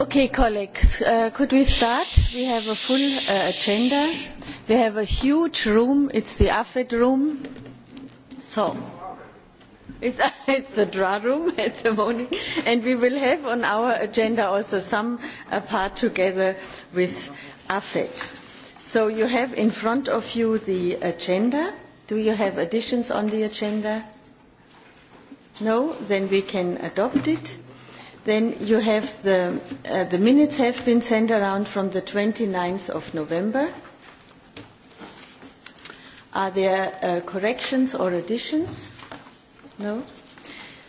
Okay, colleagues, uh, could we start? We have a full uh, agenda. We have a huge room. It's the AFED room. So, it's, it's the draw room at the moment. And we will have on our agenda also some uh, part together with AFED. So you have in front of you the agenda. Do you have additions on the agenda? No? Then we can adopt it. Then you have the, uh, the minutes have been sent around from the 29th of November. Are there uh, corrections or additions? No?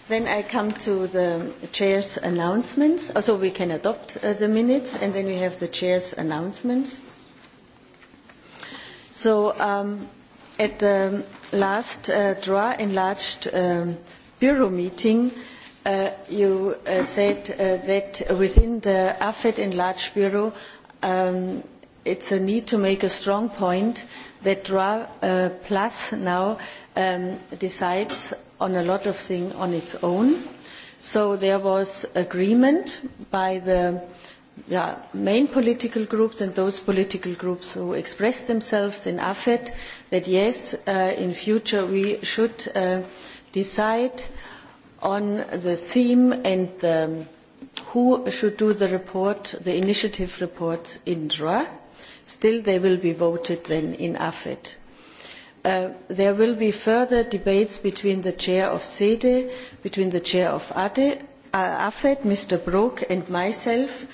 Then I come to the chair's announcements. Also, oh, we can adopt uh, the minutes, and then we have the chair's announcements. So, um, at the last uh, DRA enlarged um, bureau meeting, Uh, you uh, said uh, that within the AFED Enlarged Bureau, um, it's a need to make a strong point that RA uh, Plus now um, decides on a lot of things on its own. So there was agreement by the yeah, main political groups and those political groups who expressed themselves in AFED that yes, uh, in future we should uh, decide on the theme and um, who should do the report, the initiative reports in DRA. Still, they will be voted then in AFED. Uh, there will be further debates between the chair of SEDE, between the chair of ADE, uh, AFED, Mr. Brok, and myself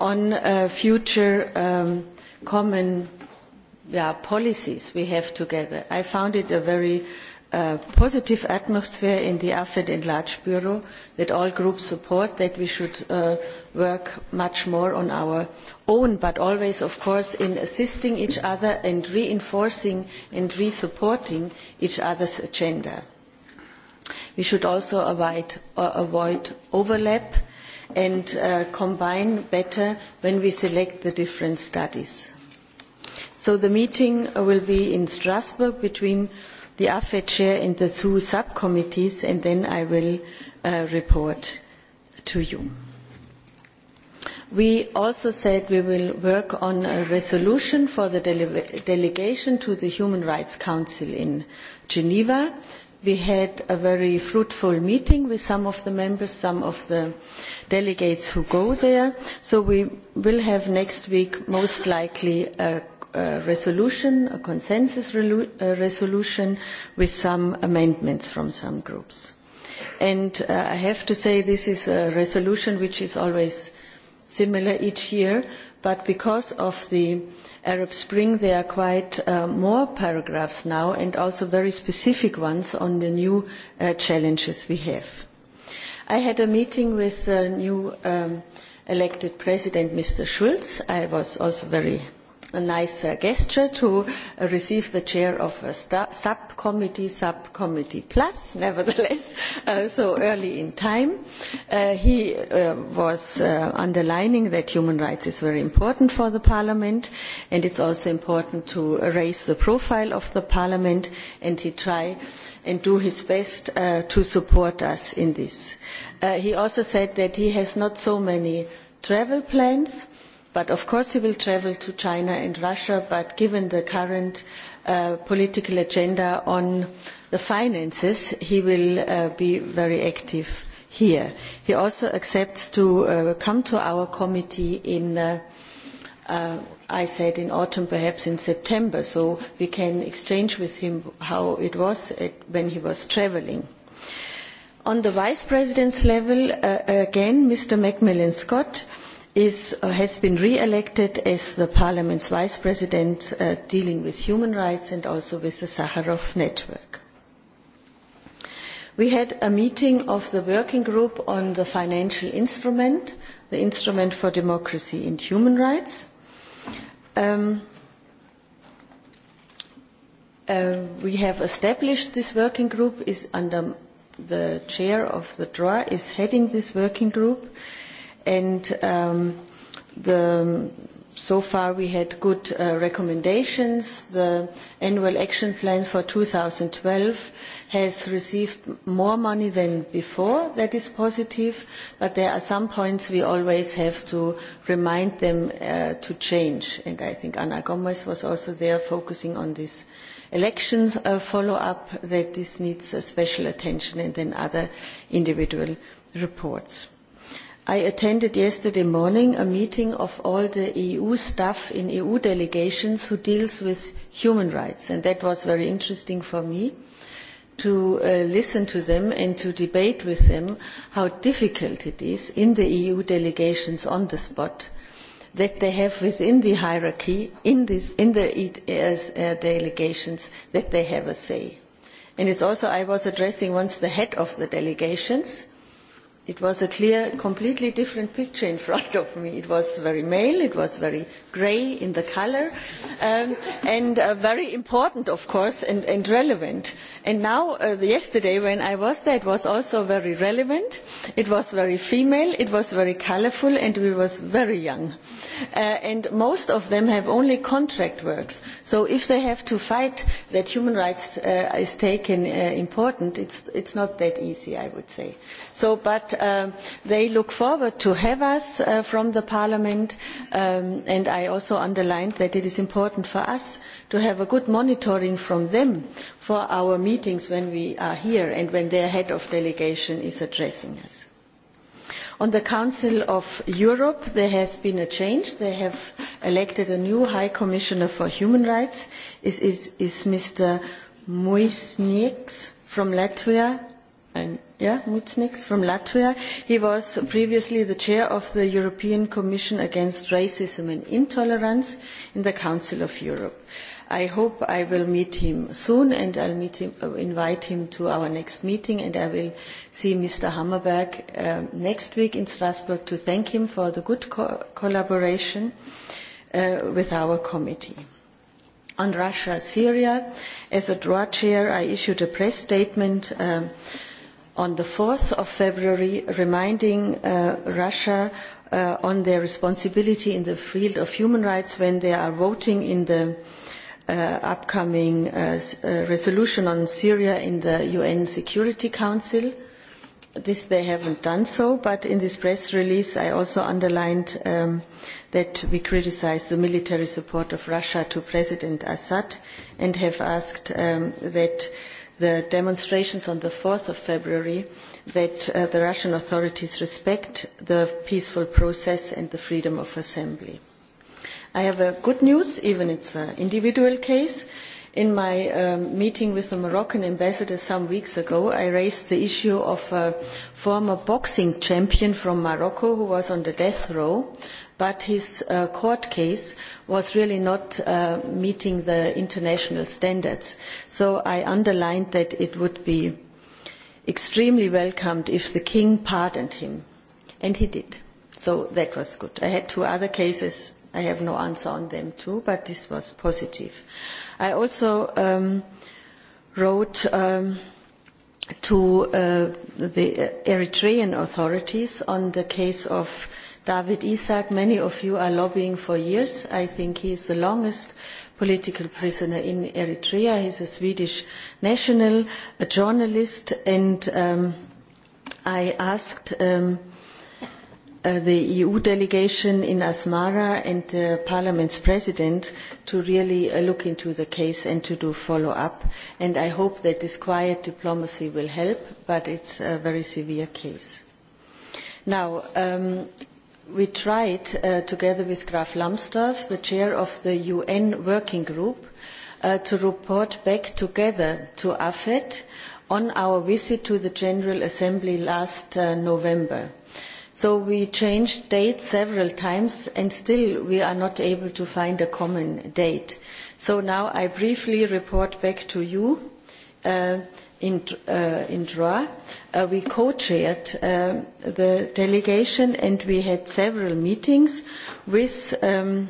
on uh, future um, common yeah, policies we have together. I found it a very a positive atmosphere in the AFED Enlarged Bureau that all groups support, that we should uh, work much more on our own, but always, of course, in assisting each other and reinforcing and re-supporting each other's agenda. We should also avoid, uh, avoid overlap and uh, combine better when we select the different studies. So the meeting will be in Strasbourg between the AFET chair and the two subcommittees, and then I will uh, report to you. We also said we will work on a resolution for the dele delegation to the Human Rights Council in Geneva. We had a very fruitful meeting with some of the members, some of the delegates who go there. So we will have next week most likely a uh, resolution, a consensus re uh, resolution with some amendments from some groups. And uh, I have to say this is a resolution which is always similar each year, but because of the Arab Spring there are quite uh, more paragraphs now and also very specific ones on the new uh, challenges we have. I had a meeting with the uh, new um, elected president, Mr. Schulz. I was also very a nice uh, gesture to uh, receive the chair of a subcommittee, subcommittee plus, nevertheless, uh, so early in time. Uh, he uh, was uh, underlining that human rights is very important for the parliament and it's also important to raise the profile of the parliament and he try and do his best uh, to support us in this. Uh, he also said that he has not so many travel plans But of course he will travel to China and Russia, but given the current uh, political agenda on the finances, he will uh, be very active here. He also accepts to uh, come to our committee in, uh, uh, I said in autumn, perhaps in September, so we can exchange with him how it was at, when he was travelling. On the vice president's level, uh, again, Mr. Macmillan Scott, uh, is, uh, has been re-elected as the Parliament's Vice President uh, dealing with human rights and also with the Sakharov Network. We had a meeting of the working group on the financial instrument, the Instrument for Democracy and Human Rights. Um, uh, we have established this working group is under the chair of the DRA is heading this working group and um, the, um, so far we had good uh, recommendations. The annual action plan for 2012 has received more money than before. That is positive, but there are some points we always have to remind them uh, to change. And I think Anna Gomez was also there focusing on this elections uh, follow-up that this needs a special attention and then other individual reports. I attended yesterday morning a meeting of all the EU staff in EU delegations who deals with human rights and that was very interesting for me to uh, listen to them and to debate with them how difficult it is in the EU delegations on the spot that they have within the hierarchy in, this, in the e, uh, delegations that they have a say. And it's also I was addressing once the head of the delegations it was a clear, completely different picture in front of me. It was very male, it was very grey in the colour, um, and uh, very important, of course, and, and relevant. And now, uh, yesterday when I was there, it was also very relevant, it was very female, it was very colourful, and we was very young. Uh, and most of them have only contract works. So if they have to fight that human rights uh, is taken uh, important, it's, it's not that easy, I would say. So, but uh, they look forward to have us uh, from the Parliament, um, and I also underlined that it is important for us to have a good monitoring from them for our meetings when we are here and when their head of delegation is addressing us. On the Council of Europe, there has been a change. They have elected a new High Commissioner for Human Rights. Is, is, is Mr. Muisnieks from Latvia And, yeah, Mutsniks from Latvia. He was previously the chair of the European Commission Against Racism and Intolerance in the Council of Europe. I hope I will meet him soon and I'll meet him, uh, invite him to our next meeting and I will see Mr. Hammerberg uh, next week in Strasbourg to thank him for the good co collaboration uh, with our committee. On Russia, Syria, as a draw chair, I issued a press statement uh, on the 4th of February reminding uh, Russia uh, on their responsibility in the field of human rights when they are voting in the uh, upcoming uh, uh, resolution on Syria in the UN Security Council. This they haven't done so, but in this press release I also underlined um, that we criticize the military support of Russia to President Assad and have asked um, that the demonstrations on the 4th of February that uh, the Russian authorities respect the peaceful process and the freedom of assembly. I have a good news, even it's an individual case. In my um, meeting with the Moroccan ambassador some weeks ago, I raised the issue of a former boxing champion from Morocco who was on the death row but his uh, court case was really not uh, meeting the international standards. So I underlined that it would be extremely welcomed if the king pardoned him. And he did. So that was good. I had two other cases. I have no answer on them too, but this was positive. I also um, wrote um, to uh, the Eritrean authorities on the case of David Isaac, many of you are lobbying for years. I think he is the longest political prisoner in Eritrea. He is a Swedish national, a journalist, and um, I asked um, uh, the EU delegation in Asmara and the parliament's president to really uh, look into the case and to do follow-up. And I hope that this quiet diplomacy will help, but it's a very severe case. Now, um, we tried, uh, together with Graf Lambsdorff, the chair of the UN Working Group, uh, to report back together to AFET on our visit to the General Assembly last uh, November. So we changed dates several times and still we are not able to find a common date. So now I briefly report back to you uh, in, uh, Uh, we co-chaired uh, the delegation and we had several meetings with um,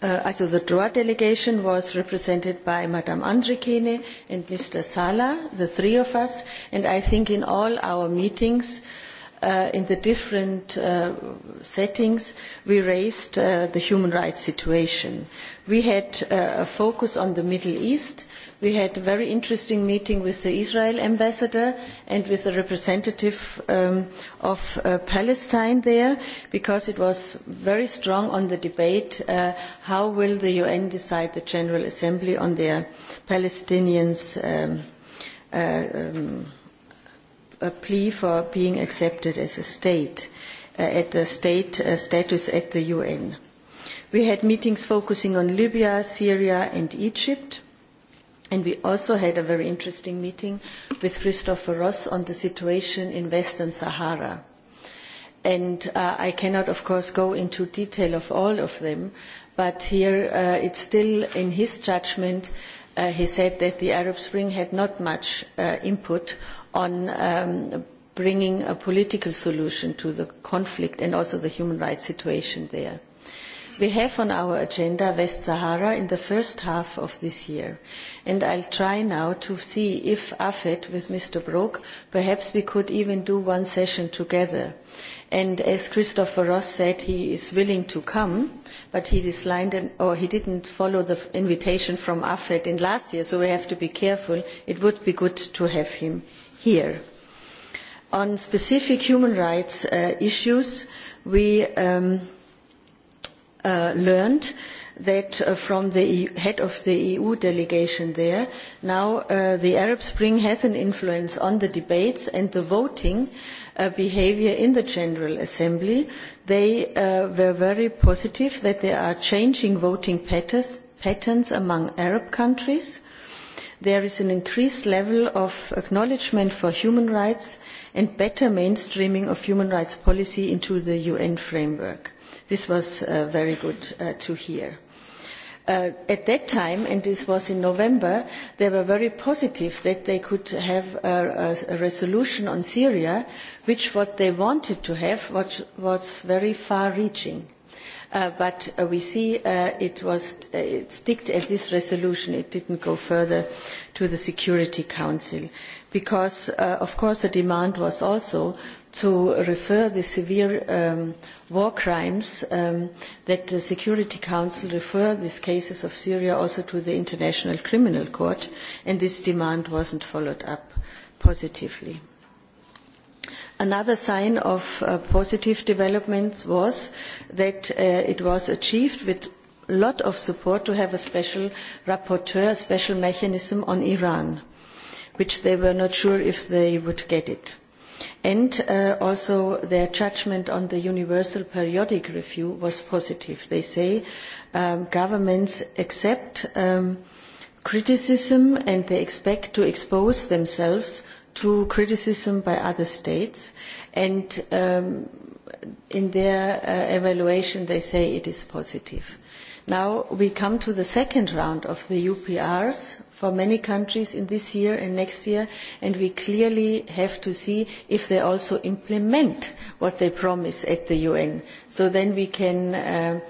uh, also the Droa delegation was represented by Madame Andrikene and Mr. Sala, the three of us, and I think in all our meetings uh, in the different uh, settings, we raised uh, the human rights situation. We had uh, a focus on the Middle East We had a very interesting meeting with the Israel ambassador and with a representative um, of uh, Palestine there because it was very strong on the debate uh, how will the UN decide the General Assembly on their Palestinians' um, uh, um, a plea for being accepted as a state, uh, at the state uh, status at the UN. We had meetings focusing on Libya, Syria and Egypt. And we also had a very interesting meeting with Christopher Ross on the situation in Western Sahara. And uh, I cannot, of course, go into detail of all of them, but here uh, it's still in his judgment, uh, he said that the Arab Spring had not much uh, input on um, bringing a political solution to the conflict and also the human rights situation there. We have on our agenda West Sahara in the first half of this year and I'll try now to see if AFET with Mr. Brok, perhaps we could even do one session together. And as Christopher Ross said, he is willing to come, but he declined or he didn't follow the invitation from AFET in last year, so we have to be careful. It would be good to have him here. On specific human rights uh, issues, we um, uh, learned that uh, from the EU, head of the EU delegation there, now uh, the Arab Spring has an influence on the debates and the voting uh, behavior in the General Assembly. They uh, were very positive that there are changing voting patterns, patterns among Arab countries. There is an increased level of acknowledgement for human rights and better mainstreaming of human rights policy into the UN framework this was uh, very good uh, to hear. Uh, at that time, and this was in November, they were very positive that they could have a, a, a resolution on Syria, which what they wanted to have was, was very far-reaching. Uh, but uh, we see uh, it was uh, it sticked at this resolution. It didn't go further to the Security Council because, uh, of course, the demand was also to refer the severe um, war crimes um, that the Security Council refer these cases of Syria also to the International Criminal Court and this demand wasn't followed up positively. Another sign of uh, positive developments was that uh, it was achieved with a lot of support to have a special rapporteur, a special mechanism on Iran, which they were not sure if they would get it. And uh, also their judgment on the universal periodic review was positive. They say um, governments accept um, criticism and they expect to expose themselves to criticism by other states. And um, in their uh, evaluation, they say it is positive. Now we come to the second round of the UPRs, for many countries in this year and next year, and we clearly have to see if they also implement what they promise at the UN. So then we can, uh,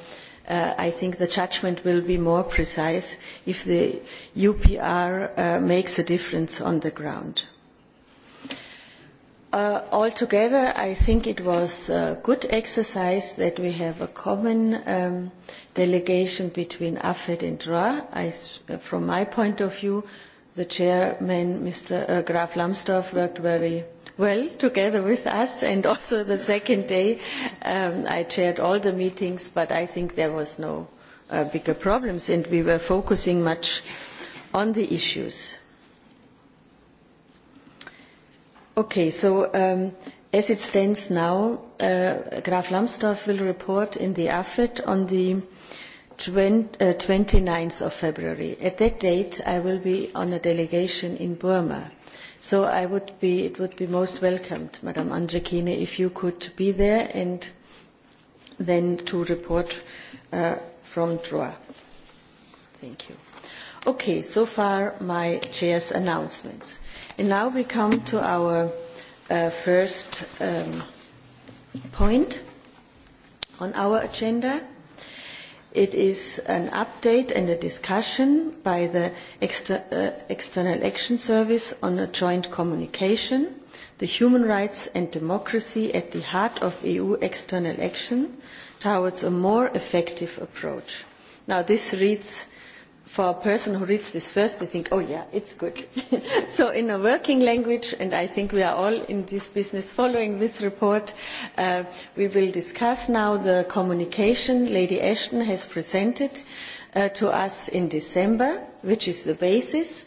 uh, I think the judgment will be more precise if the UPR uh, makes a difference on the ground. Uh, altogether, I think it was a good exercise that we have a common um, delegation between AFED and DRA. I, uh, from my point of view, the chairman, Mr. Uh, Graf Lambsdorff, worked very well together with us, and also the second day um, I chaired all the meetings, but I think there was no uh, bigger problems, and we were focusing much on the issues. Okay, so um, as it stands now, uh, Graf Lambsdorff will report in the AFET on the 20, uh, 29th of February. At that date, I will be on a delegation in Burma. So I would be, it would be most welcomed, Madam Andrikine, if you could be there and then to report uh, from DROA. Thank you. Okay, so far my chair's announcements. And now we come to our uh, first um, point on our agenda. It is an update and a discussion by the Exter uh, External Action Service on a joint communication, the human rights and democracy at the heart of EU external action towards a more effective approach. Now this reads for a person who reads this first, they think, oh yeah, it's good. so in a working language, and I think we are all in this business following this report, uh, we will discuss now the communication Lady Ashton has presented uh, to us in December, which is the basis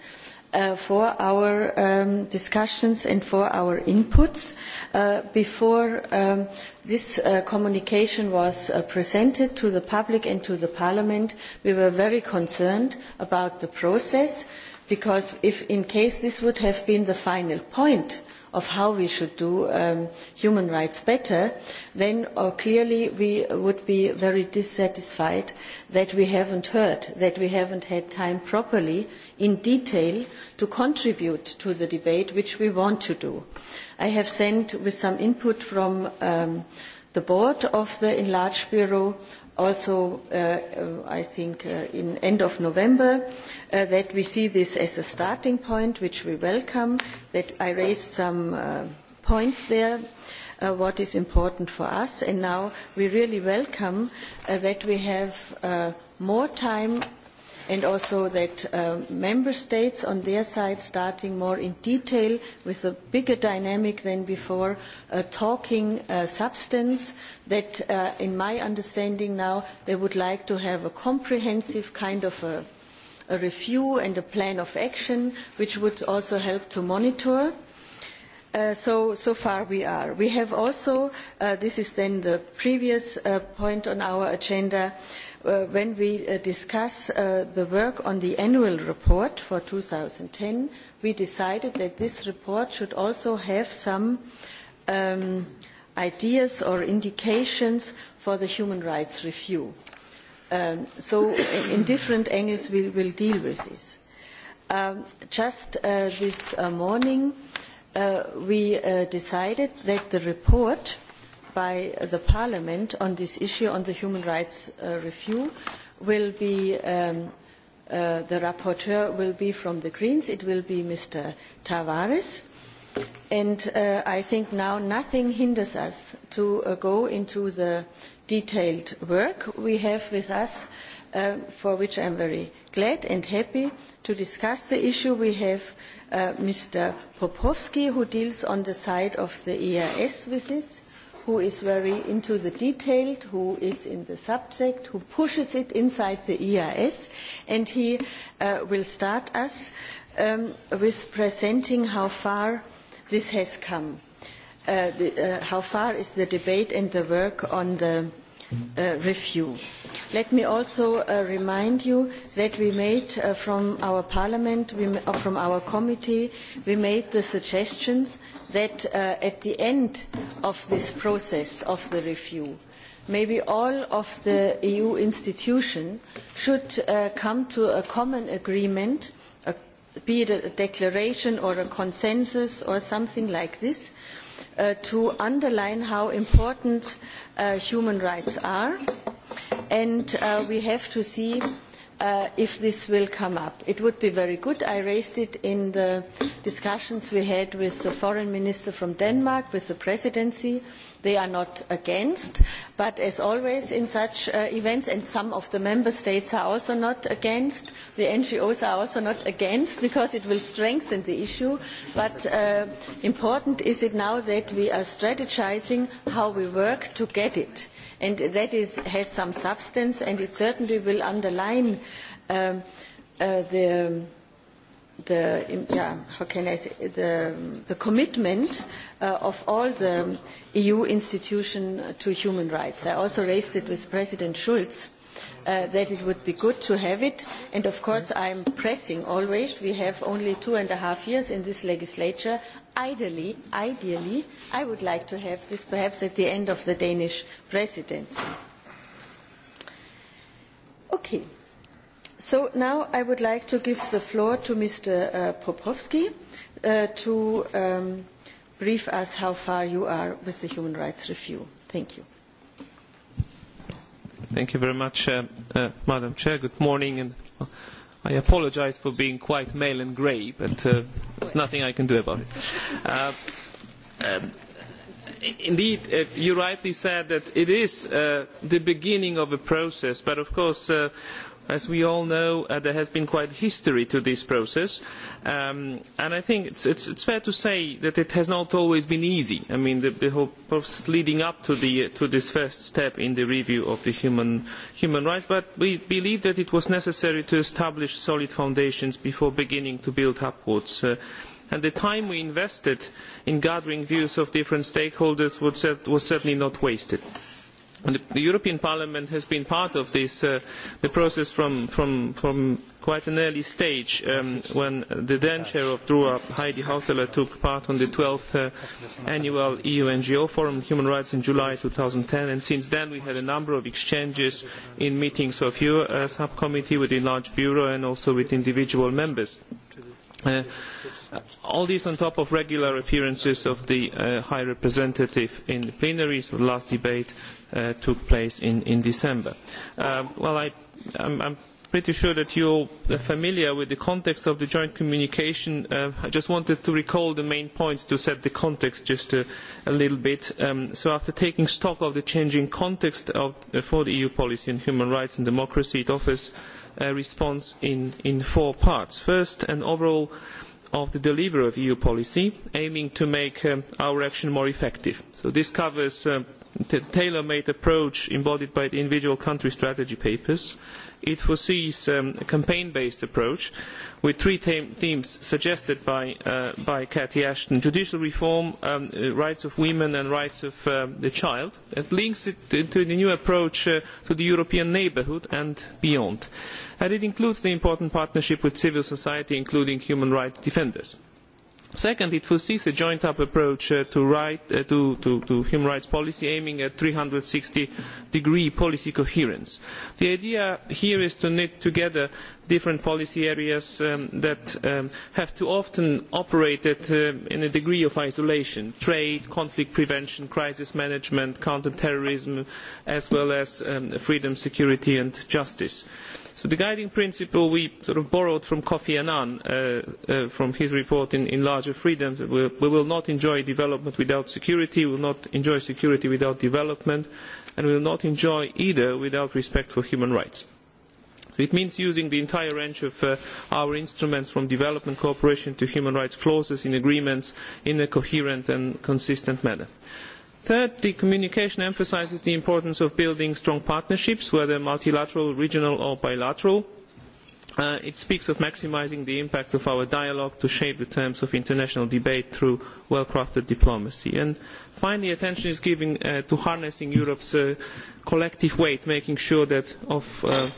Uh, for our um, discussions and for our inputs. Uh, before um, this uh, communication was uh, presented to the public and to the Parliament, we were very concerned about the process because if in case this would have been the final point of how we should do um, human rights better, then uh, clearly we would be very dissatisfied that we haven't heard, that we haven't had time properly in detail to contribute to the debate, which we want to do. I have sent, with some input from um, the board of the enlarged bureau, also, uh, uh, I think, uh, in end of November, uh, that we see this as a starting point, which we welcome, that I raised some uh, points there. Uh, what is important for us and now we really welcome uh, that we have uh, more time and also that uh, member states on their side starting more in detail with a bigger dynamic than before a talking uh, substance that uh, in my understanding now they would like to have a comprehensive kind of a, a review and a plan of action which would also help to monitor Uh, so, so far we are. We have also, uh, this is then the previous uh, point on our agenda, uh, uh, when we uh, discuss uh, the work on the annual report for 2010, we decided that this report should also have some um, ideas or indications for the human rights review. Um, so in different angles we will deal with this. Um, just uh, this uh, morning uh, we uh, decided that the report by the Parliament on this issue on the human rights uh, review will be um, uh, the rapporteur will be from the Greens. It will be Mr. Tavares. And uh, I think now nothing hinders us to uh, go into the detailed work we have with us, uh, for which I am very glad and happy to discuss the issue. We have uh, Mr. Popovsky, who deals on the side of the ERS with it who is very into the detailed, who is in the subject, who pushes it inside the EIS, and he uh, will start us um, with presenting how far this has come. Uh, the, uh, how far is the debate and the work on the uh, review. Let me also uh, remind you that we made uh, from our parliament, we, uh, from our committee, we made the suggestions that uh, at the end of this process of the review, maybe all of the EU institutions should uh, come to a common agreement, a, be it a declaration or a consensus or something like this, uh, to underline how important uh, human rights are. And uh, we have to see uh, if this will come up. It would be very good. I raised it in the discussions we had with the foreign minister from Denmark, with the presidency. They are not against, but as always in such uh, events, and some of the member states are also not against, the NGOs are also not against because it will strengthen the issue, but uh, important is it now that we are strategizing how we work to get it and that is, has some substance and it certainly will underline um, uh, the the yeah, how can I say the the commitment uh, of all the EU institutions to human rights. I also raised it with President Schulz uh, that it would be good to have it. And of course, I am mm-hmm. pressing always. We have only two and a half years in this legislature. Ideally, ideally, I would like to have this perhaps at the end of the Danish presidency. Okay. So now I would like to give the floor to Mr. Uh, Popovsky uh, to um, brief us how far you are with the human rights review. Thank you. Thank you very much, uh, uh, Madam Chair. Good morning. And uh, I apologize for being quite male and grey, but uh, there's nothing I can do about it. Uh, um, indeed, uh, you rightly said that it is uh, the beginning of a process, but of course, uh, As we all know, uh, there has been quite a history to this process, um, and I think it's, it's, it's fair to say that it has not always been easy. I mean, the, the whole process leading up to, the, uh, to this first step in the review of the human, human rights, but we believe that it was necessary to establish solid foundations before beginning to build upwards. Uh, and the time we invested in gathering views of different stakeholders was, was certainly not wasted. The, the European Parliament has been part of this uh, the process from, from, from quite an early stage um, when the then chair of DRUA, Heidi Hautala, took part on the 12th uh, annual EU NGO Forum on Human Rights in July 2010. And since then we had a number of exchanges in meetings of your uh, subcommittee within large bureau and also with individual members. Uh, all this on top of regular appearances of the uh, High Representative in the plenaries. The last debate uh, took place in, in December. Uh, well, I, I'm, I'm pretty sure that you are familiar with the context of the joint communication. Uh, I just wanted to recall the main points to set the context just a, a little bit. Um, so after taking stock of the changing context of, uh, for the EU policy on human rights and democracy, it offers response in, in four parts. First, an overall of the delivery of EU policy, aiming to make um, our action more effective. So this covers um, the tailor-made approach embodied by the individual country strategy papers, It foresees um, a campaign-based approach with three themes suggested by, uh, by Cathy Ashton, judicial reform, um, uh, rights of women and rights of um, the child. It links it to the new approach uh, to the European neighbourhood and beyond. And it includes the important partnership with civil society, including human rights defenders. Second, it foresees a joint-up approach uh, to, right, uh, to, to, to, human rights policy aiming at three hundred and sixty degree policy coherence. The idea here is to knit together different policy areas um, that um, have too often operated uh, in a degree of isolation trade, conflict prevention, crisis management, counter terrorism, as well as um, freedom, security, and justice. So the guiding principle we sort of borrowed from Kofi Annan, uh, uh, from his report in, in Larger Freedoms, we will not enjoy development without security, we will not enjoy security without development, and we will not enjoy either without respect for human rights. So it means using the entire range of uh, our instruments from development cooperation to human rights clauses in agreements in a coherent and consistent manner. Third, the communication emphasises the importance of building strong partnerships, whether multilateral, regional or bilateral. Uh, it speaks of maximising the impact of our dialogue to shape the terms of international debate through well-crafted diplomacy. And finally, attention is given uh, to harnessing Europe's uh, collective weight, making sure that of uh,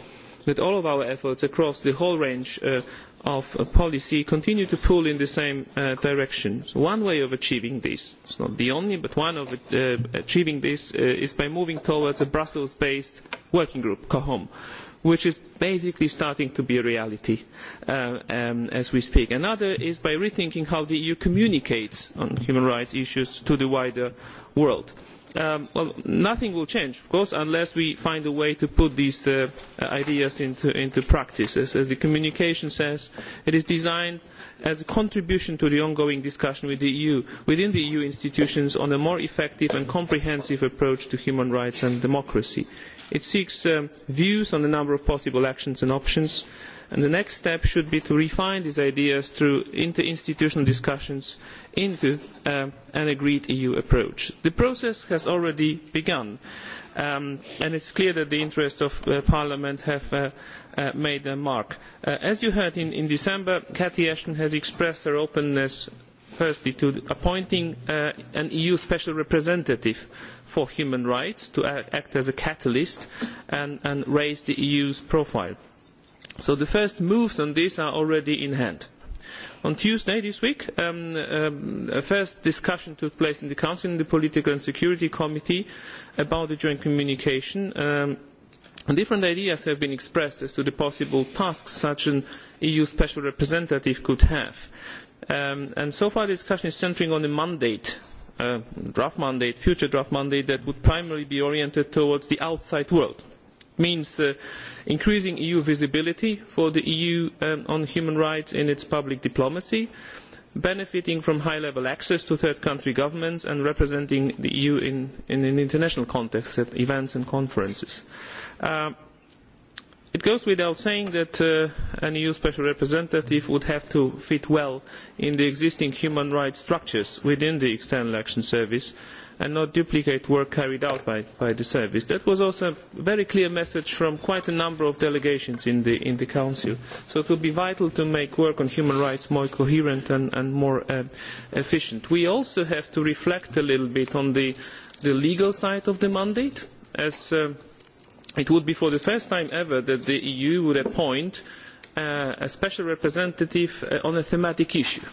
that all of our efforts across the whole range uh, of uh, policy continue to pull in the same uh, direction. So one way of achieving this, it's not the only, but one of uh, achieving this uh, is by moving towards a Brussels-based working group, COHOM, which is basically starting to be a reality uh, um, as we speak. Another is by rethinking how the EU communicates on human rights issues to the wider world um, well, nothing will change, of course, unless we find a way to put these uh, uh, ideas into, into practice. As, as the communication says, it is designed as a contribution to the ongoing discussion with the EU, within the EU institutions on a more effective and comprehensive approach to human rights and democracy. It seeks um, views on a number of possible actions and options, And the next step should be to refine these ideas through interinstitutional discussions into uh, an agreed EU approach. The process has already begun, um, and it is clear that the interests of uh, Parliament have uh, uh made their mark. Uh, as you heard in, in December, Cathy Ashton has expressed her openness firstly to appointing uh, an EU special representative for human rights to act as a catalyst and, and raise the EU's profile. So the first moves on this are already in hand. On Tuesday this week, um, um, a first discussion took place in the Council in the Political and Security Committee about the joint communication. Um, different ideas have been expressed as to the possible tasks such an EU special representative could have. Um, and so far the discussion is centering on a mandate, a uh, draft mandate, future draft mandate that would primarily be oriented towards the outside world means uh, increasing EU visibility for the EU um, on human rights in its public diplomacy, benefiting from high-level access to third-country governments and representing the EU in, in an international context at events and conferences. Uh, it goes without saying that uh, an EU special representative would have to fit well in the existing human rights structures within the External Action Service, and not duplicate work carried out by, by the service. That was also a very clear message from quite a number of delegations in the, in the Council. So it will be vital to make work on human rights more coherent and, and more uh, efficient. We also have to reflect a little bit on the, the legal side of the mandate, as uh, it would be for the first time ever that the EU would appoint uh, a special representative uh, on a thematic issue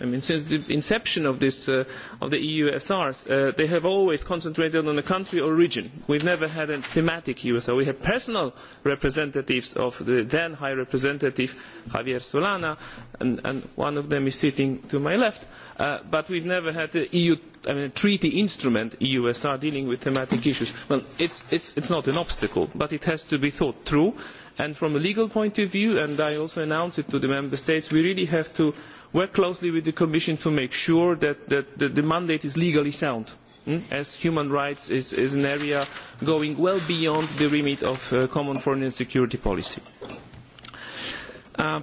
I mean, since the inception of, this, uh, of the EU SRs, uh, they have always concentrated on the country or region. We've never had a thematic e USR. We have personal representatives of the then High Representative Javier Solana, and, and one of them is sitting to my left. Uh, but we've never had the EU I mean, a treaty instrument, EUSR, dealing with thematic issues. Well, it's, it's, it's not an obstacle, but it has to be thought through. And from a legal point of view, and I also announced it to the member states, we really have to work closely with the Commission to make sure that, that, that the mandate is legally sound, hmm, as human rights is, is, an area going well beyond the remit of uh, common foreign and security policy. Uh,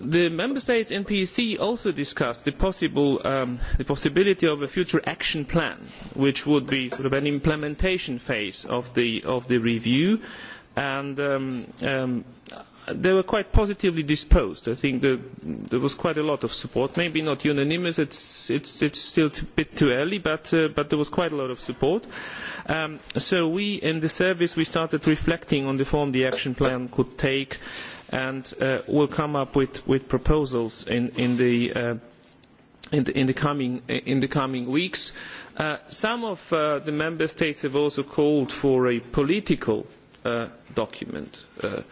the member states and PEC also discussed the, possible, um, the possibility of a future action plan, which would be sort of an implementation phase of the, of the review. And um, um, they were quite positively disposed. I think the, there was quite a lot of support, maybe not unanimous, it's, it's, it's still a bit too early, but, uh, but there was quite a lot of support. Um, so we, in the service, we started reflecting on the form the action plan could take and uh, will come up with, with proposals in, in the uh, in the, in the coming in the coming weeks. Uh, some of uh, the member states have also called for a political uh, document. Uh,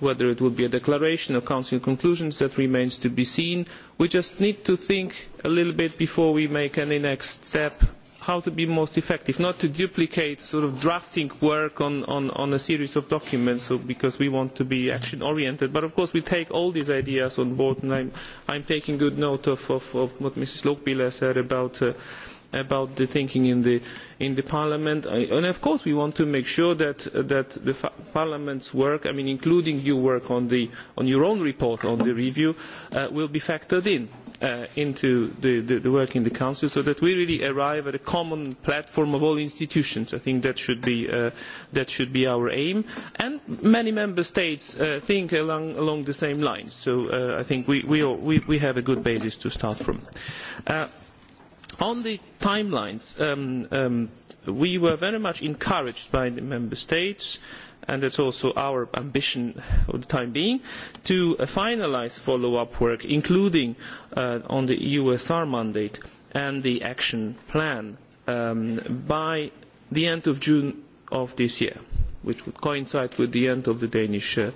whether it would be a declaration or council conclusions that remains to be seen. We just need to think a little bit before we make any next step how to be most effective, not to duplicate sort of drafting work on, on, on a series of documents so because we want to be action oriented. But of course we take all these ideas on board and I'm, I'm taking good note of, of, of what Mrs. Lokbiller said about uh, about the thinking in the, in the parliament. And of course we want to make sure that, uh, that the parliament's work, I mean including your work on, the, on your own report on the review, uh, will be factored in. Uh, into the, the, the work in the Council so that we really arrive at a common platform of all institutions. I think that should be, uh, that should be our aim. And many Member States uh, think along, along the same lines. So uh, I think we, we, all, we, we have a good basis to start from. Uh, on the timelines, um, um, we were very much encouraged by the member states and it is also our ambition for the time being to uh, finalise follow-up work including uh, on the USR mandate and the action plan um, by the end of June of this year which would coincide with the end of the Danish uh,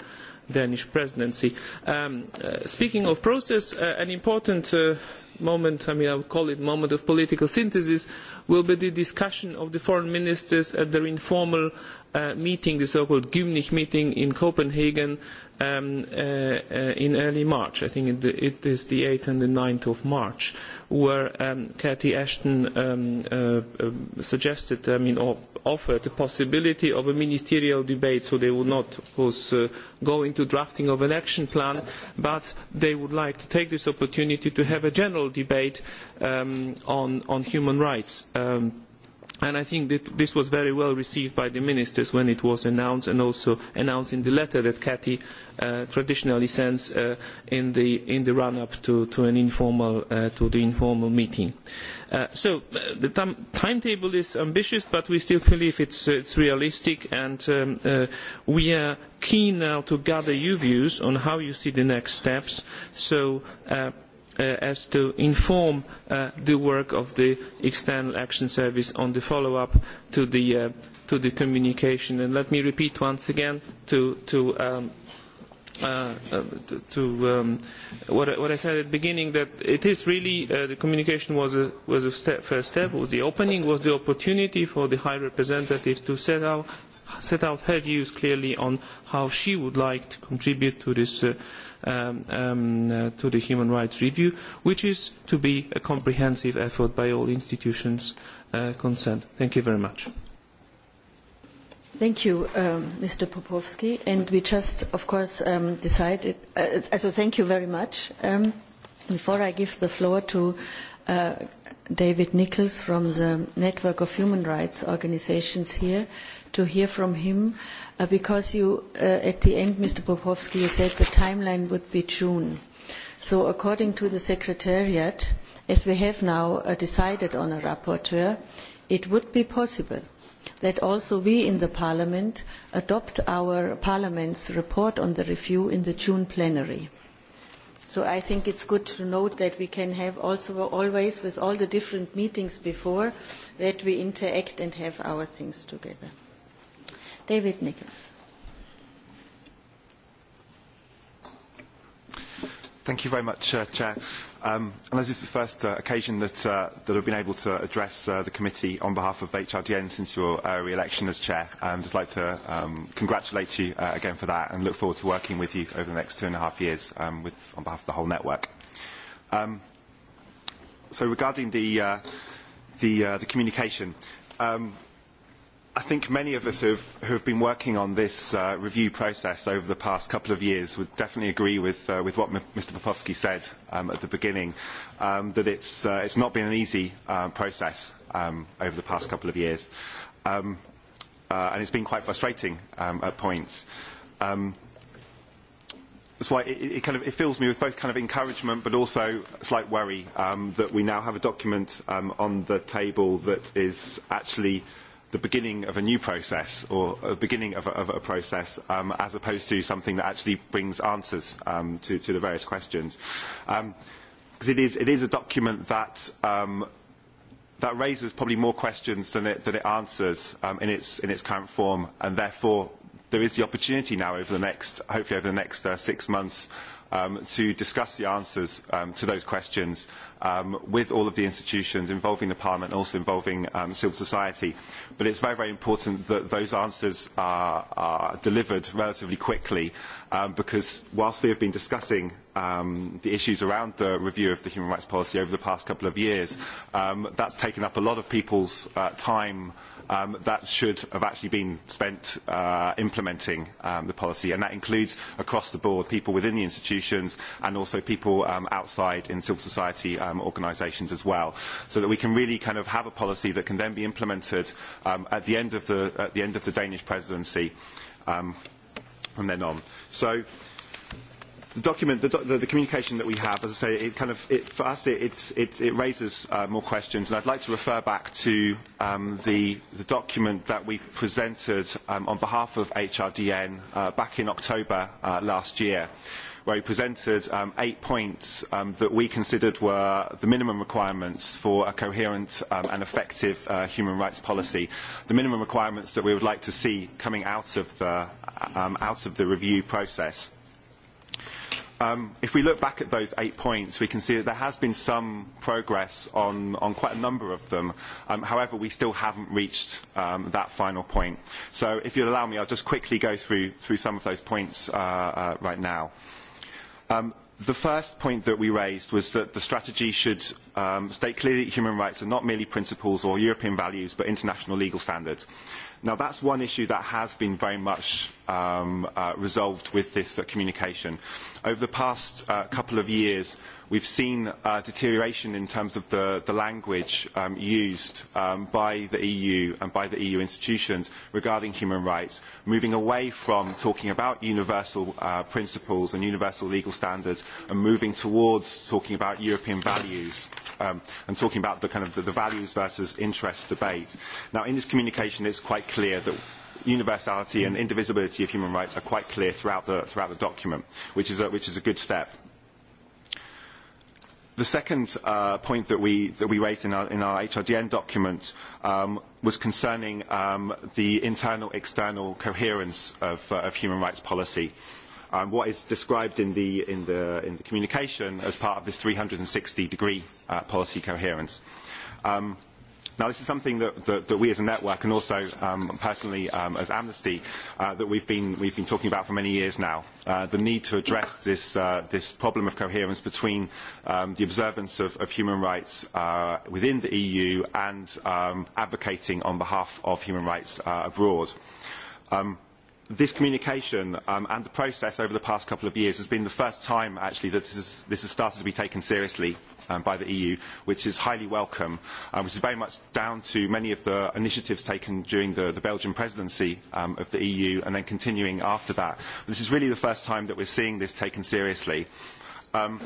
Danish presidency. Um, uh, speaking of process, uh, an important uh, moment, I mean, I would call it moment of political synthesis, will be the discussion of the foreign ministers at their informal uh, meeting, the so-called Gymnich meeting in Copenhagen, um, uh, uh, in early March, I think it, it is the 8th and the 9th of March, where um, Cathy Ashton um, uh, uh, suggested, I mean, or offered the possibility of a ministerial debate, so they would not, of course, uh, go into drafting of an action plan, but they would like to take this opportunity to have a general debate um, on, on human rights. Um, And I think that this was very well received by the ministers when it was announced and also announced in the letter that Cathy uh, traditionally sends uh, in the, in the run-up to, to, an informal, uh, to the informal meeting. Uh, so uh, the timetable is ambitious, but we still believe it's, uh, it's realistic, and um, uh, we are keen now to gather your views on how you see the next steps. So uh, Uh, as to inform uh, the work of the External Action Service on the follow-up to the, uh, to the communication. And let me repeat once again to, to, um, uh, uh to, to um, what, what I said at the beginning, that it is really, uh, the communication was a, was a step, first step, was the opening, was the opportunity for the High Representative to set out, set out her views clearly on how she would like to contribute to this uh, Um, um, uh, to the human rights review, which is to be a comprehensive effort by all institutions uh, concerned. Thank you very much. Thank you, um, Mr. Popovsky. And we just, of course, um, decided, uh, so thank you very much. Um, before I give the floor to uh, David Nichols from the Network of Human Rights Organizations here, to hear from him, Uh, because you, uh, at the end, Mr. Popovsky, you said the timeline would be June. So according to the Secretariat, as we have now uh, decided on a rapporteur, it would be possible that also we in the Parliament adopt our Parliament's report on the review in the June plenary. So I think it's good to note that we can have also always with all the different meetings before that we interact and have our things together. David Nichols. Thank you very much, uh, Chair. Um, and as this is the first uh, occasion that, uh, that I've been able to address uh, the committee on behalf of HRDN since your uh, re-election as Chair, I'd um, just like to um, congratulate you uh, again for that and look forward to working with you over the next two and a half years um, with, on behalf of the whole network. Um, so regarding the, uh, the, uh, the communication, um, I think many of us who have been working on this uh, review process over the past couple of years would definitely agree with, uh, with what M Mr. Popovsky said um, at the beginning, um, that it's, uh, it's not been an easy uh, process um, over the past couple of years. Um, uh, and it's been quite frustrating um, at points. Um, that's why it, it, kind of, it fills me with both kind of encouragement but also a slight worry um, that we now have a document um, on the table that is actually – the beginning of a new process or a beginning of a, of a process um, as opposed to something that actually brings answers um, to, to the various questions. Um, it is, it is a document that, um, that raises probably more questions than it, than it answers um, in, its, in its current form and therefore there is the opportunity now over the next, hopefully over the next uh, six months um, to discuss the answers um, to those questions um, with all of the institutions involving the Parliament and also involving um, civil society. But it's very, very important that those answers are, are delivered relatively quickly um, because whilst we have been discussing um, the issues around the review of the human rights policy over the past couple of years, um, that's taken up a lot of people's uh, time um, that should have actually been spent uh, implementing um, the policy. And that includes across the board people within the institutions and also people um, outside in civil society um, organisations as well. So that we can really kind of have a policy that can then be implemented um, at, the end of the, at the end of the Danish presidency um, from then on. So the document, the, the, the communication that we have, as I say, it kind of, it, for us, it, it it, it raises uh, more questions. And I'd like to refer back to um, the, the document that we presented um, on behalf of HRDN uh, back in October uh, last year where we presented um, eight points um, that we considered were the minimum requirements for a coherent um, and effective uh, human rights policy, the minimum requirements that we would like to see coming out of the, um, out of the review process. Um, if we look back at those eight points, we can see that there has been some progress on, on quite a number of them. Um, however, we still haven't reached um, that final point. So if you'll allow me, I'll just quickly go through, through some of those points uh, uh, right now. Um, the first point that we raised was that the strategy should um, state clearly that human rights are not merely principles or European values, but international legal standards. Now, that's one issue that has been very much um, uh, resolved with this uh, communication. Over the past uh, couple of years, We've seen a uh, deterioration in terms of the, the language um, used um, by the EU and by the EU institutions regarding human rights, moving away from talking about universal uh, principles and universal legal standards and moving towards talking about European values um, and talking about the kind of the, the values versus interest debate. Now, in this communication, it's quite clear that universality and indivisibility of human rights are quite clear throughout the, throughout the document, which is, a, which is a good step. The second uh, point that we, that we raised in our, in our HRDN document um, was concerning um, the internal-external coherence of, uh, of human rights policy. Um, what is described in the, in, the, in the communication as part of this 360-degree uh, policy coherence. Um, Now, this is something that, that, that we as a network and also um, personally um, as Amnesty uh, that we've been, we've been talking about for many years now. Uh, the need to address this, uh, this problem of coherence between um, the observance of, of human rights uh, within the EU and um, advocating on behalf of human rights uh, abroad. Um, this communication um, and the process over the past couple of years has been the first time actually that this, is, this has started to be taken seriously um, by the EU, which is highly welcome, uh, which is very much down to many of the initiatives taken during the, the Belgian presidency um, of the EU and then continuing after that. This is really the first time that we're seeing this taken seriously. Um,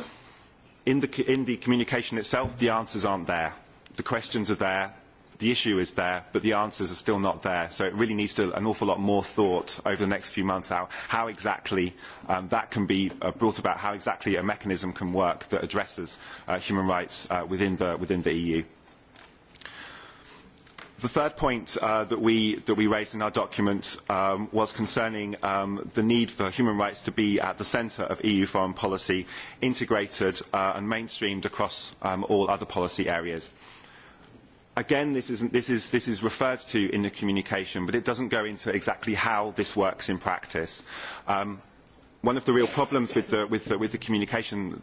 in, the, in the communication itself, the answers aren't there. The questions are there, The issue is there, but the answers are still not there. So it really needs to, an awful lot more thought over the next few months how, how exactly um, that can be uh, brought about, how exactly a mechanism can work that addresses uh, human rights uh, within, the, within the EU. The third point uh, that, we, that we raised in our document um, was concerning um, the need for human rights to be at the centre of EU foreign policy, integrated uh, and mainstreamed across um, all other policy areas. Again, this is, this, is, this is referred to in the communication, but it doesn't go into exactly how this works in practice. Um, one of the real problems with the, with the, with the communication,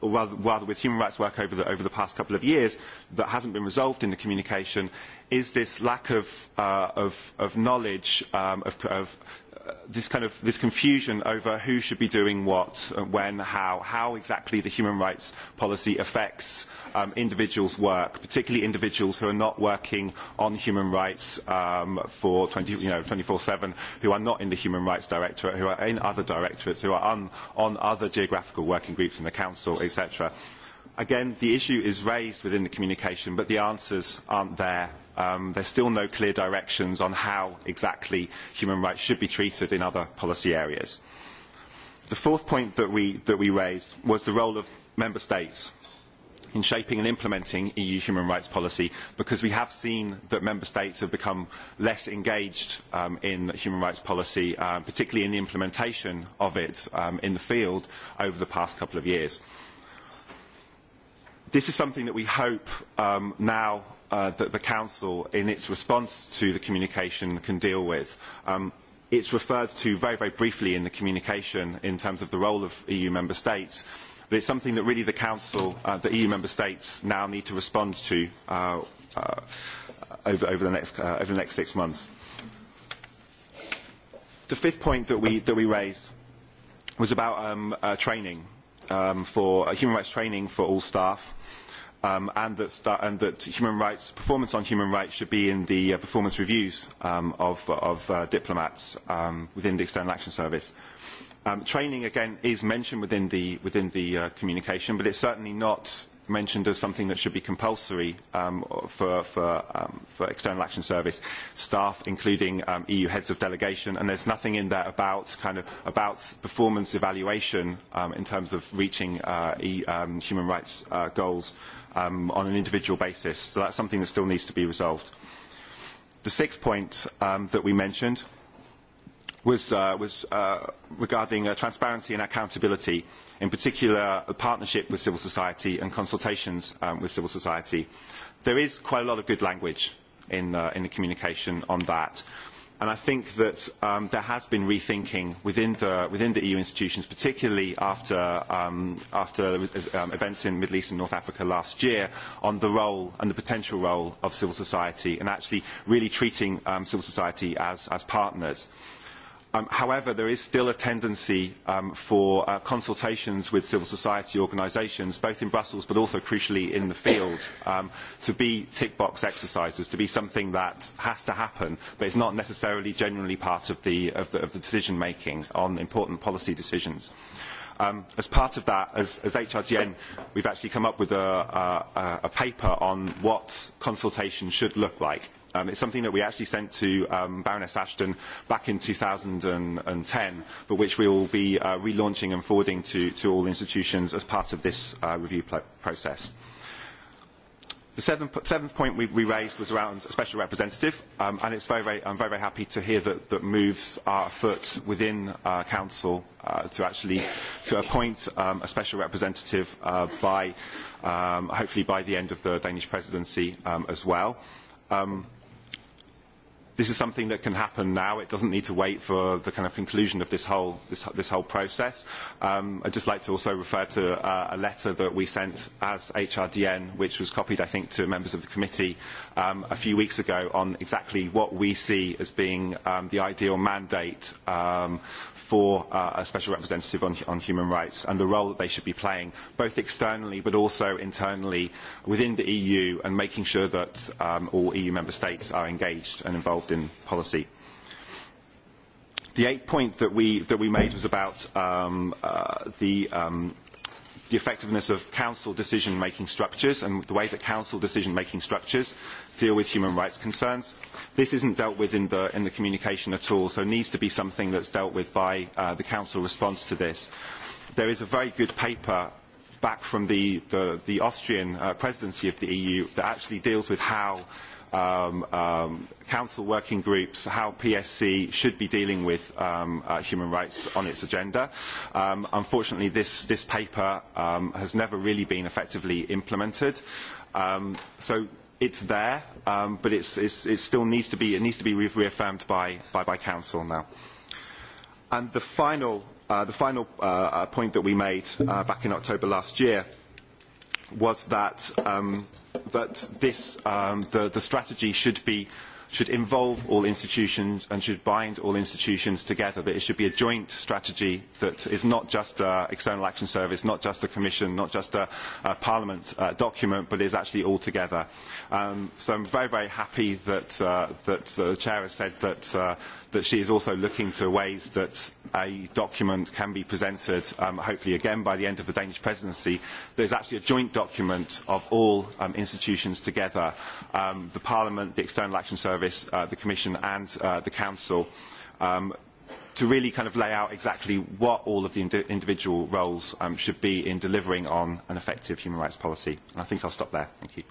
or rather, rather with human rights work over the, over the past couple of years, that hasn't been resolved in the communication, is this lack of, uh, of, of knowledge, um, of, of uh, this kind of this confusion over who should be doing what, uh, when, how, how exactly the human rights policy affects um, individuals work, particularly individuals who are not working on human rights um, for 20, you know, 24-7, who are not in the Human Rights Directorate, who are in other directorates, who are on, on other geographical working groups in the Council, etc. Again, the issue is raised within the communication, but the answers aren't there. Um, there's still no clear directions on how exactly human rights should be treated in other policy areas. The fourth point that we, that we raised was the role of member states in shaping and implementing EU human rights policy because we have seen that member states have become less engaged um, in human rights policy, uh, particularly in the implementation of it um, in the field over the past couple of years. This is something that we hope um, now uh, that the Council, in its response to the communication, can deal with. Um, it's referred to very, very briefly in the communication in terms of the role of EU member states But it's something that really the Council, uh, the EU member states now need to respond to uh, uh, over, over, the next, uh, over the next six months. The fifth point that we, that we raised was about um, uh, training, um, for uh, human rights training for all staff. Um, and, that start, and that human rights performance on human rights should be in the uh, performance reviews um, of, of uh, diplomats um, within the External Action Service. Um, training, again, is mentioned within the, within the uh, communication, but it's certainly not mentioned as something that should be compulsory um, for, for, um, for External Action Service staff, including um, EU heads of delegation, and there's nothing in there about, kind of, about performance evaluation um, in terms of reaching uh, e, um, human rights uh, goals um, on an individual basis. So that's something that still needs to be resolved. The sixth point um, that we mentioned – was, uh, was uh, regarding uh, transparency and accountability, in particular a partnership with civil society and consultations um, with civil society. There is quite a lot of good language in, uh, in the communication on that. And I think that um, there has been rethinking within the, within the EU institutions, particularly after, um, after um, events in Middle East and North Africa last year, on the role and the potential role of civil society and actually really treating um, civil society as, as partners. Um, however, there is still a tendency um, for uh, consultations with civil society organisations, both in Brussels but also crucially in the field, um, to be tick box exercises, to be something that has to happen, but is not necessarily generally part of the, of the, of the decision making on important policy decisions. Um, as part of that, as, as HRGN, we've actually come up with a, a, a paper on what consultation should look like. Um, it's something that we actually sent to um, Baroness Ashton back in 2010, but which we will be uh, relaunching and forwarding to, to all institutions as part of this uh, review process. The seventh, seventh point we, we raised was around a special representative, um, and it's very, very, I'm very, very happy to hear that, that moves are afoot within uh, Council uh, to actually to appoint um, a special representative uh, by, um, hopefully by the end of the Danish presidency um, as well. Um, this is something that can happen now. It doesn't need to wait for the kind of conclusion of this whole, this, this whole process. Um, I'd just like to also refer to uh, a letter that we sent as HRDN, which was copied, I think, to members of the committee um, a few weeks ago on exactly what we see as being um, the ideal mandate um, for uh, a special representative on, on human rights and the role that they should be playing, both externally but also internally within the EU and making sure that um, all EU member states are engaged and involved in policy. The eighth point that we, that we made was about um, uh, the um, the effectiveness of council decision-making structures and the way that council decision-making structures deal with human rights concerns. This isn't dealt with in the, in the communication at all, so it needs to be something that's dealt with by uh, the council response to this. There is a very good paper back from the, the, the Austrian uh, presidency of the EU that actually deals with how um, um, council working groups how PSC should be dealing with um, uh, human rights on its agenda. Um, unfortunately, this, this paper um, has never really been effectively implemented. Um, so it's there, um, but it's, it's, it still needs to be, it needs to be re reaffirmed by, by, by Council now. And the final, uh, the final uh, point that we made uh, back in October last year was that, um, that this, um, the, the strategy should, be, should involve all institutions and should bind all institutions together, that it should be a joint strategy that is not just an external action service, not just a commission, not just a, a parliament uh, document, but is actually all together. Um, so I'm very, very happy that, uh, that the chair has said that uh, that she is also looking to ways that a document can be presented, um, hopefully again by the end of the Danish presidency. There is actually a joint document of all um, institutions together, um, the Parliament, the External Action Service, uh, the Commission and uh, the Council, um, to really kind of lay out exactly what all of the ind individual roles um, should be in delivering on an effective human rights policy. And I think I'll stop there. Thank you.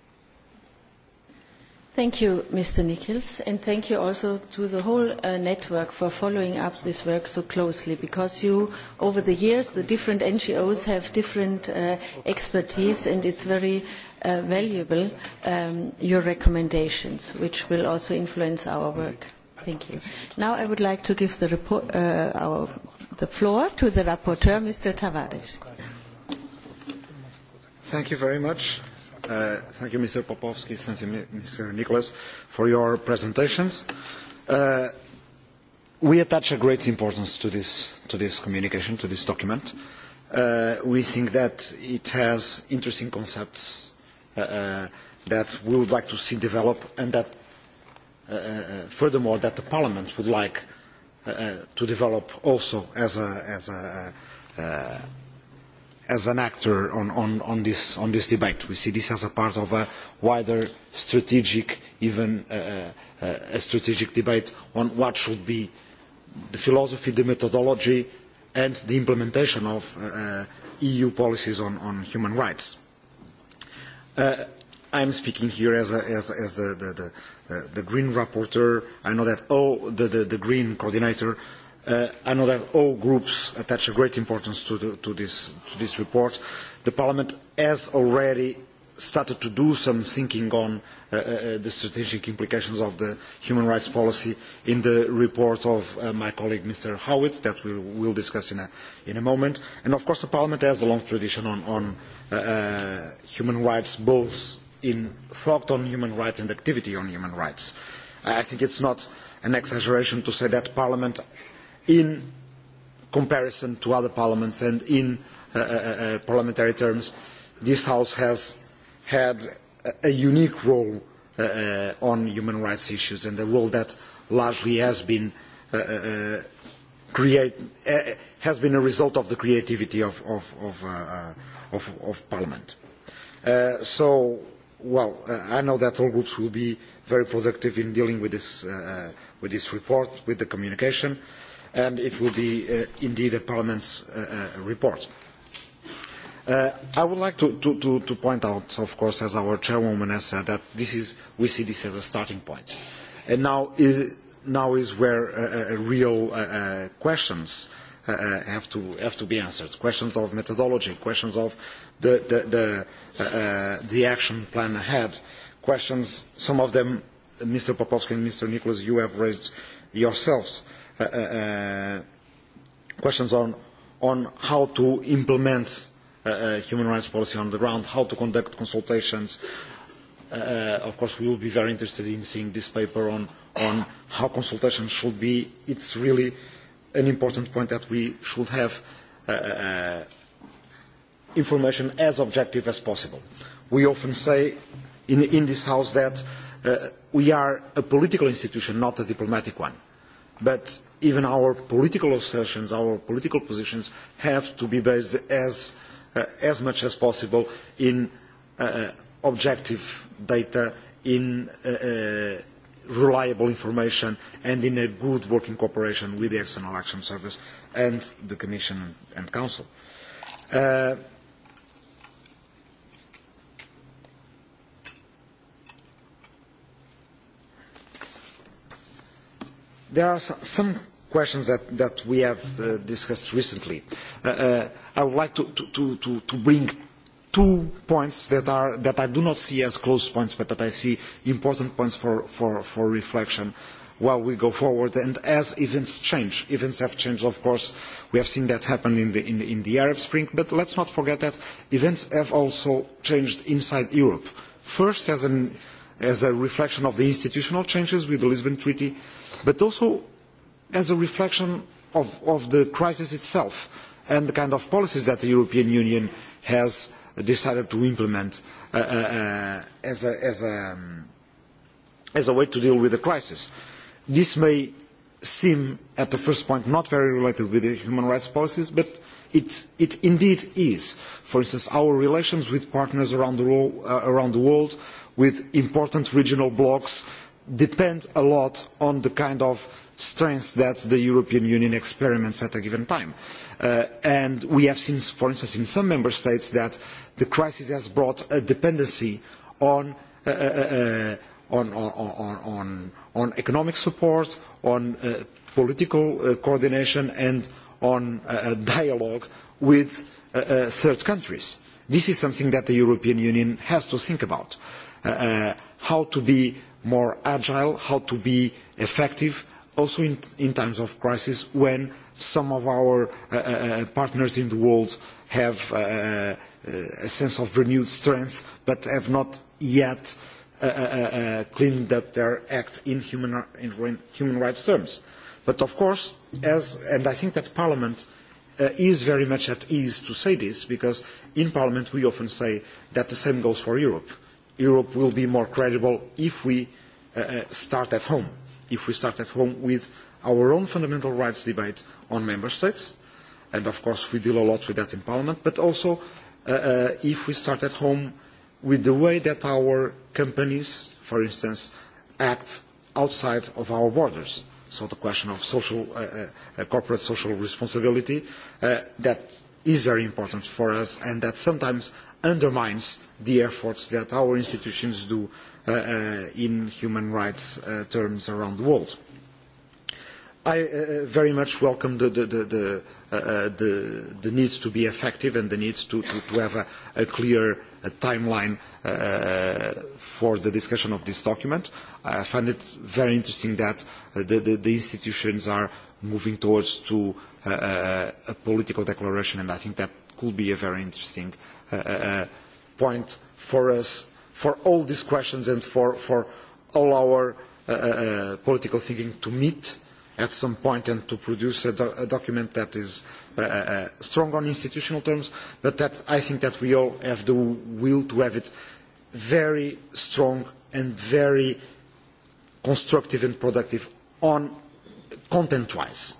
Thank you, Mr. Nichols, and thank you also to the whole uh, network for following up this work so closely, because you, over the years, the different NGOs have different uh, expertise, and it's very uh, valuable, um, your recommendations, which will also influence our work. Thank you. Now I would like to give the, report, uh, our, the floor to the rapporteur, Mr. Tavares. Thank you very much. Uh, thank you, Mr. Popovsky, thank you, Mr. Nicholas, for your presentations. Uh, we attach a great importance to this, to this communication, to this document. Uh, we think that it has interesting concepts uh, uh, that we would like to see develop and that, uh, uh, uh furthermore, that the Parliament would like uh, uh, to develop also as a, as a uh, as an actor on, on, on, this, on this debate. We see this as a part of a wider strategic, even uh, uh, a strategic debate on what should be the philosophy, the methodology, and the implementation of uh, uh EU policies on, on human rights. Uh, I'm speaking here as, a, as, as the, the, the, uh, the Green rapporteur. I know that all oh, the, the, the Green coordinator Uh, I know that all groups attach a great importance to, the, to, this, to this report. The Parliament has already started to do some thinking on uh, uh, uh the strategic implications of the human rights policy in the report of uh, my colleague Mr. Howitt that we will discuss in a, in a moment. And of course the Parliament has a long tradition on, on uh, uh, human rights, both in thought on human rights and activity on human rights. I think it's not an exaggeration to say that Parliament in comparison to other parliaments and in uh, uh, uh, uh parliamentary terms, this House has had a, unique role uh, uh, on human rights issues and a role that largely has been create has been a result of the creativity of, of, of, of, of Parliament. so, well, I know that all groups will be very productive in dealing with this, with this report, with the communication. Uh, and it will be uh, indeed a Parliament's uh, uh, report. Uh, I would like to, to, to, to point out, of course, as our chairwoman has said, that this is, we see this as a starting point. And now is, now is where uh, uh, real uh, uh, questions uh, uh, have, to, have to be answered. Questions of methodology, questions of the, the, the, uh, uh the action plan ahead, questions, some of them, Mr. Popovsky and Mr. Nicholas, you have raised yourselves. Uh, Uh, uh, uh, questions on, on how to implement uh, uh, human rights policy on the ground, how to conduct consultations. Uh, uh, of course, we will be very interested in seeing this paper on, on how consultations should be. It's really an important point that we should have uh, information as objective as possible. We often say in, in this House that uh, we are a political institution, not a diplomatic one. But even our political assertions, our political positions have to be based as, uh, as much as possible in uh, objective data, in uh, uh reliable information and in a good working cooperation with the External Action Service and the Commission and Council. Uh, there are some questions that, that we have uh, discussed recently. Uh, uh, I would like to, to, to, to bring two points that, are, that I do not see as close points, but that I see important points for, for, for reflection while we go forward. And as events change, events have changed, of course. We have seen that happen in the, in, in the Arab Spring, but let's not forget that events have also changed inside Europe. First, as, an, as a reflection of the institutional changes with the Lisbon Treaty, but also as a reflection of, of the crisis itself and the kind of policies that the European Union has decided to implement uh, uh, as, a, as, a, um, as a way to deal with the crisis. This may seem at the first point not very related with the human rights policies, but it, it indeed is. For instance, our relations with partners around the, ro uh, around the world, with important regional blocs, depend a lot on the kind of strengths that the European Union experiments at a given time. Uh, and we have seen, for instance, in some member states that the crisis has brought a dependency on, uh, uh, uh on, on, on, on economic support, on uh, political uh, coordination, and on uh, uh, dialogue with uh, uh, third countries. This is something that the European Union has to think about, uh, uh how to be more agile, how to be effective, also in, in times of crisis when some of our uh, uh, uh partners in the world have uh, uh, a sense of renewed strength but have not yet uh, claimed that their acts in human, in human rights terms. But of course, as, and I think that Parliament is very much at ease to say this because in Parliament we often say that the same goes for Europe Europe will be more credible if we uh, uh, start at home, if we start at home with our own fundamental rights debate on member states, and of course we deal a lot with that in Parliament, but also uh, uh, if we start at home with the way that our companies, for instance, act outside of our borders. So the question of social, uh, uh, uh corporate social responsibility, uh, that is very important for us and that sometimes undermines the efforts that our institutions do uh, uh, in human rights uh, terms around the world. I uh, very much welcome the, the, the, the, uh, uh, the need to be effective and the need to, to, to have a, a clear a timeline for the discussion of this document. I find it very interesting that the, the, the institutions are moving towards to, a political declaration and I think that could be a very interesting uh, Uh, uh, uh, point for us, for all these questions and for, for all our uh, political thinking to meet at some point and to produce a, do a document that is uh, uh, strong on institutional terms, but that I think that we all have the will to have it very strong and very constructive and productive on content-wise.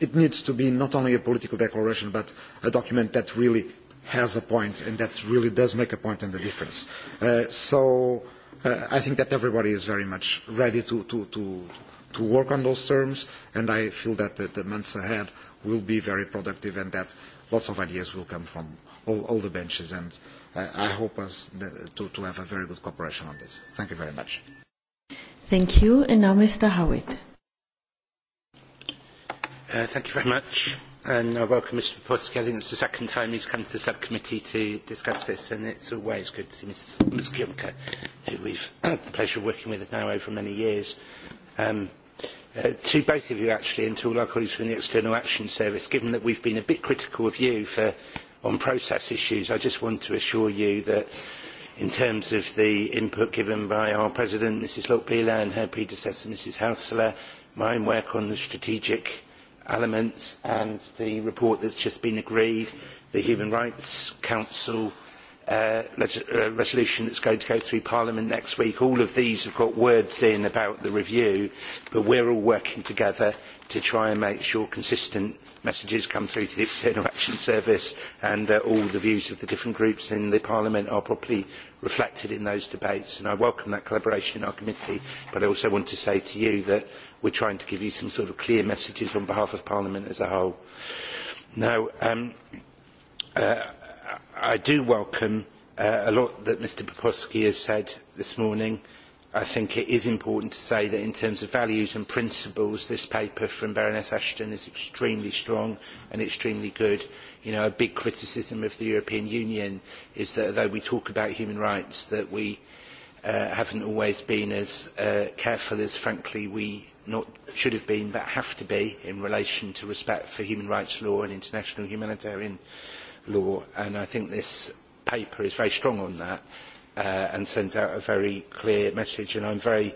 It needs to be not only a political declaration, but a document that really has a point, and that really does make a point and a difference. Uh, so uh, I think that everybody is very much ready to, to, to, to work on those terms, and I feel that the, the months ahead will be very productive and that lots of ideas will come from all, all the benches, and uh, I hope us the, to, to have a very good cooperation on this. Thank you very much. Thank you, and now Mr. Howitt. Uh, thank you very much. And I welcome Mr. Posk. I think it's the second time he's come to the subcommittee to discuss this, and it's always good to see Mrs. Ms. Gimka, who we've had the pleasure of working with now over many years. Um, uh, to both of you, actually, and to all our colleagues from the External Action Service, given that we've been a bit critical of you for, on process issues, I just want to assure you that in terms of the input given by our President, Mrs. Lokbila, and her predecessor, Mrs. Hausler, my work on the strategic elements and the report that has just been agreed, the Human Rights Council uh, uh resolution that is going to go through Parliament next week. All of these have got words in about the review, but we are all working together to try and make sure consistent messages come through to the External Action Service and uh, all the views of the different groups in the Parliament are properly reflected in those debates. And I welcome that collaboration in our committee, but I also want to say to you that we're trying to give you some sort of clear messages on behalf of Parliament as a whole. Now, um, uh, I do welcome uh, a lot that Mr Poposki has said this morning. I think it is important to say that in terms of values and principles, this paper from Baroness Ashton is extremely strong and extremely good. You know, a big criticism of the European Union is that although we talk about human rights, that we uh, haven't always been as uh, careful as frankly we not should have been but have to be in relation to respect for human rights law and international humanitarian law and I think this paper is very strong on that uh, and sends out a very clear message and I'm very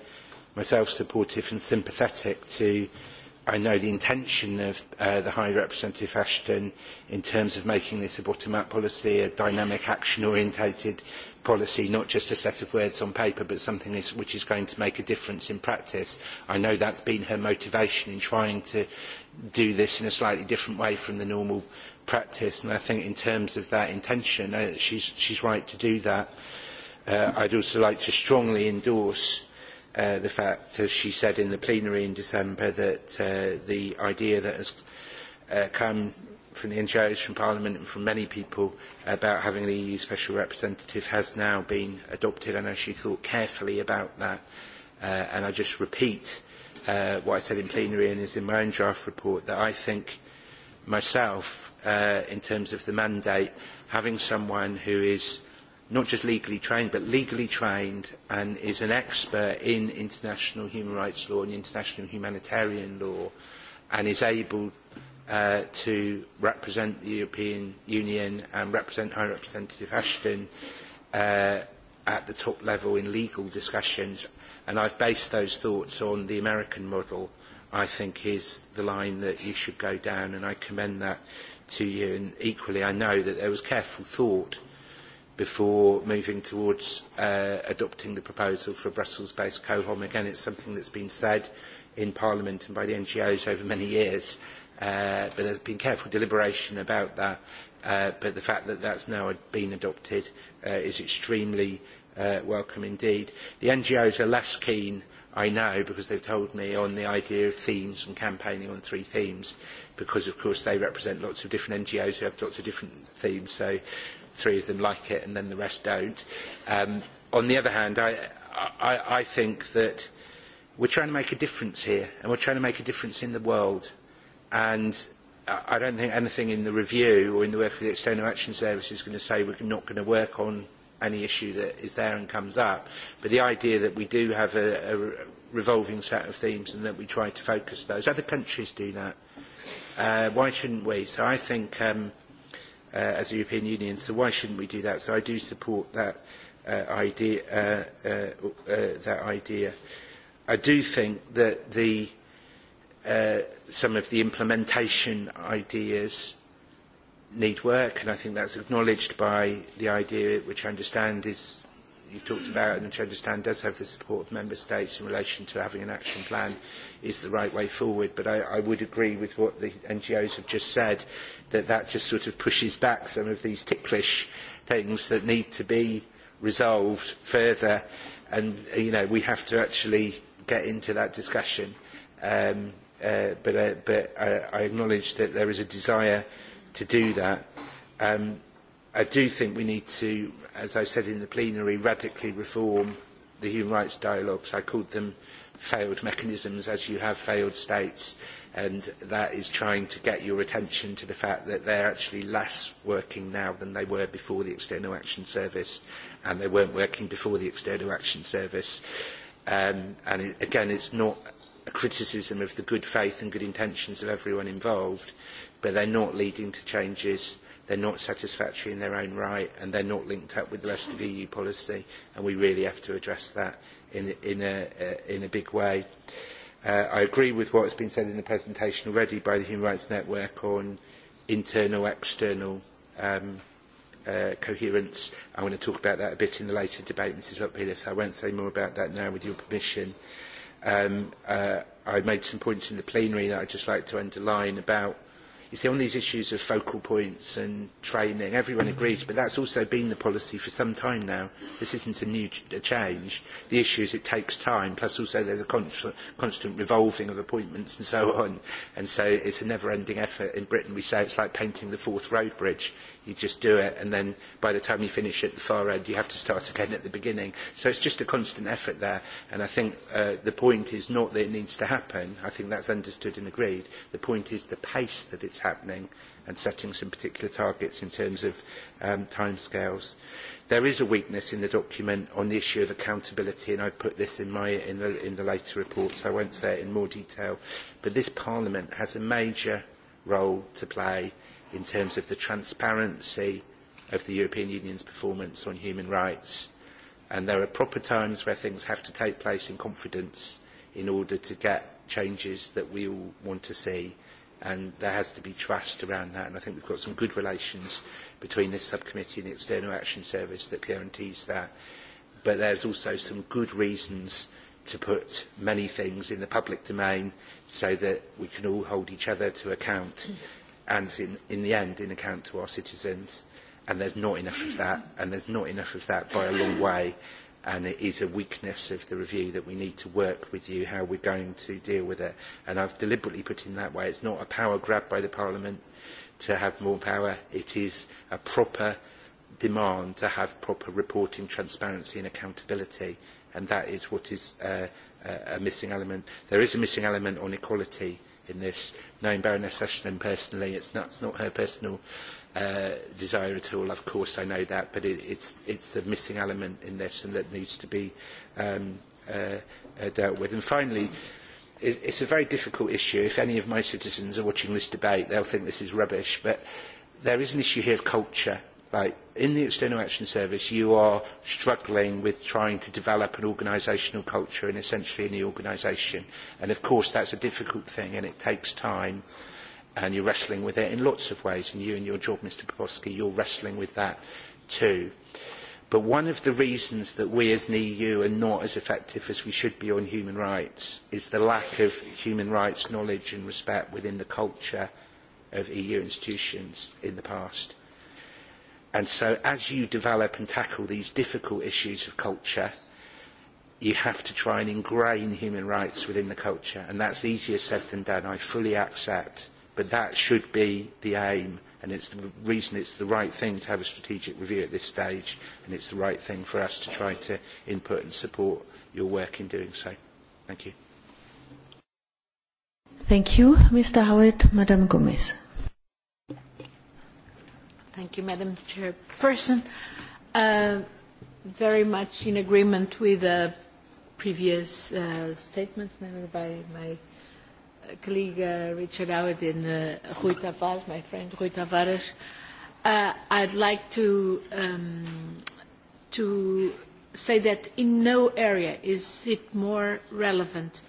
myself supportive and sympathetic to uh, I know the intention of uh, the High Representative Ashton in terms of making this a bottom-up policy, a dynamic, action-orientated policy, not just a set of words on paper, but something is, which is going to make a difference in practice. I know that's been her motivation in trying to do this in a slightly different way from the normal practice, and I think in terms of that intention, uh, she's, she's right to do that. Uh, I'd also like to strongly endorse Uh, the fact, as she said in the plenary in December, that uh, the idea that has uh, come from the NGOs, from Parliament and from many people about having the EU Special Representative has now been adopted. I know she thought carefully about that uh, and I just repeat uh, what I said in plenary and is in my own draft report that I think myself, uh, in terms of the mandate, having someone who is not just legally trained, but legally trained and is an expert in international human rights law and international humanitarian law and is able uh, to represent the European Union and represent High Representative Ashton uh, at the top level in legal discussions. And I've based those thoughts on the American model, I think is the line that you should go down, and I commend that to you. And equally, I know that there was careful thought before moving towards uh, adopting the proposal for a Brussels-based COHOM. Again, it's something that's been said in Parliament and by the NGOs over many years, uh, but there's been careful deliberation about that. Uh, but the fact that that's now been adopted uh, is extremely uh, welcome indeed. The NGOs are less keen, I know, because they've told me on the idea of themes and campaigning on three themes, because of course they represent lots of different NGOs who have lots of different themes, so three of them like it and then the rest don't. Um, on the other hand, I, I, I think that we're trying to make a difference here and we're trying to make a difference in the world. And I don't think anything in the review or in the work of the External Action Service is going to say we're not going to work on any issue that is there and comes up. But the idea that we do have a, a revolving set of themes and that we try to focus those. Other countries do that. Uh, why shouldn't we? So I think um, uh, as a European Union, so why shouldn't we do that? So I do support that uh, idea. Uh, uh, uh, that idea. I do think that the, uh, some of the implementation ideas need work, and I think that's acknowledged by the idea, which I understand is you talked about and which I understand does have the support of Member States in relation to having an action plan is the right way forward. But I, I would agree with what the NGOs have just said, that that just sort of pushes back some of these ticklish things that need to be resolved further. And, uh, you know, we have to actually get into that discussion. Um, uh, but uh, but uh, I acknowledge that there is a desire to do that. Um, I do think we need to as I said in the plenary, radically reform the human rights dialogues. I called them failed mechanisms, as you have failed states, and that is trying to get your attention to the fact that they're actually less working now than they were before the External Action Service, and they weren't working before the External Action Service. Um, and it, again, it's not a criticism of the good faith and good intentions of everyone involved, but they're not leading to changes they're not satisfactory in their own right and they're not linked up with the rest of EU policy and we really have to address that in, in, a, uh, in a big way. Uh, I agree with what has been said in the presentation already by the Human Rights Network on internal, external um, uh, coherence. I want to talk about that a bit in the later debate, Mrs. Lopilis. so I won't say more about that now with your permission. Um, uh, I made some points in the plenary that I'd just like to underline about You see, on these issues of focal points and training, everyone agrees, but that's also been the policy for some time now. This isn't a new a change. The issue is it takes time, plus also there's a constant, constant revolving of appointments and so on. And so it's a never-ending effort. In Britain, we say it's like painting the fourth road bridge you just do it and then by the time you finish at the far end you have to start again at the beginning so it's just a constant effort there and I think uh, the point is not that it needs to happen I think that's understood and agreed the point is the pace that it's happening and setting some particular targets in terms of um, timescales. There is a weakness in the document on the issue of accountability, and I put this in, my, in, the, in the later report, so I won't say it in more detail. But this Parliament has a major role to play in terms of the transparency of the European Union's performance on human rights. And there are proper times where things have to take place in confidence in order to get changes that we all want to see. And there has to be trust around that. And I think we've got some good relations between this subcommittee and the External Action Service that guarantees that. But there's also some good reasons to put many things in the public domain so that we can all hold each other to account and in, in the end in account to our citizens and there's not enough of that and there's not enough of that by a long way and it is a weakness of the review that we need to work with you how we're going to deal with it and I've deliberately put it in that way it's not a power grab by the parliament to have more power it is a proper demand to have proper reporting transparency and accountability and that is what is uh, a missing element there is a missing element on equality in this. Knowing Baroness Ashton personally, it's not, it's not her personal uh, desire at all, of course I know that, but it, it's, it's a missing element in this and that needs to be um, uh, uh, dealt with. And finally, it, it's a very difficult issue. If any of my citizens are watching this debate, they'll think this is rubbish, but there is an issue here of culture like, in the External Action Service, you are struggling with trying to develop an organisational culture and essentially a new organisation. And of course, that's a difficult thing and it takes time and you're wrestling with it in lots of ways. And you and your job, Mr. Popovsky, you're wrestling with that too. But one of the reasons that we as an EU are not as effective as we should be on human rights is the lack of human rights knowledge and respect within the culture of EU institutions in the past And so as you develop and tackle these difficult issues of culture, you have to try and ingrain human rights within the culture. And that's easier said than done, I fully accept. But that should be the aim. And it's the reason it's the right thing to have a strategic review at this stage. And it's the right thing for us to try to input and support your work in doing so. Thank you. Thank you, Mr. Howard, Madam Gomez. Thank you, Madam Chairperson. Uh, very much in agreement with the previous uh, statements made by my colleague uh, Richard Howard and uh, Rui Tavares, my friend Rui Tavares. Uh, I'd like to, um, to say that in no area is it more relevant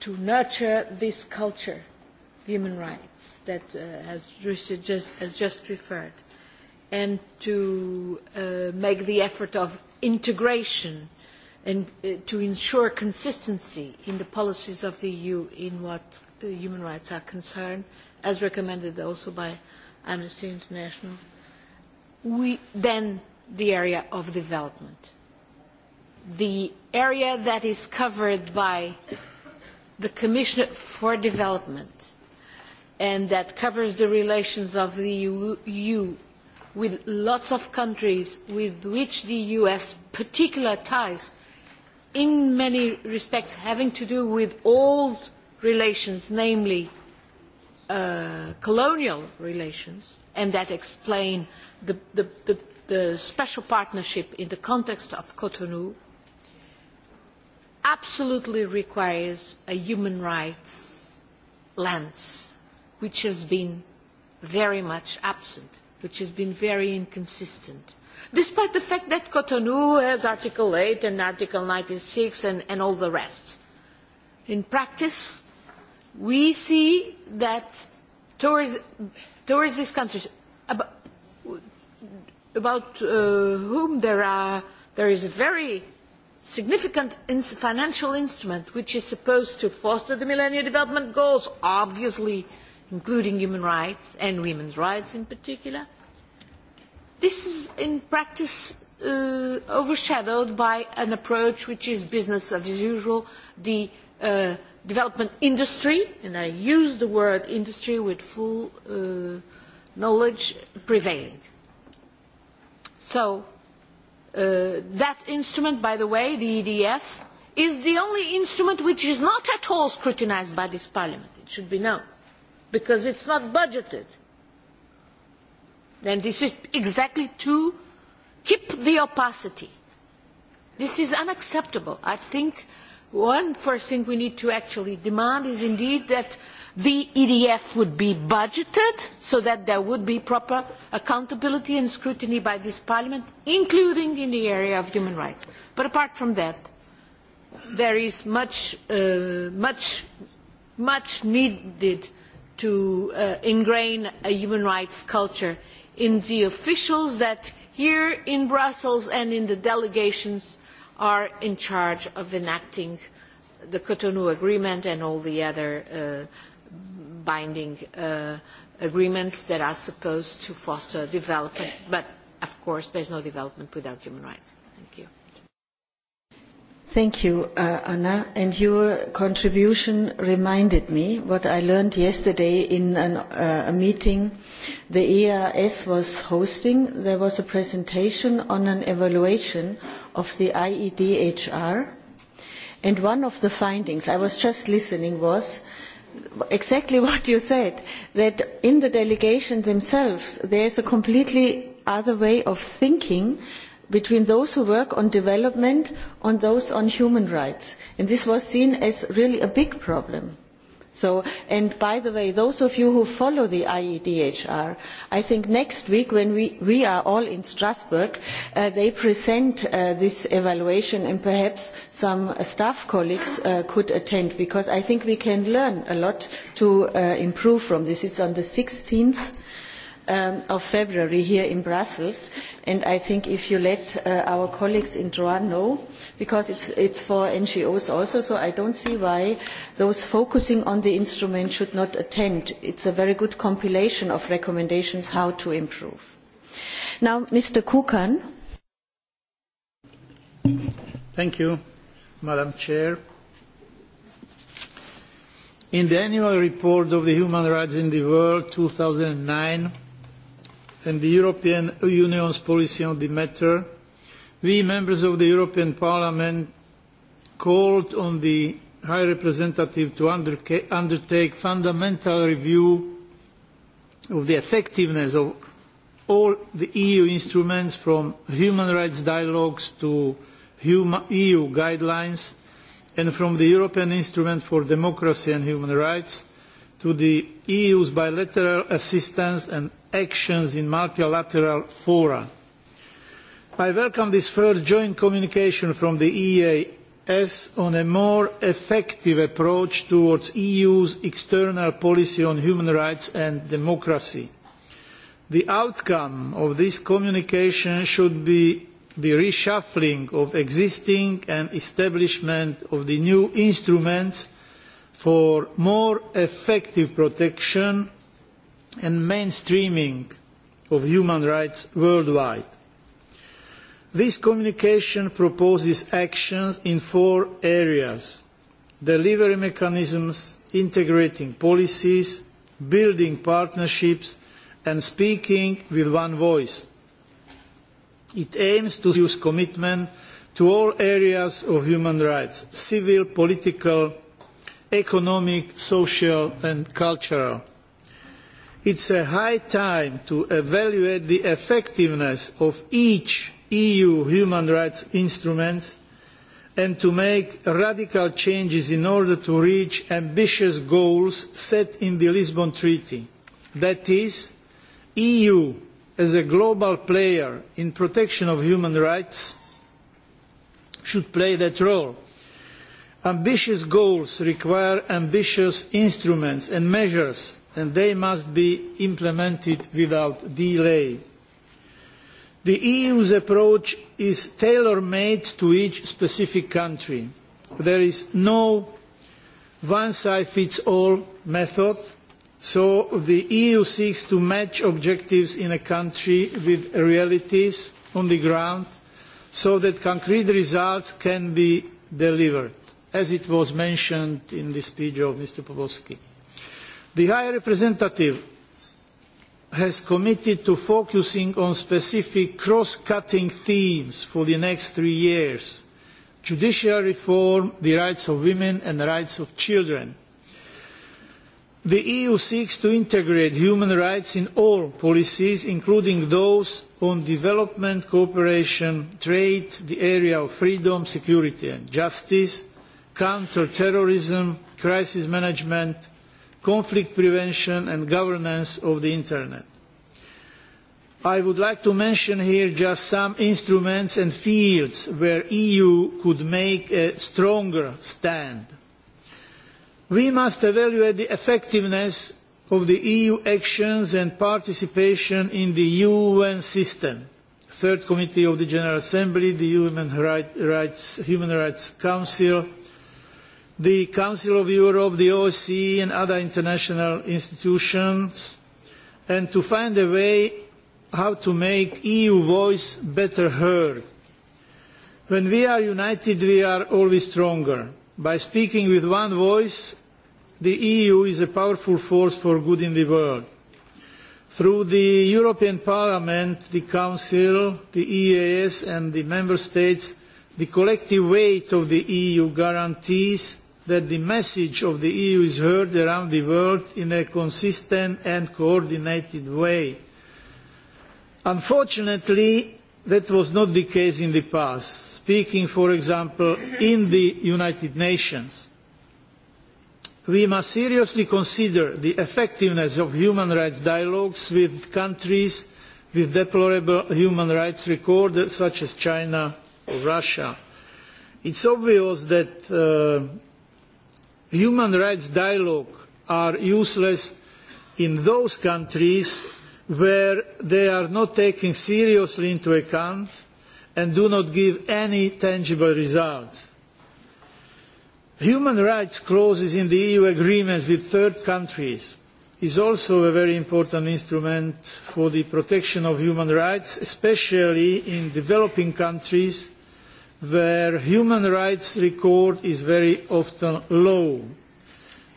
to nurture this culture of human rights that uh, Richard just, has just referred and to uh, make the effort of integration and uh, to ensure consistency in the policies of the EU in what uh, human rights are concerned, as recommended also by Amnesty International, we, then the area of development. The area that is covered by the Commissioner for Development and that covers the relations of the EU e with lots of countries with which the EU has particular ties, in many respects having to do with old relations, namely uh, colonial relations, and that explain the, the, the, the special partnership in the context of Cotonou, absolutely requires a human rights lens, which has been very much absent which has been very inconsistent. Despite the fact that Cotonou has Article 8 and Article 96 and, and all the rest. In practice, we see that towards, towards these countries, about, about uh, whom there, are, there is a very significant ins financial instrument which is supposed to foster the Millennium Development Goals, obviously including human rights and women's rights in particular. This is in practice uh, overshadowed by an approach which is business as usual, the uh, development industry, and I use the word industry with full uh, knowledge prevailing. So uh, that instrument, by the way, the EDF, is the only instrument which is not at all scrutinized by this parliament. It should be known because it's not budgeted. Then this is exactly to keep the opacity. This is unacceptable. I think one first thing we need to actually demand is indeed that the EDF would be budgeted so that there would be proper accountability and scrutiny by this parliament, including in the area of human rights. But apart from that, there is much, uh, much, much needed to uh, ingrain a human rights culture in the officials that here in Brussels and in the delegations are in charge of enacting the Cotonou Agreement and all the other uh, binding uh, agreements that are supposed to foster development. But, of course, there is no development without human rights. Thank you, uh, Anna. And your contribution reminded me what I learned yesterday in an, uh, a meeting the ERS was hosting. There was a presentation on an evaluation of the IEDHR. And one of the findings, I was just listening, was exactly what you said, that in the delegation themselves, there is a completely other way of thinking between those who work on development and those on human rights. And this was seen as really a big problem. So, and by the way, those of you who follow the IEDHR, I think next week when we, we are all in Strasbourg, uh, they present uh, this evaluation and perhaps some staff colleagues uh, could attend because I think we can learn a lot to uh, improve from this. It's on the 16th um, of February here in Brussels. And I think if you let uh, our colleagues in Droit know, because it's, it's for NGOs also, so I don't see why those focusing on the instrument should not attend. It's a very good compilation of recommendations how to improve. Now, Mr. Kukan. Thank you, Madam Chair. In the annual report of the Human Rights in the World 2009, and the European Union's policy on the matter, we members of the European Parliament called on the High Representative to undertake fundamental review of the effectiveness of all the EU instruments from human rights dialogues to EU guidelines and from the European Instrument for Democracy and Human Rights to the EU's bilateral assistance and actions in multilateral fora. I welcome this first joint communication from the EEAS on a more effective approach towards the EU's external policy on human rights and democracy. The outcome of this communication should be the reshuffling of existing and establishment of the new instruments for more effective protection and mainstreaming of human rights worldwide. This communication proposes actions in four areas delivery mechanisms, integrating policies, building partnerships, and speaking with one voice. It aims to use commitment to all areas of human rights civil, political, economic, social, and cultural. It is high time to evaluate the effectiveness of each EU human rights instrument and to make radical changes in order to reach ambitious goals set in the Lisbon Treaty. That is, EU as a global player in protection of human rights should play that role. Ambitious goals require ambitious instruments and measures and they must be implemented without delay. The EU's approach is tailor-made to each specific country. There is no one-size-fits-all method, so the EU seeks to match objectives in a country with realities on the ground so that concrete results can be delivered, as it was mentioned in the speech of Mr. Popovsky. The High Representative has committed to focusing on specific cross-cutting themes for the next three years. Judicial reform, the rights of women and the rights of children. The EU seeks to integrate human rights in all policies, including those on development, cooperation, trade, the area of freedom, security and justice, counter-terrorism, crisis management, conflict prevention and governance of the Internet. I would like to mention here just some instruments and fields where the EU could make a stronger stand. We must evaluate the effectiveness of the EU actions and participation in the UN system. Third Committee of the General Assembly, the Human Rights, Human Rights Council, the Council of Europe, the OSCE and other international institutions and to find a way how to make EU voice better heard. When we are united, we are always stronger. By speaking with one voice, the EU is a powerful force for good in the world. Through the European Parliament, the Council, the EAS and the Member States, the collective weight of the EU guarantees that the message of the EU is heard around the world in a consistent and coordinated way. Unfortunately, that was not the case in the past, speaking, for example, in the United Nations. We must seriously consider the effectiveness of human rights dialogues with countries with deplorable human rights records such as China or Russia. It is obvious that uh, human rights dialogue are useless in those countries where they are not taken seriously into account and do not give any tangible results. Human rights clauses in the EU agreements with third countries is also a very important instrument for the protection of human rights, especially in developing countries where human rights record is very often low.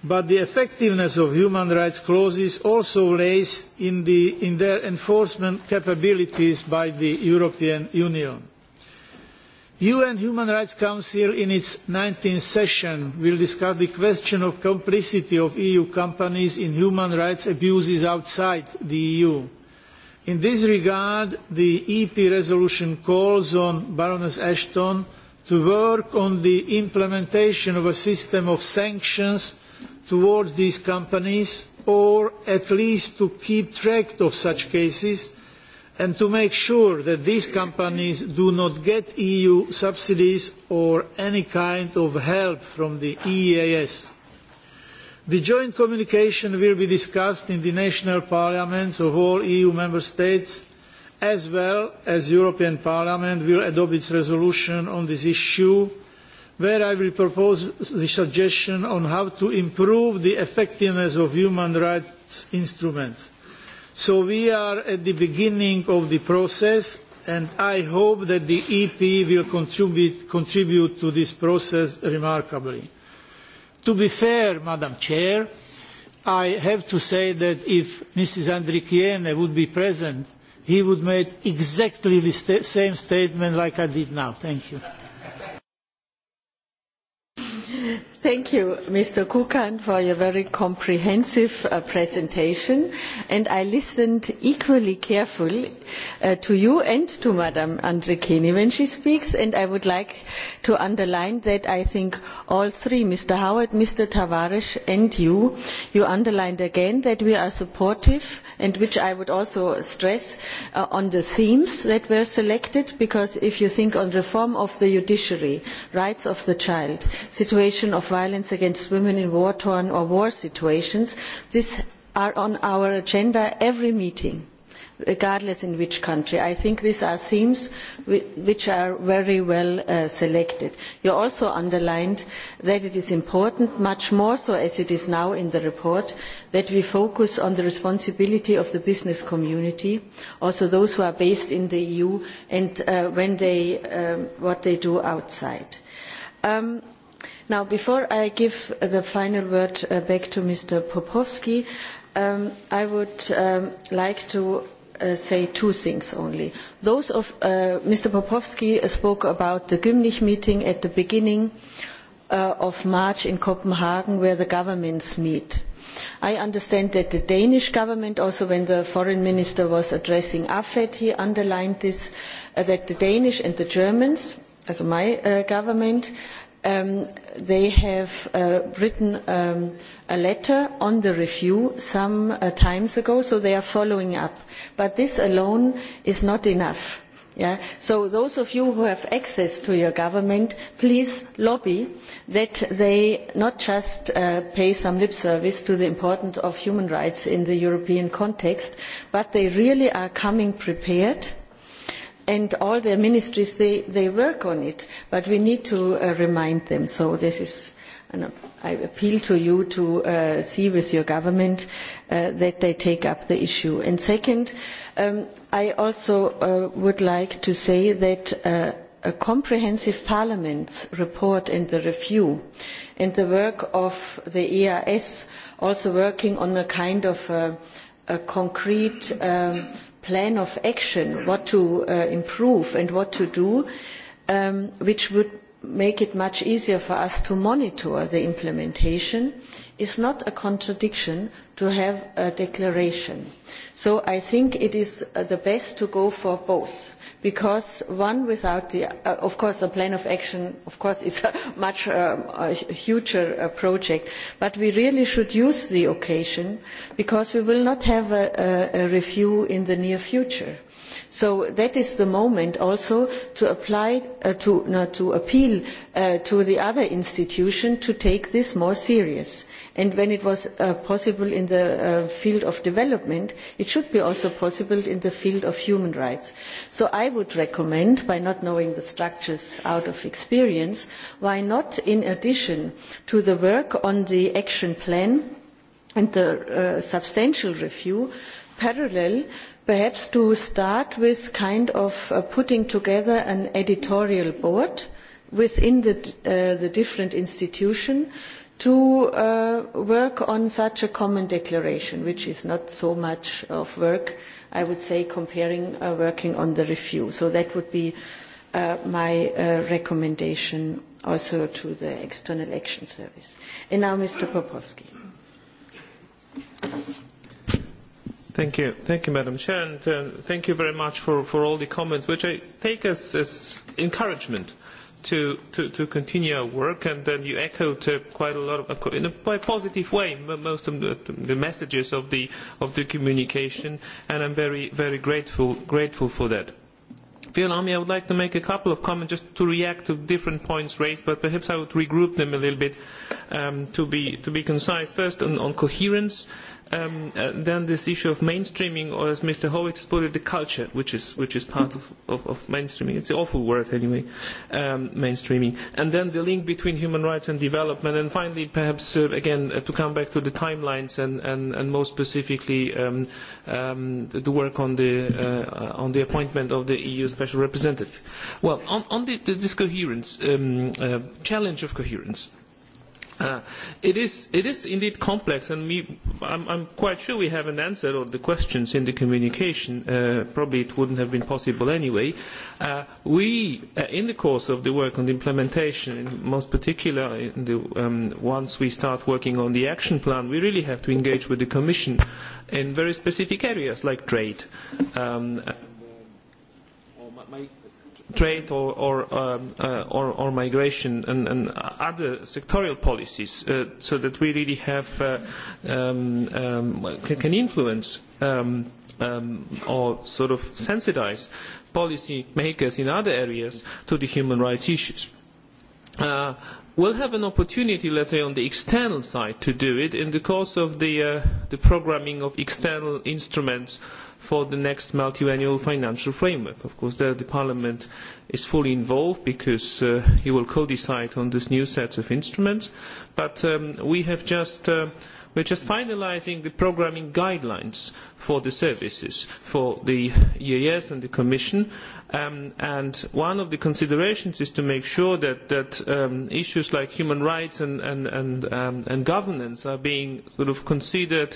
But the effectiveness of human rights clauses also lays in, the, in their enforcement capabilities by the European Union. UN Human Rights Council in its 19th session will discuss the question of complicity of EU companies in human rights abuses outside the EU. In this regard, the EP resolution calls on Baroness Ashton to work on the implementation of a system of sanctions towards these companies or at least to keep track of such cases and to make sure that these companies do not get EU subsidies or any kind of help from the EEAS. The joint communication will be discussed in the national parliaments of all EU member states as well as the European Parliament will adopt its resolution on this issue where I will propose the suggestion on how to improve the effectiveness of human rights instruments. So we are at the beginning of the process and I hope that the EP will contribute, contribute to this process remarkably. To be fair, Madam Chair, I have to say that if Mrs. Andrikiene would be present, he would make exactly the st same statement like I did now. Thank you. Thank you, Mr. Kukan, for your very comprehensive uh, presentation. And I listened equally carefully uh, to you and to Madame Andrikini when she speaks. And I would like to underline that I think all three, Mr. Howard, Mr. Tavares, and you, you underlined again that we are supportive, and which I would also stress uh, on the themes that were selected, because if you think on reform of the judiciary, rights of the child, situation of violence against women in war torn or war situations. These are on our agenda every meeting regardless in which country. I think these are themes which are very well uh, selected. You also underlined that it is important, much more so as it is now in the report, that we focus on the responsibility of the business community, also those who are based in the EU and uh, when they, um, what they do outside. Um, Now, before I give the final word uh, back to Mr. Popovsky, um, I would um, like to uh, say two things only. Those of uh, Mr. Popovsky spoke about the Gymnich meeting at the beginning uh, of March in Copenhagen where the governments meet. I understand that the Danish government, also when the foreign minister was addressing AFED, he underlined this, uh, that the Danish and the Germans, also my uh, government, um, they have uh, written um, a letter on the review some uh, times ago, so they are following up. But this alone is not enough. Yeah? So those of you who have access to your government, please lobby that they not just uh, pay some lip service to the importance of human rights in the European context, but they really are coming prepared – and all the ministries, they, they work on it, but we need to uh, remind them. So this is, an, I appeal to you to uh, see with your government uh, that they take up the issue. And second, um, I also uh, would like to say that uh, a comprehensive parliament's report and the review and the work of the EIS also working on a kind of a, uh, a concrete um, plan of action, what to uh, improve and what to do, um, which would make it much easier for us to monitor the implementation is not a contradiction to have a declaration. So I think it is uh, the best to go for both because one without the, uh, of course, a plan of action, of course, is a much um, a huger uh, project, but we really should use the occasion because we will not have a, a, a review in the near future. So that is the moment also to apply, uh, to, no, to appeal uh, to the other institution to take this more seriously. And when it was uh, possible in the uh, field of development, it should be also possible in the field of human rights. So I would recommend, by not knowing the structures out of experience, why not in addition to the work on the action plan and the uh, substantial review, parallel perhaps to start with kind of uh, putting together an editorial board within the, uh, the different institutions to uh, work on such a common declaration, which is not so much of work, I would say, comparing uh, working on the review. So that would be uh, my uh, recommendation also to the External Action Service. And now Mr. Popovsky. Thank you. Thank you, Madam Chair, and uh, thank you very much for, for all the comments, which I take as, as encouragement to, to, to continue our work and then you echoed uh, quite a lot of, uh, in a quite positive way most of the, the messages of the, of the communication and I'm very, very grateful, grateful for that. Phil me I would like to make a couple of comments just to react to different points raised, but perhaps I would regroup them a little bit um, to, be, to be concise. First, on, on coherence, um, uh, then this issue of mainstreaming, or as Mr. Howitt put it, the culture, which is, which is part of, of, of mainstreaming. It's an awful word anyway, um, mainstreaming. And then the link between human rights and development. And finally, perhaps, uh, again, uh, to come back to the timelines and, and, and more specifically um, um, the work on the, uh, on the appointment of the EU Special Representative. Well, on, on the, the, this coherence, um, uh, challenge of coherence. Uh, it, is, it is indeed complex, and we, I'm, I'm quite sure we haven't answered all the questions in the communication. Uh, probably it wouldn't have been possible anyway. Uh, we, uh, in the course of the work on the implementation, in most particular, in the, um, once we start working on the action plan, we really have to engage with the Commission in very specific areas like trade. Um, uh, trade or, or, um, uh, or, or migration and, and other sectorial policies uh, so that we really have uh, um, um, can, can influence um, um, or sort of sensitize policy makers in other areas to the human rights issues. Uh, we'll have an opportunity, let's say, on the external side to do it in the course of the, uh, the programming of external instruments uh, for the next multiannual financial framework. Of course, there the Parliament is fully involved because uh, you will co-decide on this new set of instruments. But um, we have just uh, which is finalising the programming guidelines for the services for the EAS and the Commission. Um, and one of the considerations is to make sure that, that um, issues like human rights and, and, and, um, and governance are being sort of considered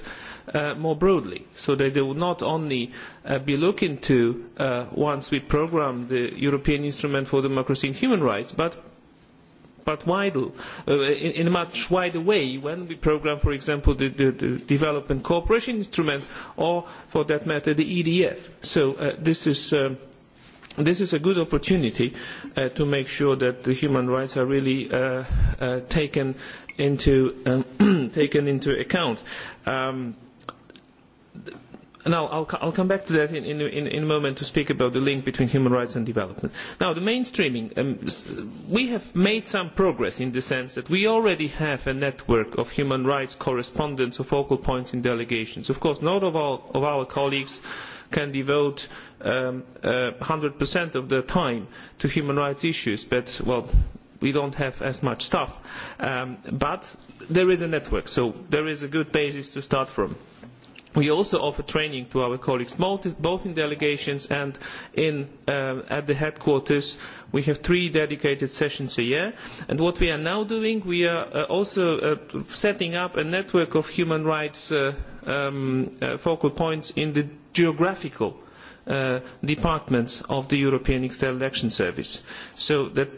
uh, more broadly, so that they will not only uh, be looked into uh, once we programme the European Instrument for Democracy and Human Rights, but but wider, uh, in, in a much wider way when we program, for example, the, the, the development cooperation instrument or, for that matter, the EDF. So uh, this is. Um, this is a good opportunity uh, to make sure that the human rights are really uh, uh, taken into um, taken into account. Um, Now, I'll, I'll come back to that in, in, in, in a moment to speak about the link between human rights and development. Now, the mainstreaming. Um, we have made some progress in the sense that we already have a network of human rights correspondents of focal points in delegations. Of course, not of, all, of our colleagues can devote um, uh, 100% of their time to human rights issues, but, well, we don't have as much stuff. Um, but there is a network, so there is a good basis to start from. We also offer training to our colleagues both in delegations and in, uh, at the headquarters. We have three dedicated sessions a year. And what we are now doing, we are uh, also uh, setting up a network of human rights uh, um, uh, focal points in the geographical uh, departments of the European External Action Service. So that,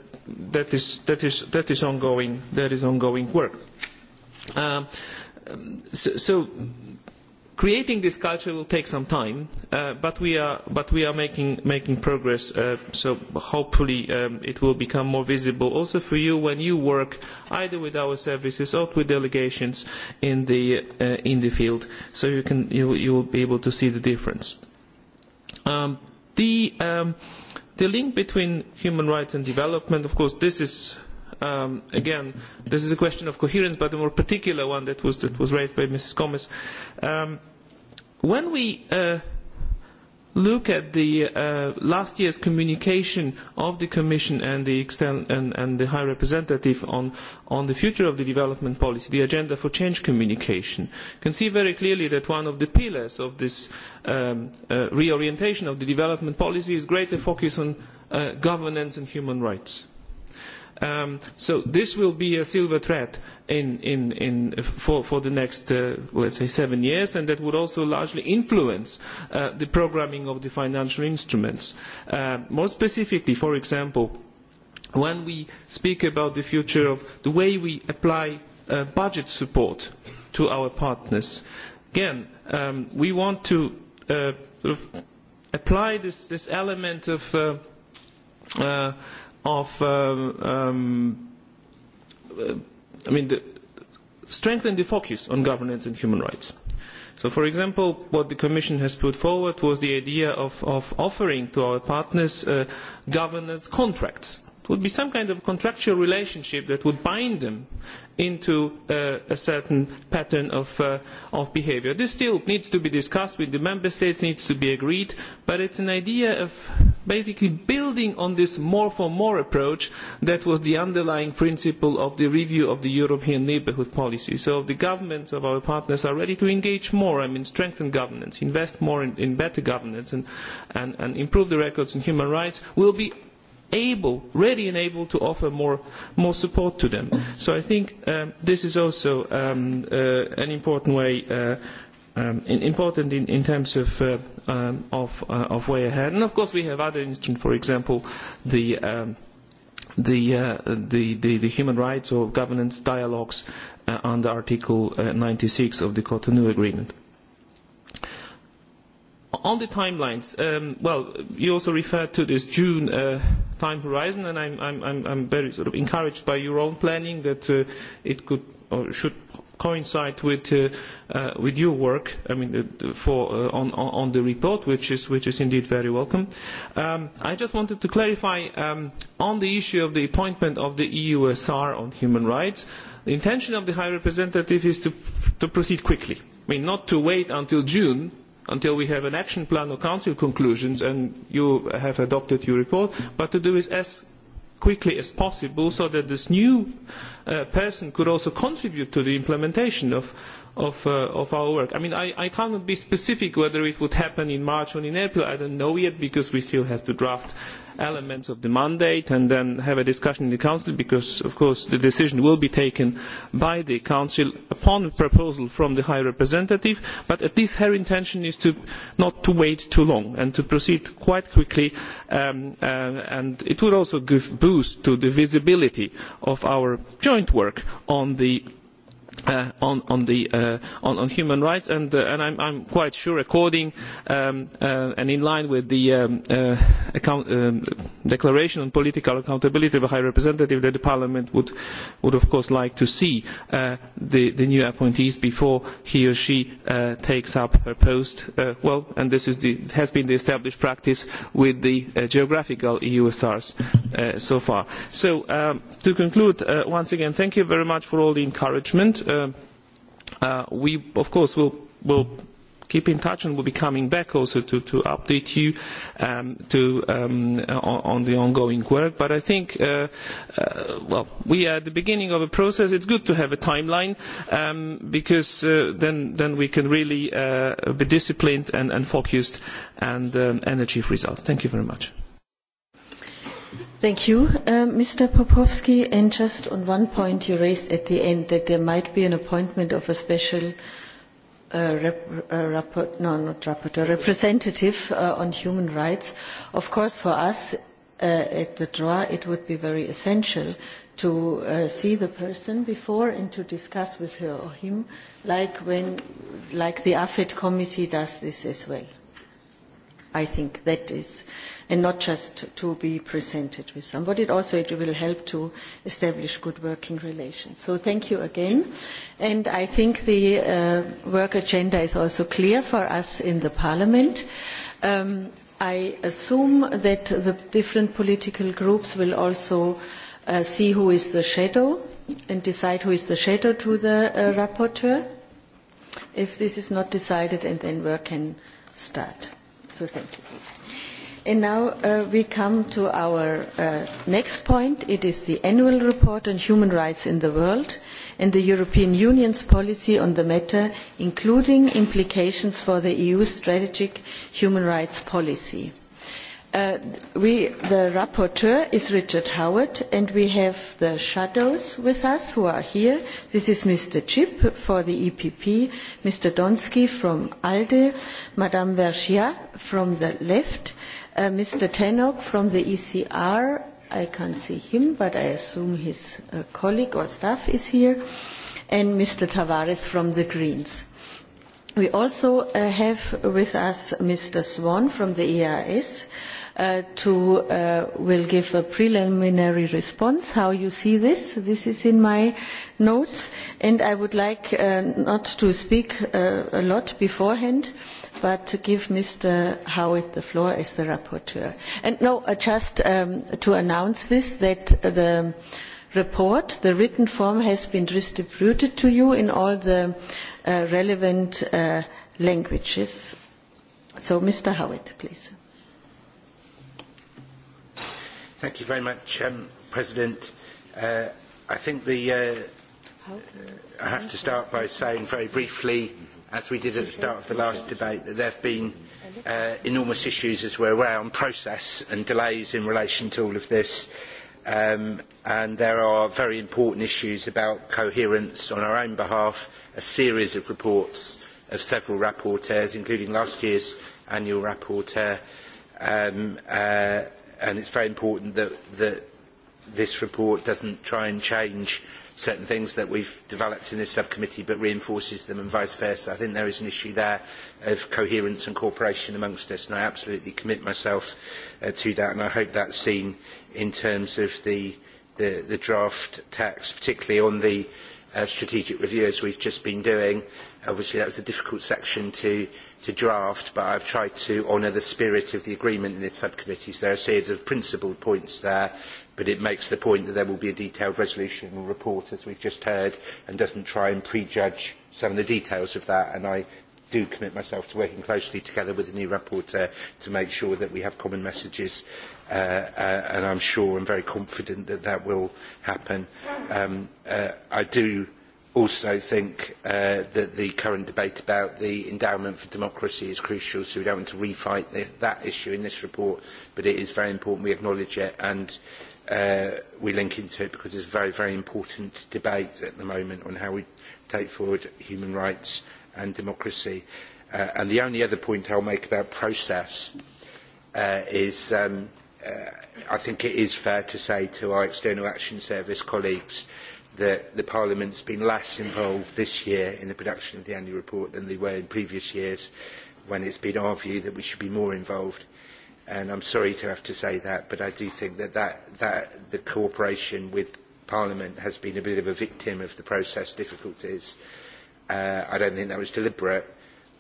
that, is, that, is, that is, ongoing, that is ongoing work. Um, so, so creating this culture will take some time, uh, but we are, but we are making, making progress, uh, so hopefully um, it will become more visible also for you when you work either with our services or with delegations in the, uh, in the field, so you, can, you, you will be able to see the difference. Um, the, um, the link between human rights and development, of course, this is um, again, this is a question of coherence, but a more particular one that was, that was raised by Mrs. Gomez. Um, when we uh, look at the uh, last year's communication of the Commission and the, and, and the High Representative on, on the future of the development policy, the Agenda for Change communication, you can see very clearly that one of the pillars of this um, uh, reorientation of the development policy is greater focus on uh, governance and human rights. Um, so this will be a silver thread in, in, in, for, for the next, uh, let's say, seven years, and that would also largely influence uh, the programming of the financial instruments. Uh, more specifically, for example, when we speak about the future of the way we apply uh, budget support to our partners, again, um, we want to uh, sort of apply this, this element of uh, uh, of, um, um, uh, I mean, the, strengthen the focus on governance and human rights. So, for example, what the Commission has put forward was the idea of, of offering to our partners uh, governance contracts would be some kind of contractual relationship that would bind them into uh, a certain pattern of, uh, of behaviour. This still needs to be discussed with the member states, needs to be agreed, but it is an idea of basically building on this more for more approach that was the underlying principle of the review of the European neighbourhood policy. So the governments of our partners are ready to engage more, I mean strengthen governance, invest more in, in better governance and, and, and improve the records on human rights will be able, ready and able to offer more, more support to them. So I think um, this is also um, uh, an important way, uh, um, in, important in, in terms of, uh, um, of, uh, of way ahead. And of course we have other instruments, for example, the um, the, uh, the, the, the human rights or governance dialogues uh, under Article uh, 96 of the Cotonou Agreement. On the timelines, um, well, you also referred to this June uh, time horizon, and I'm, I'm, I'm very sort of encouraged by your own planning that uh, it could or should coincide with, uh, uh, with your work. I mean, uh, for uh, on, on the report, which is which is indeed very welcome. Um, I just wanted to clarify um, on the issue of the appointment of the EUSR on human rights. The intention of the High Representative is to to proceed quickly. I mean, not to wait until June until we have an action plan or council conclusions and you have adopted your report, but to do this as quickly as possible so that this new uh, person could also contribute to the implementation of, of, uh, of our work. I mean, I, I cannot be specific whether it would happen in March or in April. I don't know yet because we still have to draft elements of the mandate and then have a discussion in the Council because, of course, the decision will be taken by the Council upon a proposal from the High Representative, but at least her intention is to not to wait too long and to proceed quite quickly um, uh, and it would also give boost to the visibility of our joint work on the uh, on, on, the, uh, on, on human rights and, uh, and I'm, I'm quite sure according um, uh, and in line with the um, uh, account, um, declaration on political accountability of a high representative that the parliament would, would of course like to see uh, the, the new appointees before he or she uh, takes up her post uh, well and this is the, has been the established practice with the uh, geographical EU uh, so far. So um, to conclude uh, once again thank you very much for all the encouragement uh, uh, we, of course, will, will keep in touch and will be coming back also to, to update you um, to, um, on, on the ongoing work. But I think, uh, uh, well, we are at the beginning of a process. It's good to have a timeline um, because uh, then, then we can really uh, be disciplined and, and focused and, um, and achieve results. Thank you very much. Thank you, uh, Mr. Popovsky. And just on one point you raised at the end that there might be an appointment of a special Uh, rep, uh, rapport, no, not rapporteur, representative uh, on human rights. Of course, for us uh, at the DROA, it would be very essential to uh, see the person before and to discuss with her or him, like, when, like the AFED committee does this as well. I think that is and not just to be presented with them. But it also it will help to establish good working relations. So thank you again. And I think the uh, work agenda is also clear for us in the Parliament. Um, I assume that the different political groups will also uh, see who is the shadow and decide who is the shadow to the uh, rapporteur if this is not decided and then work can start. So thank you. And now uh, we come to our uh, next point. It is the annual report on human rights in the world and the European Union's policy on the matter, including implications for the EU's strategic human rights policy. Uh, we, the rapporteur is Richard Howard, and we have the shadows with us who are here. This is Mr. Chip for the EPP, Mr. Donsky from ALDE, Madame Vergia from the left, Uh, Mr. Tenok from the ECR, I can't see him, but I assume his uh, colleague or staff is here, and Mr. Tavares from the Greens. We also uh, have with us Mr. Swan from the EIS uh, to uh, will give a preliminary response how you see this. This is in my notes, and I would like uh, not to speak uh, a lot beforehand. Uh, but to give Mr. Howitt the floor as the rapporteur. And no, uh, just um, to announce this, that the report, the written form has been distributed to you in all the uh, relevant uh, languages. So, Mr. Howitt, please. Thank you very much, um, President. Uh, I think the... Uh, uh I have to start by saying very briefly... Mm as we did at the start of the last debate, that there have been uh, enormous issues as we're aware on process and delays in relation to all of this. Um, and there are very important issues about coherence on our own behalf, a series of reports of several rapporteurs, including last year's annual rapporteur. Um, uh, and it's very important that, that this report doesn't try and change uh, certain things that we've developed in this subcommittee but reinforces them and vice versa. I think there is an issue there of coherence and cooperation amongst us and I absolutely commit myself uh, to that and I hope that's seen in terms of the, the, the draft text, particularly on the uh, strategic review as we've just been doing. Obviously that was a difficult section to, to draft but I've tried to honour the spirit of the agreement in this subcommittee. So there are a series of principled points there but it makes the point that there will be a detailed resolution report, as we have just heard, and does not try and prejudge some of the details of that. And I do commit myself to working closely together with the new rapporteur to make sure that we have common messages, uh, uh, and I am sure and very confident that that will happen. Um, uh, I do also think uh, that the current debate about the endowment for democracy is crucial, so we don't want to refight the, that issue in this report, but it is very important we acknowledge it. And uh, we link into it because it's a very, very important debate at the moment on how we take forward human rights and democracy. Uh, and the only other point I'll make about process uh, is um, uh, I think it is fair to say to our External Action Service colleagues that the Parliament's been less involved this year in the production of the annual report than they were in previous years when it's been our view that we should be more involved and I'm sorry to have to say that, but I do think that, that, that the cooperation with Parliament has been a bit of a victim of the process difficulties. Uh, I don't think that was deliberate.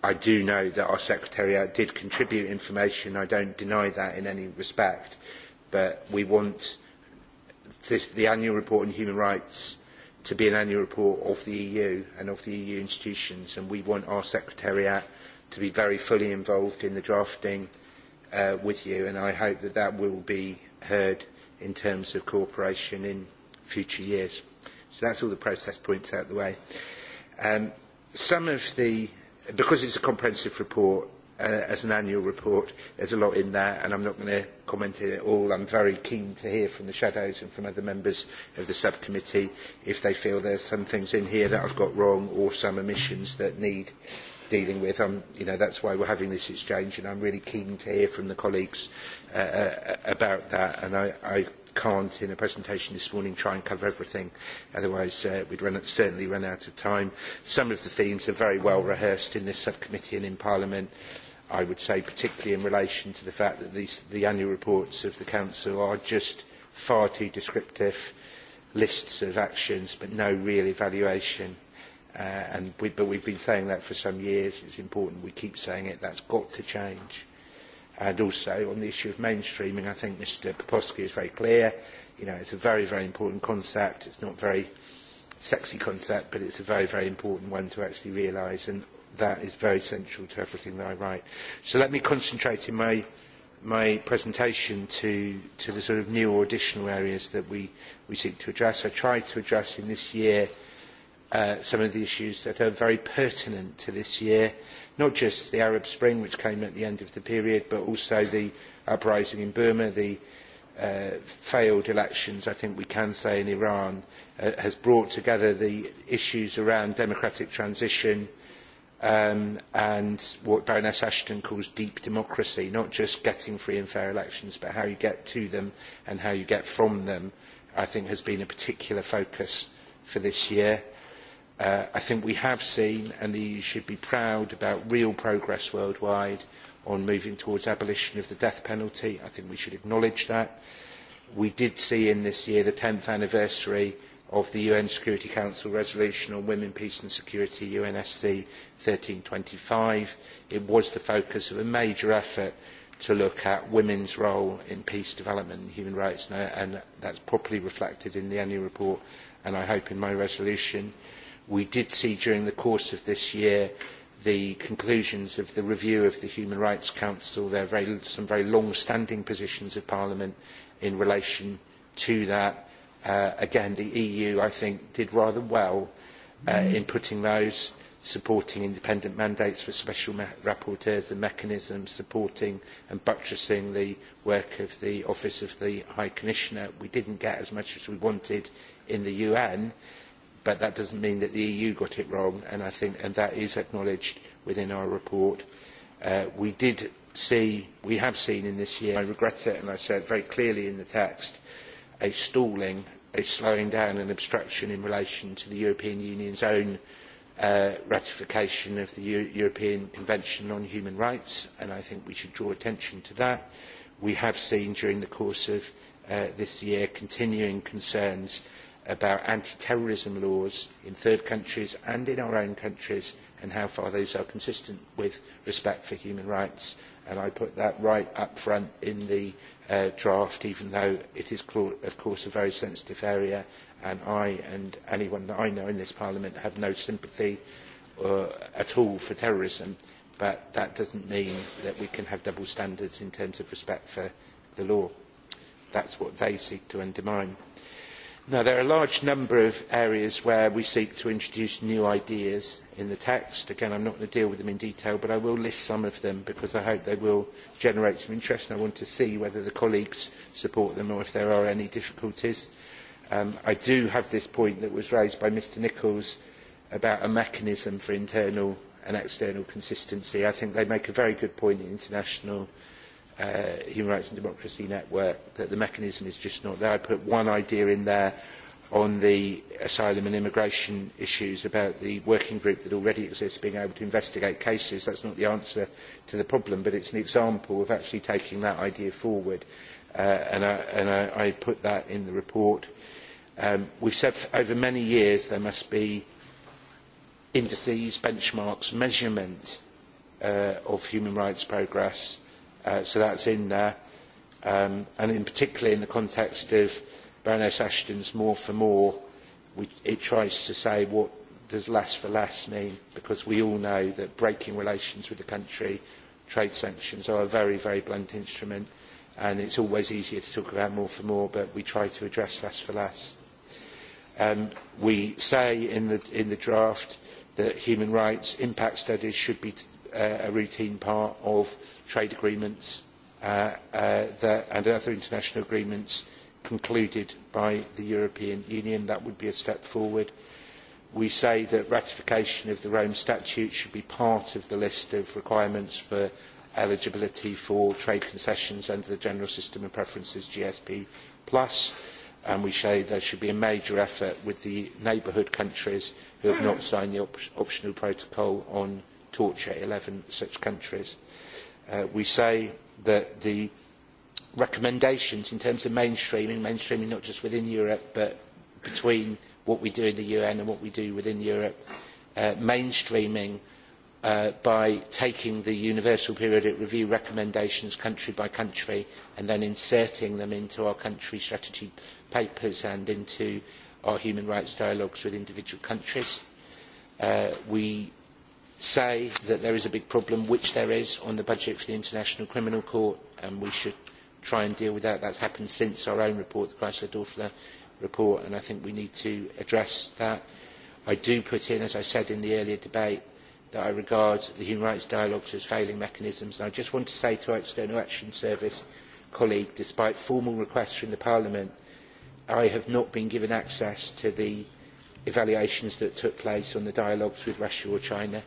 I do know that our Secretariat did contribute information. I don't deny that in any respect. But we want this, the annual report on human rights to be an annual report of the EU and of the EU institutions. And we want our Secretariat to be very fully involved in the drafting uh, with you, and I hope that that will be heard in terms of cooperation in future years. So that's all the process points out the way. Um, some of the, because it's a comprehensive report, uh, as an annual report, there's a lot in that and I'm not going to comment on it all. I'm very keen to hear from the shadows and from other members of the subcommittee if they feel there's some things in here that I've got wrong or some omissions that need dealing with. Um, you know, that's why we're having this exchange, and I'm really keen to hear from the colleagues uh, uh, about that. And I, I can't, in a presentation this morning, try and cover everything. Otherwise, uh, we'd run, certainly run out of time. Some of the themes are very well rehearsed in this subcommittee and in Parliament. I would say particularly in relation to the fact that these, the annual reports of the Council are just far too descriptive lists of actions but no real evaluation Uh, and we, but we've been saying that for some years. It's important we keep saying it. That's got to change. And also on the issue of mainstreaming, I think Mr. Poposky is very clear. You know, it's a very, very important concept. It's not a very sexy concept, but it's a very, very important one to actually realise, and that is very central to everything that I write. So let me concentrate in my, my presentation to, to the sort of new or additional areas that we, we seek to address. I tried to address in this year uh, some of the issues that are very pertinent to this year, not just the Arab Spring, which came at the end of the period, but also the uprising in Burma, the uh, failed elections, I think we can say, in Iran, uh, has brought together the issues around democratic transition um, and what Baroness Ashton calls deep democracy, not just getting free and fair elections, but how you get to them and how you get from them, I think has been a particular focus for this year. Uh, I think we have seen, and the EU should be proud about real progress worldwide on moving towards abolition of the death penalty. I think we should acknowledge that. We did see in this year the 10th anniversary of the UN Security Council resolution on women, peace and security, UNSC 1325. It was the focus of a major effort to look at women's role in peace development and human rights, and, uh, and that's properly reflected in the annual report, and I hope in my resolution. We did see during the course of this year the conclusions of the review of the Human Rights Council. There are very, some very long-standing positions of Parliament in relation to that. Uh, again, the EU, I think, did rather well uh, mm. in putting those, supporting independent mandates for special rapporteurs and mechanisms, supporting and buttressing the work of the Office of the High Commissioner. We didn't get as much as we wanted in the UN but that doesn't mean that the EU got it wrong, and I think and that is acknowledged within our report. Uh, we did see, we have seen in this year, I regret it, and I say it very clearly in the text, a stalling, a slowing down and obstruction in relation to the European Union's own uh, ratification of the Euro European Convention on Human Rights, and I think we should draw attention to that. We have seen during the course of uh, this year continuing concerns about anti-terrorism laws in third countries and in our own countries and how far those are consistent with respect for human rights. And I put that right up front in the uh, draft, even though it is, of course, a very sensitive area. And I and anyone that I know in this Parliament have no sympathy uh, at all for terrorism. But that doesn't mean that we can have double standards in terms of respect for the law. That's what they seek to undermine. Now, there are a large number of areas where we seek to introduce new ideas in the text. Again, I'm not going to deal with them in detail, but I will list some of them because I hope they will generate some interest and I want to see whether the colleagues support them or if there are any difficulties. Um, I do have this point that was raised by Mr Nichols about a mechanism for internal and external consistency. I think they make a very good point in international uh, Human Rights and Democracy Network that the mechanism is just not there. I put one idea in there on the asylum and immigration issues about the working group that already exists being able to investigate cases. That's not the answer to the problem, but it's an example of actually taking that idea forward. Uh, and I, and I, I put that in the report. Um, we've said over many years there must be indices, benchmarks, measurement uh, of human rights progress So uh, so that's in there. Um, and in particular in the context of Baroness Ashton's more for more, we, it tries to say what does less for less mean, because we all know that breaking relations with the country, trade sanctions are a very, very blunt instrument, and it's always easier to talk about more for more, but we try to address less for less. Um, we say in the, in the draft that human rights impact studies should be Uh, a routine part of trade agreements uh, uh, that, and other international agreements concluded by the European Union. That would be a step forward. We say that ratification of the Rome Statute should be part of the list of requirements for eligibility for trade concessions under the General System of Preferences GSP Plus, and we say there should be a major effort with the neighbourhood countries who have not signed the op optional protocol on torture eleven such countries. Uh, we say that the recommendations in terms of mainstreaming, mainstreaming not just within Europe but between what we do in the UN and what we do within Europe, uh, mainstreaming uh, by taking the Universal Periodic Review recommendations country by country and then inserting them into our country strategy papers and into our human rights dialogues with individual countries. Uh, we say that there is a big problem, which there is, on the budget for the International Criminal Court, and we should try and deal with that. That's happened since our own report, the Chrysler-Dorfler report, and I think we need to address that. I do put in, as I said in the earlier debate, that I regard the human rights dialogues as failing mechanisms. And I just want to say to our External Action Service colleague, despite formal requests from the Parliament, I have not been given access to the evaluations that took place on the dialogues with Russia or China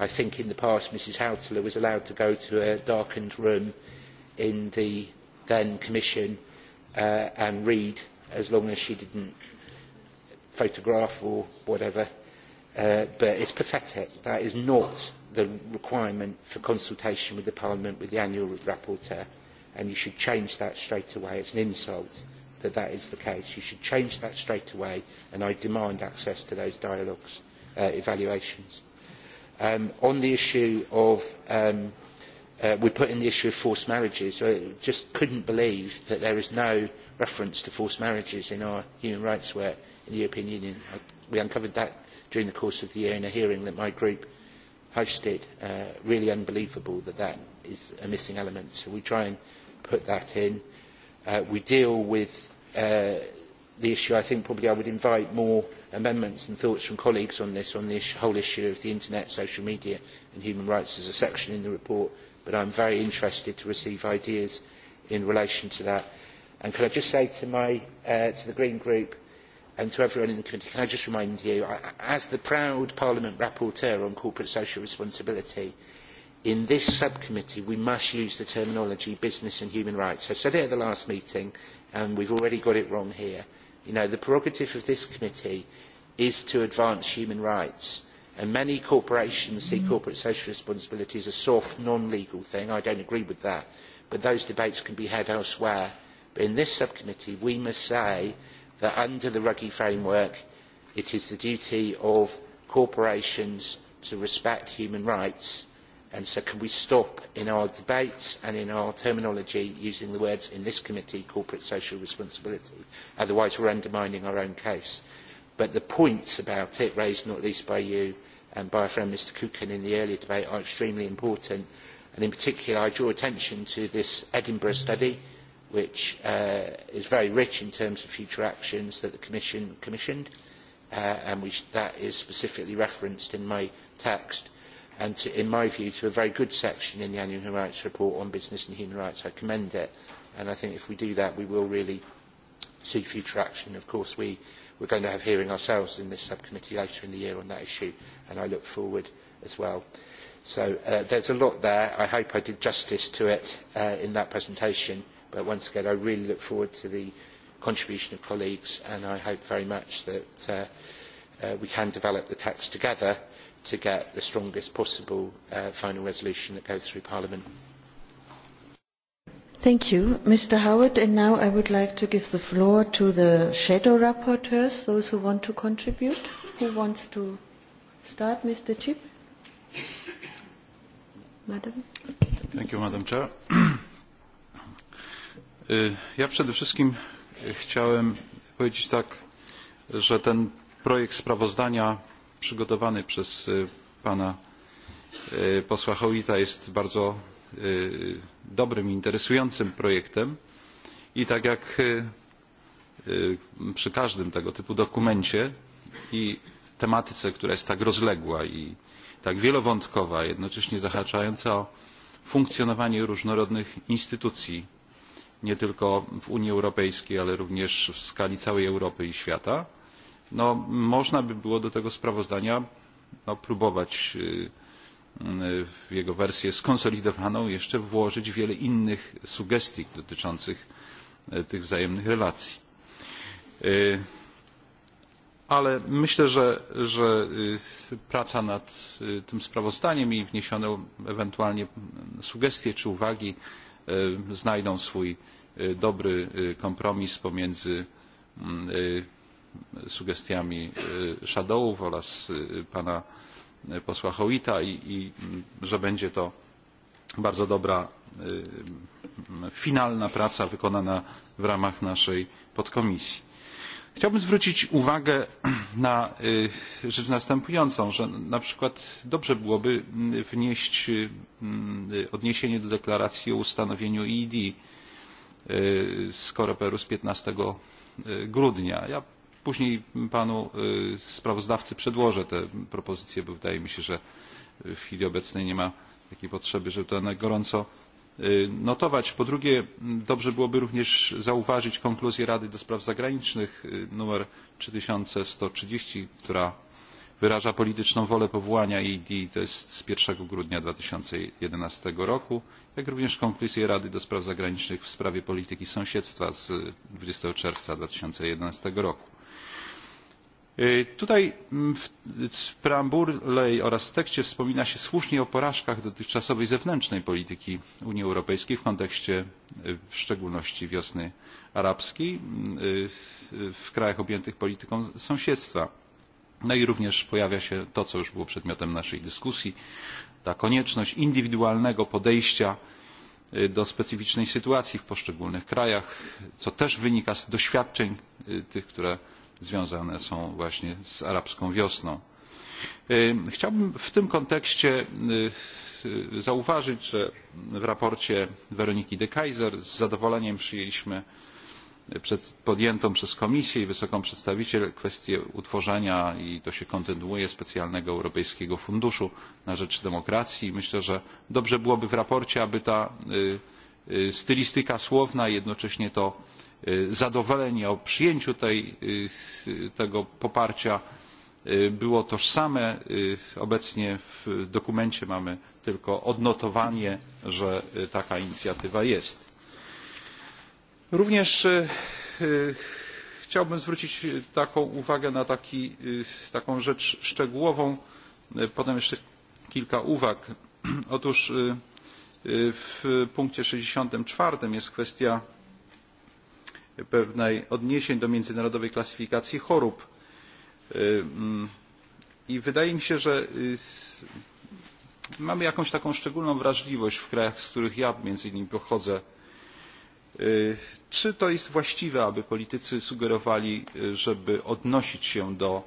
I think in the past Mrs Hautala was allowed to go to a darkened room in the then Commission uh, and read as long as she didn't photograph or whatever. Uh, but it's pathetic. That is not the requirement for consultation with the Parliament, with the annual rapporteur. And you should change that straight away. It's an insult that that is the case. You should change that straight away. And I demand access to those dialogues, uh, evaluations. Um, on the issue of, um, uh, we put in the issue of forced marriages. I just couldn't believe that there is no reference to forced marriages in our human rights work in the European Union. I, we uncovered that during the course of the year in a hearing that my group hosted. Uh, really unbelievable that that is a missing element. So we try and put that in. Uh, we deal with uh, the issue. I think probably I would invite more amendments and thoughts from colleagues on this, on the whole issue of the internet, social media and human rights as a section in the report, but I am very interested to receive ideas in relation to that. And can I just say to, my, uh, to the Green Group and to everyone in the committee, can I just remind you, I, as the proud Parliament rapporteur on corporate social responsibility, in this subcommittee we must use the terminology business and human rights. I said it at the last meeting and we've already got it wrong here. You know, the prerogative of this committee is to advance human rights. And many corporations see mm-hmm. corporate social responsibility as a soft, non-legal thing. I don't agree with that. But those debates can be had elsewhere. But in this subcommittee, we must say that under the Ruggie framework, it is the duty of corporations to respect human rights And so can we stop in our debates and in our terminology using the words in this committee, corporate social responsibility? Otherwise we're undermining our own case. But the points about it, raised not least by you and by our friend Mr Kukin in the earlier debate, are extremely important. And in particular, I draw attention to this Edinburgh study, which uh, is very rich in terms of future actions that the Commission commissioned, uh, and which, that is specifically referenced in my text and to, in my view to a very good section in the annual human rights report on business and human rights. I commend it and I think if we do that we will really see future action. Of course we, we're going to have hearing ourselves in this subcommittee later in the year on that issue and I look forward as well. So uh, there's a lot there. I hope I did justice to it uh, in that presentation but once again I really look forward to the contribution of colleagues and I hope very much that uh, uh, we can develop the text together to get the strongest possible uh, final resolution that goes through Parliament. Thank you, Mr. Howard. And now I would like to give the floor to the shadow rapporteurs, those who want to contribute. Who wants to start, Mr. Chip? Madam. Thank you, Madam Chair. ja przede wszystkim chciałem powiedzieć tak, że ten projekt sprawozdania przygotowany przez e, pana e, posła Hołita jest bardzo e, dobrym, interesującym projektem i tak jak przy każdym tego typu dokumencie i tematyce, która jest tak rozległa i tak wielowątkowa, jednocześnie zahaczająca o funkcjonowanie różnorodnych instytucji, nie tylko w Unii Europejskiej, ale również w skali całej Europy i świata, no, można by było do tego sprawozdania no, próbować w jego wersję skonsolidowaną jeszcze włożyć wiele innych sugestii dotyczących tych wzajemnych relacji. Ale myślę, że, że praca nad tym sprawozdaniem i wniesione ewentualnie sugestie czy uwagi znajdą swój dobry kompromis pomiędzy mm, sugestiami e, Shadowów oraz e, pana e, posła Hoita i, i że będzie to bardzo dobra finalna praca wykonana w ramach naszej podkomisji. Chciałbym zwrócić uwagę na rzecz następującą, że na przykład dobrze byłoby wnieść odniesienie do deklaracji o ustanowieniu ID z Koreperu z 15 grudnia. Ja Później panu sprawozdawcy przedłożę te propozycje, bo wydaje mi się, że w chwili obecnej nie ma takiej potrzeby, żeby to na gorąco notować. Po drugie, dobrze byłoby również zauważyć konkluzję Rady do Spraw Zagranicznych nr 3130, która wyraża polityczną wolę powołania ID to jest z 1 grudnia 2011 roku, jak również konkluzję Rady do Spraw Zagranicznych w sprawie polityki sąsiedztwa z 20 czerwca 2011 roku. E, tutaj w preambule oraz w tekście wspomina się słusznie o porażkach dotychczasowej zewnętrznej polityki Unii Europejskiej w kontekście e, w szczególności wiosny arabskiej e, w krajach objętych polityką sąsiedztwa. No i również pojawia się to, co już było przedmiotem naszej dyskusji, ta konieczność indywidualnego podejścia do specyficznej sytuacji w poszczególnych krajach, co też wynika z doświadczeń tych, które związane są właśnie z arabską wiosną. E, chciałbym w tym kontekście e, zauważyć, że w raporcie Weroniki de Kaiser z zadowoleniem przyjęliśmy podjętą przez Komisję i Wysoką Przedstawiciel kwestię utworzenia i to się kontynuuje specjalnego Europejskiego Funduszu na Rzecz Demokracji. Myślę, że dobrze byłoby w raporcie, aby ta e, stylistyka słowna i jednocześnie to zadowolenie o przyjęciu tej, tego poparcia było tożsame. Obecnie w dokumencie mamy tylko odnotowanie, że taka inicjatywa jest. Również chciałbym zwrócić taką uwagę na taki, taką rzecz szczegółową, potem jeszcze kilka uwag. Otóż w punkcie 64 jest kwestia pewnej odniesień do międzynarodowej klasyfikacji chorób. Mm, I wydaje mi się, że mamy jakąś taką szczególną wrażliwość w krajach, z których ja między innymi pochodzę. Czy to jest właściwe, aby politycy sugerowali, żeby odnosić się do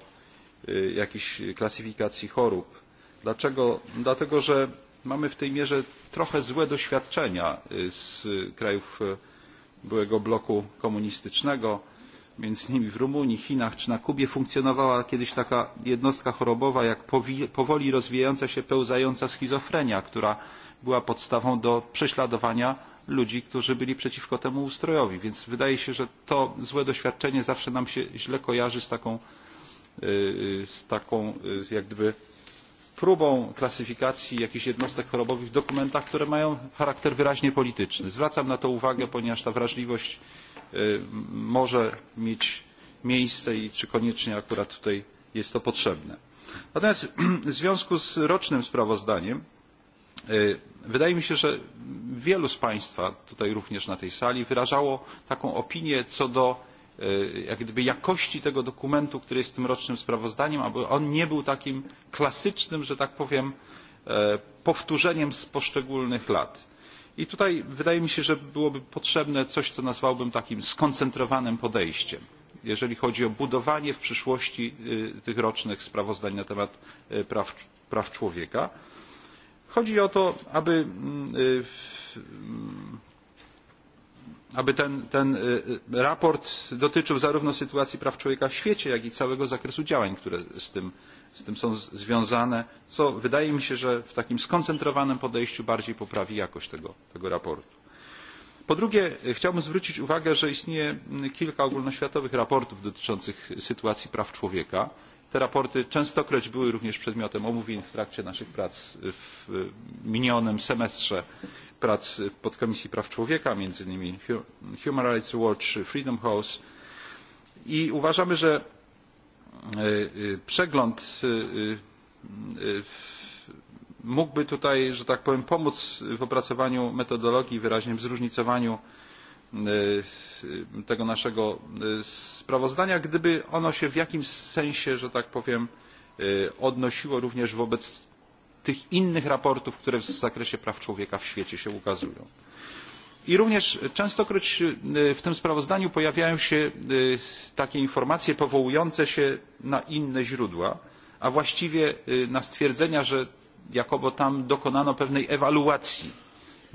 jakiejś klasyfikacji chorób? Dlaczego? Dlatego, że mamy w tej mierze trochę złe doświadczenia z krajów byłego bloku komunistycznego, między innymi w Rumunii, Chinach czy na Kubie funkcjonowała kiedyś taka jednostka chorobowa jak powoli rozwijająca się pełzająca schizofrenia, która była podstawą do prześladowania ludzi, którzy byli przeciwko temu ustrojowi. Więc wydaje się, że to złe doświadczenie zawsze nam się źle kojarzy z taką, z taką jak gdyby próbą klasyfikacji jakichś jednostek chorobowych w dokumentach, które mają charakter wyraźnie polityczny. Zwracam na to uwagę, ponieważ ta wrażliwość może mieć miejsce i czy koniecznie akurat tutaj jest to potrzebne. Natomiast w związku z rocznym sprawozdaniem wydaje mi się, że wielu z Państwa tutaj również na tej sali wyrażało taką opinię co do E, jak gdyby jakości tego dokumentu, który jest tym rocznym sprawozdaniem, aby on nie był takim klasycznym, że tak powiem, e, powtórzeniem z poszczególnych lat. I tutaj wydaje mi się, że byłoby potrzebne coś, co nazwałbym takim skoncentrowanym podejściem, jeżeli chodzi o budowanie w przyszłości e, tych rocznych sprawozdań na temat praw, praw człowieka. Chodzi o to, aby mm, aby ten, ten raport dotyczył zarówno sytuacji praw człowieka w świecie, jak i całego zakresu działań, które z tym, z tym są związane, co wydaje mi się, że w takim skoncentrowanym podejściu bardziej poprawi jakość tego, tego raportu. Po drugie, chciałbym zwrócić uwagę, że istnieje kilka ogólnoświatowych raportów dotyczących sytuacji praw człowieka. Te raporty częstokroć były również przedmiotem omówień w trakcie naszych prac w minionym semestrze prac podkomisji praw człowieka, między innymi Human Rights Watch, Freedom House i uważamy, że e, e, przegląd e, mógłby tutaj, że tak powiem, pomóc w opracowaniu metodologii, wyraźnym zróżnicowaniu tego naszego sprawozdania, gdyby ono się w jakimś sensie, że tak powiem, odnosiło również wobec tych innych raportów, które w zakresie praw człowieka w świecie się ukazują. I również częstokroć w tym sprawozdaniu pojawiają się takie informacje powołujące się na inne źródła, a właściwie na stwierdzenia, że jakoby tam dokonano pewnej ewaluacji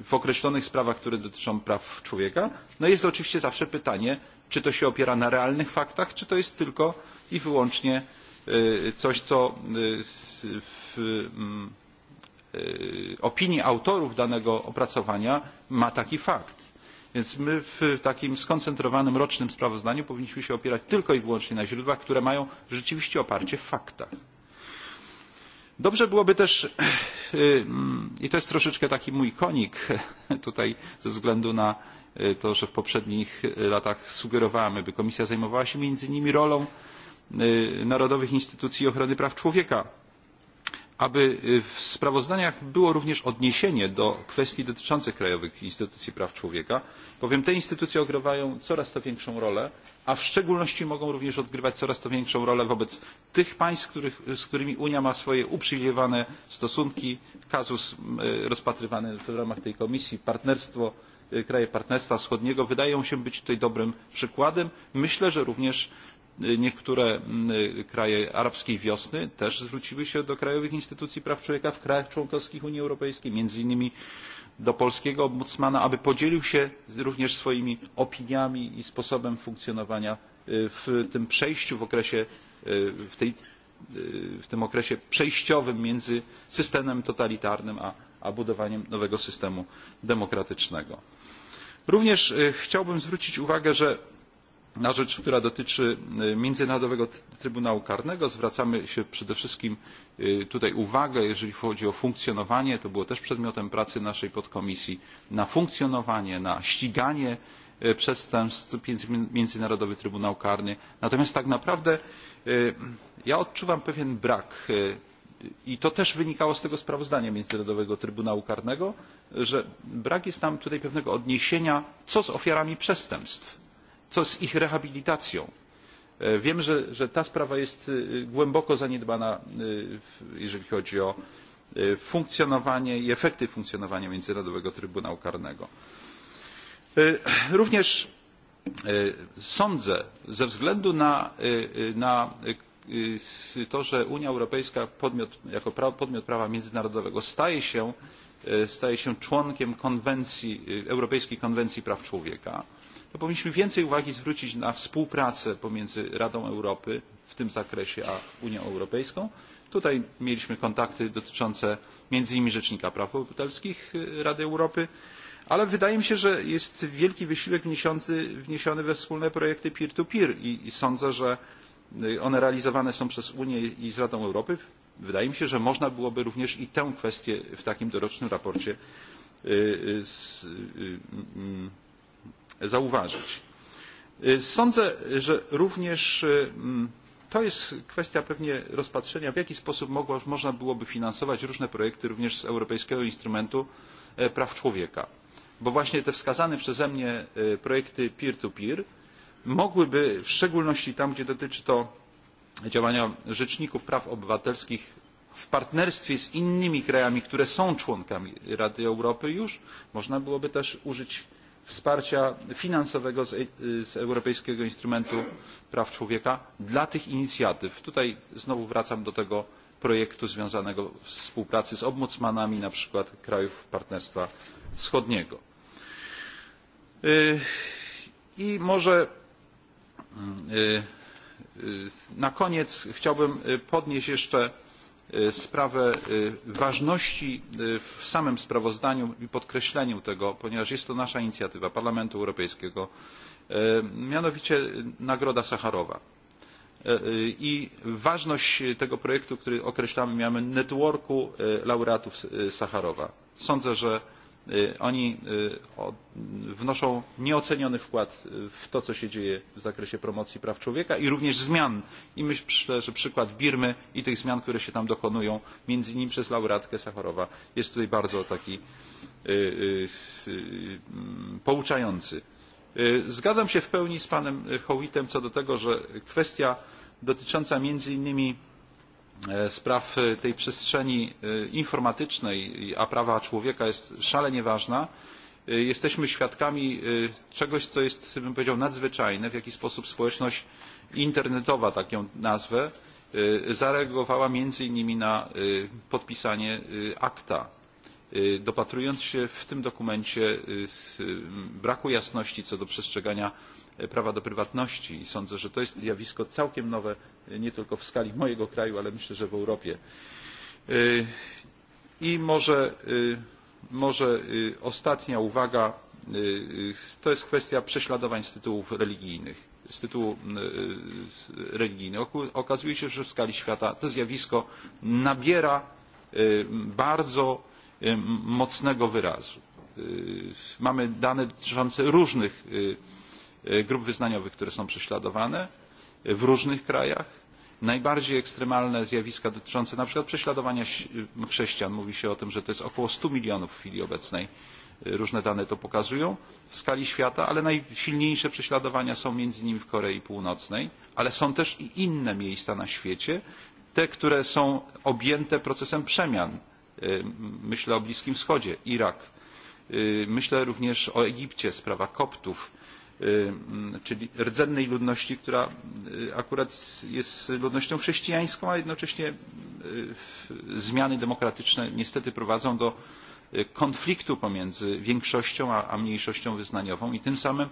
w określonych sprawach, które dotyczą praw człowieka. No jest oczywiście zawsze pytanie, czy to się opiera na realnych faktach, czy to jest tylko i wyłącznie coś, co w w mm, e, opinii autorów danego opracowania ma taki fakt. Więc my w takim skoncentrowanym rocznym sprawozdaniu powinniśmy się opierać tylko i wyłącznie na źródłach, które mają rzeczywiście oparcie w faktach. Dobrze byłoby też, e, mm, i to jest troszeczkę taki mój konik tutaj ze względu na e, to, że w poprzednich latach sugerowałem, by komisja zajmowała się między innymi rolą Narodowych Instytucji Ochrony Praw Człowieka aby w sprawozdaniach było również odniesienie do kwestii dotyczących krajowych instytucji praw człowieka, bowiem te instytucje odgrywają coraz to większą rolę, a w szczególności mogą również odgrywać coraz to większą rolę wobec tych państw, których, z którymi Unia ma swoje uprzywilejowane stosunki, kazus rozpatrywany w ramach tej komisji, partnerstwo kraje Partnerstwa Wschodniego wydają się być tutaj dobrym przykładem. Myślę, że również niektóre mm, kraje arabskiej wiosny też zwróciły się do krajowych instytucji praw człowieka w krajach członkowskich Unii Europejskiej, między innymi do polskiego ombudsmana, aby podzielił się również swoimi opiniami i sposobem funkcjonowania w tym przejściu w okresie w, tej, w tym okresie przejściowym między systemem totalitarnym a, a budowaniem nowego systemu demokratycznego. Również chciałbym zwrócić uwagę, że na rzecz, która dotyczy e, Międzynarodowego Trybunału Karnego. Zwracamy się przede wszystkim e, tutaj uwagę, jeżeli chodzi o funkcjonowanie, to było też przedmiotem pracy naszej podkomisji, na funkcjonowanie, na ściganie e, przestępstw Międzynarodowy Trybunał Karny. Natomiast tak naprawdę ja odczuwam pewien brak i to też wynikało z tego sprawozdania Międzynarodowego Trybunału Karnego, że brak jest tam tutaj pewnego odniesienia, co z ofiarami przestępstw co z ich rehabilitacją? E, Wiem, że, że ta sprawa jest e, głęboko zaniedbana, e, jeżeli chodzi o funkcjonowanie i efekty funkcjonowania Międzynarodowego Trybunału Karnego. Również sądzę, ze względu na, na to, że Unia Europejska podmiot, jako pra, podmiot prawa międzynarodowego staje się, staje się członkiem konwencji, Europejskiej Konwencji Praw Człowieka, to powinniśmy więcej uwagi zwrócić na współpracę pomiędzy Radą Europy w tym zakresie a Unią Europejską. Tutaj mieliśmy kontakty dotyczące między innymi Rzecznika Praw Obywatelskich Rady Europy, ale wydaje mi się, że jest wielki wysiłek wniesiony, wniesiony we wspólne projekty peer-to-peer -peer i, i sądzę, że one realizowane są przez Unię i z Radą Europy. Wydaje mi się, że można byłoby również i tę kwestię w takim dorocznym raporcie z, mm, zauważyć. Sądzę, że również mm, to jest kwestia pewnie rozpatrzenia, w jaki sposób mogło, można byłoby finansować różne projekty również z Europejskiego Instrumentu e, Praw Człowieka. Bo właśnie te wskazane przeze mnie e, projekty peer-to-peer -peer mogłyby, w szczególności tam, gdzie dotyczy to działania rzeczników praw obywatelskich w partnerstwie z innymi krajami, które są członkami Rady Europy już, można byłoby też użyć wsparcia finansowego z, z Europejskiego Instrumentu Praw Człowieka dla tych inicjatyw. Tutaj znowu wracam do tego projektu związanego z współpracy z obmocmanami na przykład krajów Partnerstwa Wschodniego. I może na koniec chciałbym podnieść jeszcze E, sprawę e, ważności e, w samym sprawozdaniu i podkreśleniu tego, ponieważ jest to nasza inicjatywa Parlamentu Europejskiego, mianowicie Nagroda Sacharowa. I ważność tego projektu, który określamy mianem networku laureatów Sacharowa. Sądzę, że Oni wnoszą nieoceniony wkład w to, co się dzieje w zakresie promocji praw człowieka i również zmian. I myślę, że przykład Birmy i tych zmian, które się tam dokonują, między innymi przez laureatkę Sachorowa, jest tutaj bardzo taki mm, pouczający. Zgadzam się w pełni z panem Hołitem co do tego, że kwestia dotycząca między innymi E, spraw e, tej przestrzeni e, informatycznej, a prawa człowieka jest szalenie ważna, jesteśmy świadkami czegoś, co jest, bym powiedział, nadzwyczajne, w jaki sposób społeczność internetowa, tak ją nazwę, zareagowała między innymi na podpisanie akta. Dopatrując się w tym dokumencie braku jasności co do przestrzegania E, prawa do prywatności i sądzę, że to jest zjawisko całkiem nowe e, nie tylko w skali mojego kraju, ale myślę, że w Europie. E, I może, może ostatnia uwaga, to jest kwestia prześladowań z tytułów religijnych z tytułu religijny. Okazuje się, że w skali świata to zjawisko nabiera bardzo mocnego wyrazu. Mamy dane dotyczące różnych E, grup wyznaniowych, które są prześladowane e, w różnych krajach. Najbardziej ekstremalne zjawiska dotyczące na przykład prześladowania chrześcijan, mówi się o tym, że to jest około 100 milionów w chwili obecnej, e, różne dane to pokazują, w skali świata, ale najsilniejsze prześladowania są między innymi w Korei Północnej, ale są też i inne miejsca na świecie, te, które są objęte procesem przemian. Myślę o Bliskim Wschodzie, Irak. Myślę również o Egipcie, sprawa koptów czyli rdzennej ludności, która akurat jest ludnością chrześcijańską, a jednocześnie zmiany demokratyczne niestety prowadzą do konfliktu pomiędzy większością a, mniejszością wyznaniową i tym samym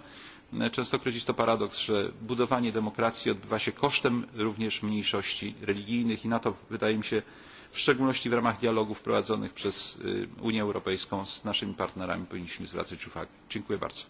częstokroć jest to paradoks, że budowanie demokracji odbywa się kosztem również mniejszości religijnych i na to wydaje mi się w szczególności w ramach dialogów prowadzonych przez Unię Europejską z naszymi partnerami powinniśmy zwracać uwagę. Dziękuję bardzo.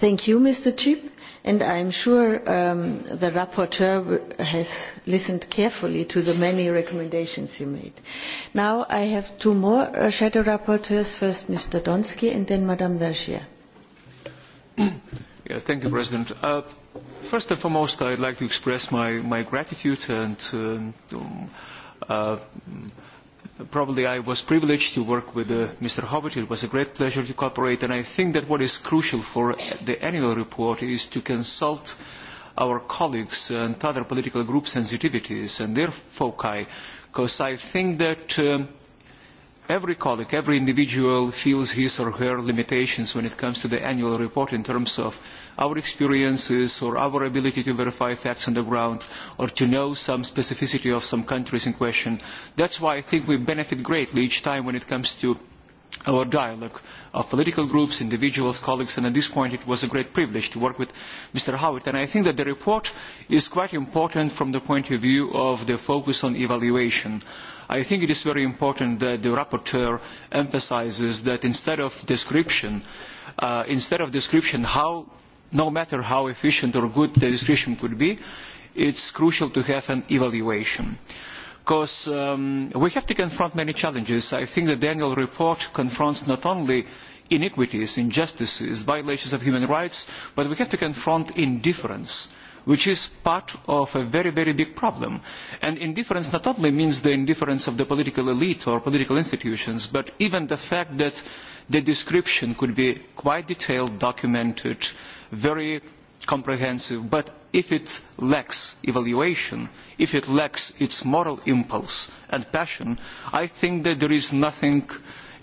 Thank you, Mr. Chip. And I'm sure um, the rapporteur has listened carefully to the many recommendations you made. Now I have two more uh, shadow rapporteurs, first Mr. Donsky and then Madame Vergier. yeah, thank you, President. Uh, first and foremost, I'd like to express my, my gratitude and um, um uh, probably I was privileged to work with uh, Mr. Hobbit. It was a great pleasure to cooperate, and I think that what is crucial for the annual report is to consult our colleagues and other political group sensitivities and their foci, because I think that um, every colleague, every individual feels his or her limitations when it comes to the annual report in terms of our experiences or our ability to verify facts on the ground or to know some specificity of some countries in question. That is why I think we benefit greatly each time when it comes to our dialogue of political groups, individuals, colleagues, and at this point it was a great privilege to work with Mr. Howitt. And I think that the report is quite important from the point of view of the focus on evaluation. I think it is very important that the rapporteur emphasises that instead of description, uh, instead of description how, no matter how efficient or good the description could be, it is crucial to have an evaluation. Because um, we have to confront many challenges. I think the Daniel report confronts not only inequities, injustices, violations of human rights, but we have to confront indifference which is part of a very, very big problem. And indifference not only means the indifference of the political elite or political institutions, but even the fact that the description could be quite detailed, documented, very comprehensive, but if it lacks evaluation, if it lacks its moral impulse and passion, I think that there is nothing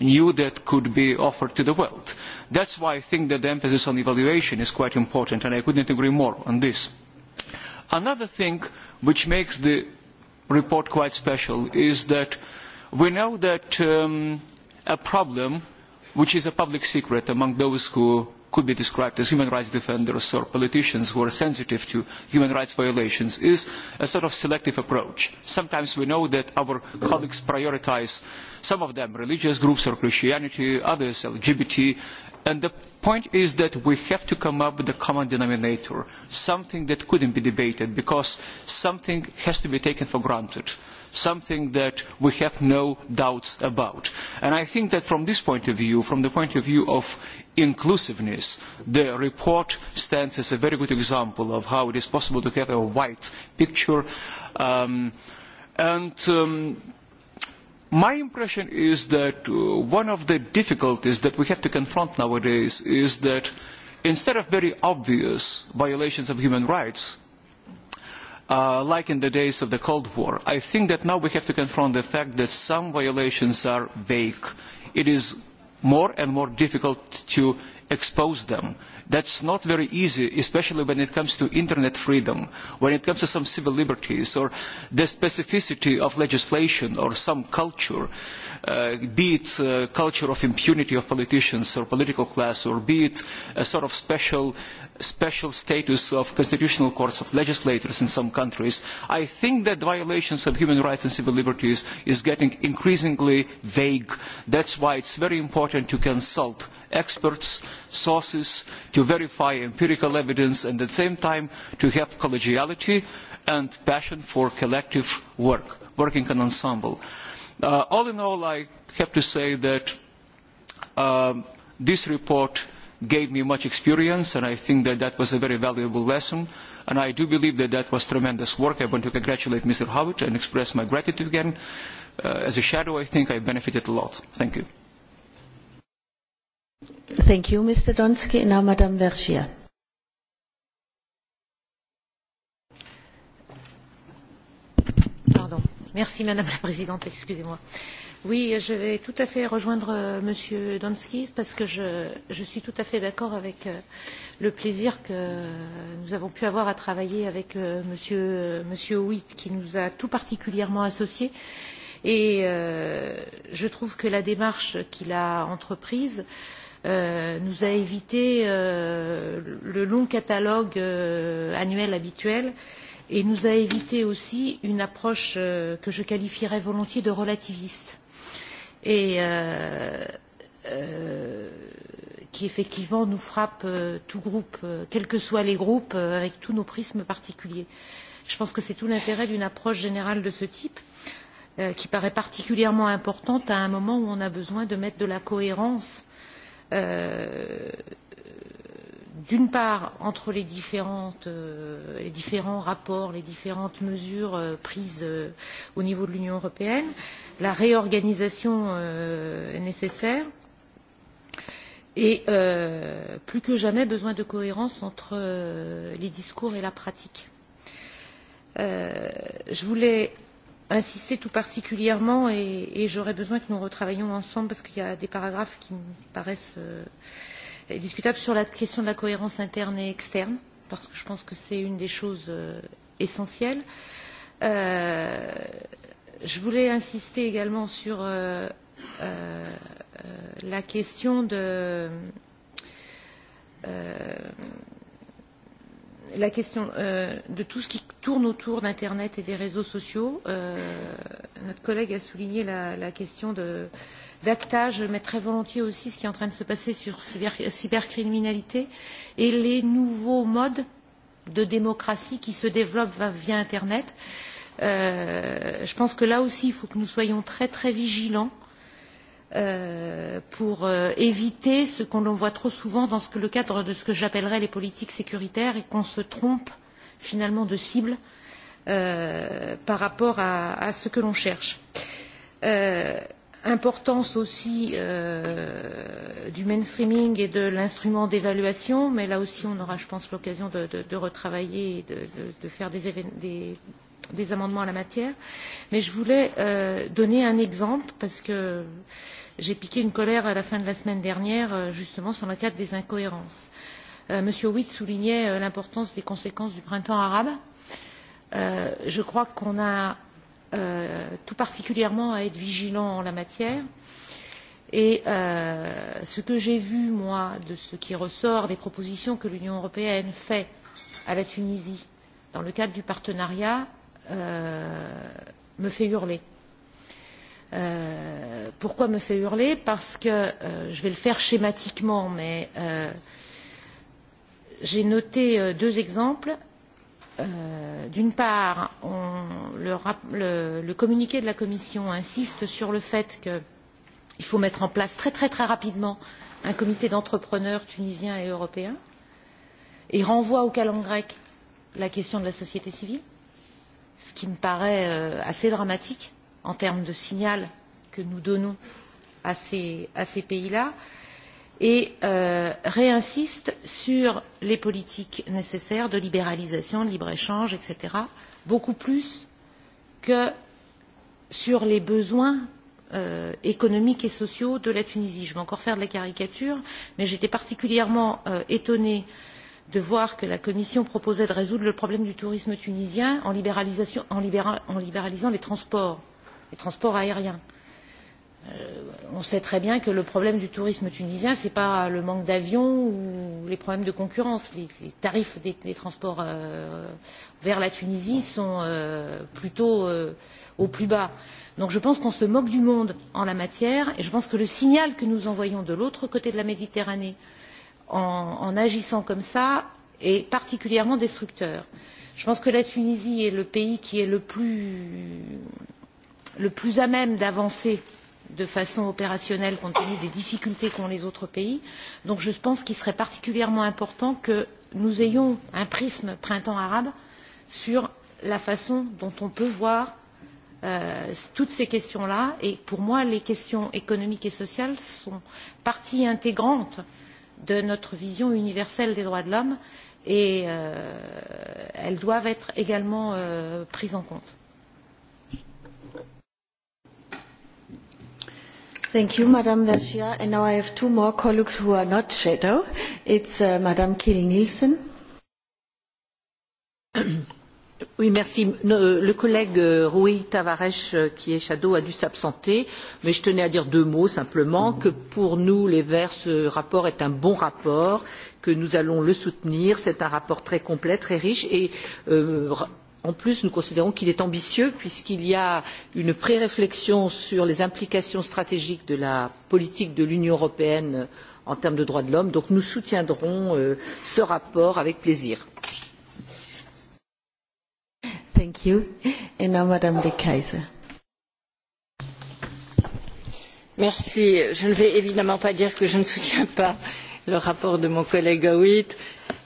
new that could be offered to the world. That is why I think that the emphasis on evaluation is quite important, and I could not agree more on this. Another thing which makes the report quite special is that we know that um, a problem which is a public secret among those who could be described as human rights defenders or politicians who are sensitive to human rights violations is a sort of selective approach. Sometimes we know that our colleagues prioritise some of them religious groups or Christianity, others LGBT, And the point is that we have to come up with a common denominator, something that couldn't be debated because something has to be taken for granted, something that we have no doubts about. And I think that from this point of view, from the point of view of inclusiveness, the report stands as a very good example of how it is possible to have a white picture um, and um, My impression is that uh, one of the difficulties that we have to confront nowadays is that instead of very obvious violations of human rights, uh, like in the days of the Cold War, I think that now we have to confront the fact that some violations are vague. It is more and more difficult to expose them That's not very easy, especially when it comes to internet freedom, when it comes to some civil liberties or the specificity of legislation or some culture, uh, be it a uh, culture of impunity of politicians or political class, or be it a sort of special special status of constitutional courts of legislators in some countries, I think that violations of human rights and civil liberties is getting increasingly vague. That is why it is very important to consult experts, sources, to verify empirical evidence, and at the same time to have collegiality and passion for collective work, working in an ensemble. Uh, all in all, I have to say that um, this report gave me much experience and I think that that was a very valuable lesson and I do believe that that was tremendous work. I want to congratulate Mr. Howitt and express my gratitude again. Uh, as a shadow, I think I benefited a lot. Thank you. Thank you, Mr. Donsky. Now, Madame Vergier. Pardon. Merci, Madame la Présidente. Excusez-moi. Uh, Oui, je vais tout à fait rejoindre euh, Monsieur Donski parce que je, je suis tout à fait d'accord avec euh, le plaisir que nous avons pu avoir à travailler avec euh, Monsieur, Monsieur Witt qui nous a tout particulièrement associés. Et euh, je trouve que la démarche qu'il a entreprise euh, nous a évité euh, le long catalogue euh, annuel habituel et nous a évité aussi une approche euh, que je qualifierais volontiers de relativiste et euh, euh, qui effectivement nous frappe euh, tout groupe, euh, quels que soient les groupes, euh, avec tous nos prismes particuliers. Je pense que c'est tout l'intérêt d'une approche générale de ce type, euh, qui paraît particulièrement importante à un moment où on a besoin de mettre de la cohérence euh, d'une part, entre les, différentes, euh, les différents rapports, les différentes mesures euh, prises euh, au niveau de l'Union européenne, la réorganisation euh, nécessaire et euh, plus que jamais besoin de cohérence entre euh, les discours et la pratique. Euh, je voulais insister tout particulièrement et, et j'aurais besoin que nous retravaillions ensemble parce qu'il y a des paragraphes qui me paraissent. Euh, discutable sur la question de la cohérence interne et externe, parce que je pense que c'est une des choses euh, essentielles. Euh, je voulais insister également sur euh, euh, la question de euh, la question euh, de tout ce qui tourne autour d'Internet et des réseaux sociaux. Euh, notre collègue a souligné la, la question de euh, d'acta. Je mettrai volontiers aussi ce qui est en train de se passer sur cybercriminalité et les nouveaux modes de démocratie qui se développent via Internet. Euh, je pense que là aussi, il faut que nous soyons très très vigilants euh, pour euh, éviter ce qu'on voit trop souvent dans ce que, le cadre de ce que j'appellerais les politiques sécuritaires et qu'on se trompe finalement de cible euh, par rapport à, à ce que l'on cherche. Euh, importance aussi euh, du mainstreaming et de l'instrument d'évaluation, mais là aussi on aura, je pense, l'occasion de, de, de retravailler et de, de, de faire des, des, des amendements à la matière. Mais je voulais euh, donner un exemple parce que j'ai piqué une colère à la fin de la semaine dernière, euh, justement, sur le cadre des incohérences. Euh, Monsieur Witt soulignait euh, l'importance des conséquences du printemps arabe. Euh, je crois qu'on a euh, tout particulièrement à être vigilant en la matière. Et euh, ce que j'ai vu, moi, de ce qui ressort des propositions que l'Union européenne fait à la Tunisie dans le cadre du partenariat, euh, me fait hurler. Euh, pourquoi me fait hurler Parce que, euh, je vais le faire schématiquement, mais euh, j'ai noté euh, deux exemples Euh, D'une part, on, le, le, le communiqué de la Commission insiste sur le fait qu'il faut mettre en place très très très rapidement un comité d'entrepreneurs tunisiens et européens et renvoie au calendrier grec la question de la société civile, ce qui me paraît euh, assez dramatique en termes de signal que nous donnons à ces, à ces pays-là. Euh, et euh, réinsiste sur les politiques nécessaires de libéralisation, de libre-échange, etc., beaucoup plus que sur les besoins euh, économiques et sociaux de la Tunisie. Je vais encore faire de la caricature, mais j'étais particulièrement euh, étonnée de voir que la Commission proposait de résoudre le problème du tourisme tunisien en, libéralisation, en, libéral, en libéralisant les transports, les transports aériens. Euh, Euh, on sait très bien que le problème du tourisme tunisien, ce n'est pas le manque d'avions ou les problèmes de concurrence. Les, les tarifs des, des transports euh, vers la Tunisie sont euh, plutôt euh, au plus bas. Donc je pense qu'on se moque du monde en la matière et je pense que le signal que nous envoyons de l'autre côté de la Méditerranée en, en agissant comme ça est particulièrement destructeur. Je pense que la Tunisie est le pays qui est le plus, le plus à même d'avancer euh, de façon opérationnelle compte tenu des difficultés qu'ont les autres pays. Donc je pense qu'il serait particulièrement important que nous ayons un prisme printemps arabe sur la façon dont on peut voir euh, toutes ces questions-là. Et pour moi, les questions économiques et sociales sont partie intégrante de notre vision universelle des droits de l'homme et euh, elles doivent être également euh, prises en compte. Thank you, Madam Vergia. And now I have two more colleagues who are not shadow. It's uh, Madame Kiri nielsen Oui, merci. Euh, le collègue euh, Rui Tavares, euh, qui est Shadow, a dû s'absenter, mais je tenais à dire deux mots simplement que pour nous, les Verts, ce rapport est un bon rapport, que nous allons le soutenir. C'est un rapport très complet, très riche et euh, En plus, nous considérons qu'il est ambitieux puisqu'il y a une pré-réflexion sur les implications stratégiques de la politique de l'Union européenne en termes de droits de l'homme. Donc nous soutiendrons euh, ce rapport avec plaisir. Thank you. now, Madame de Kaiser. Merci. Je ne vais évidemment pas dire que je ne soutiens pas le rapport de mon collègue Howitt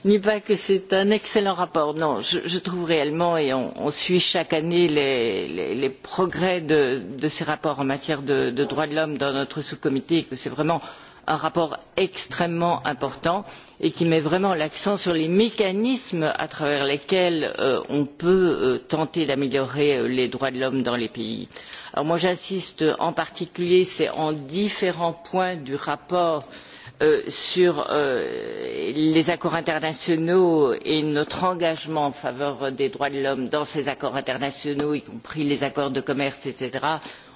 ni pas que c'est un excellent rapport. Non, je, je trouve réellement, et on, on suit chaque année les, les, les progrès de, de ces rapports en matière de, de droits de l'homme dans notre sous-comité, que c'est vraiment un rapport extrêmement important et qui met vraiment l'accent sur les mécanismes à travers lesquels euh, on peut euh, tenter d'améliorer euh, les droits de l'homme dans les pays. Alors moi j'insiste en particulier, c'est en différents points du rapport euh, Euh, sur euh, les accords internationaux et notre engagement en faveur des droits de l'homme dans ces accords internationaux, y compris les accords de commerce, etc.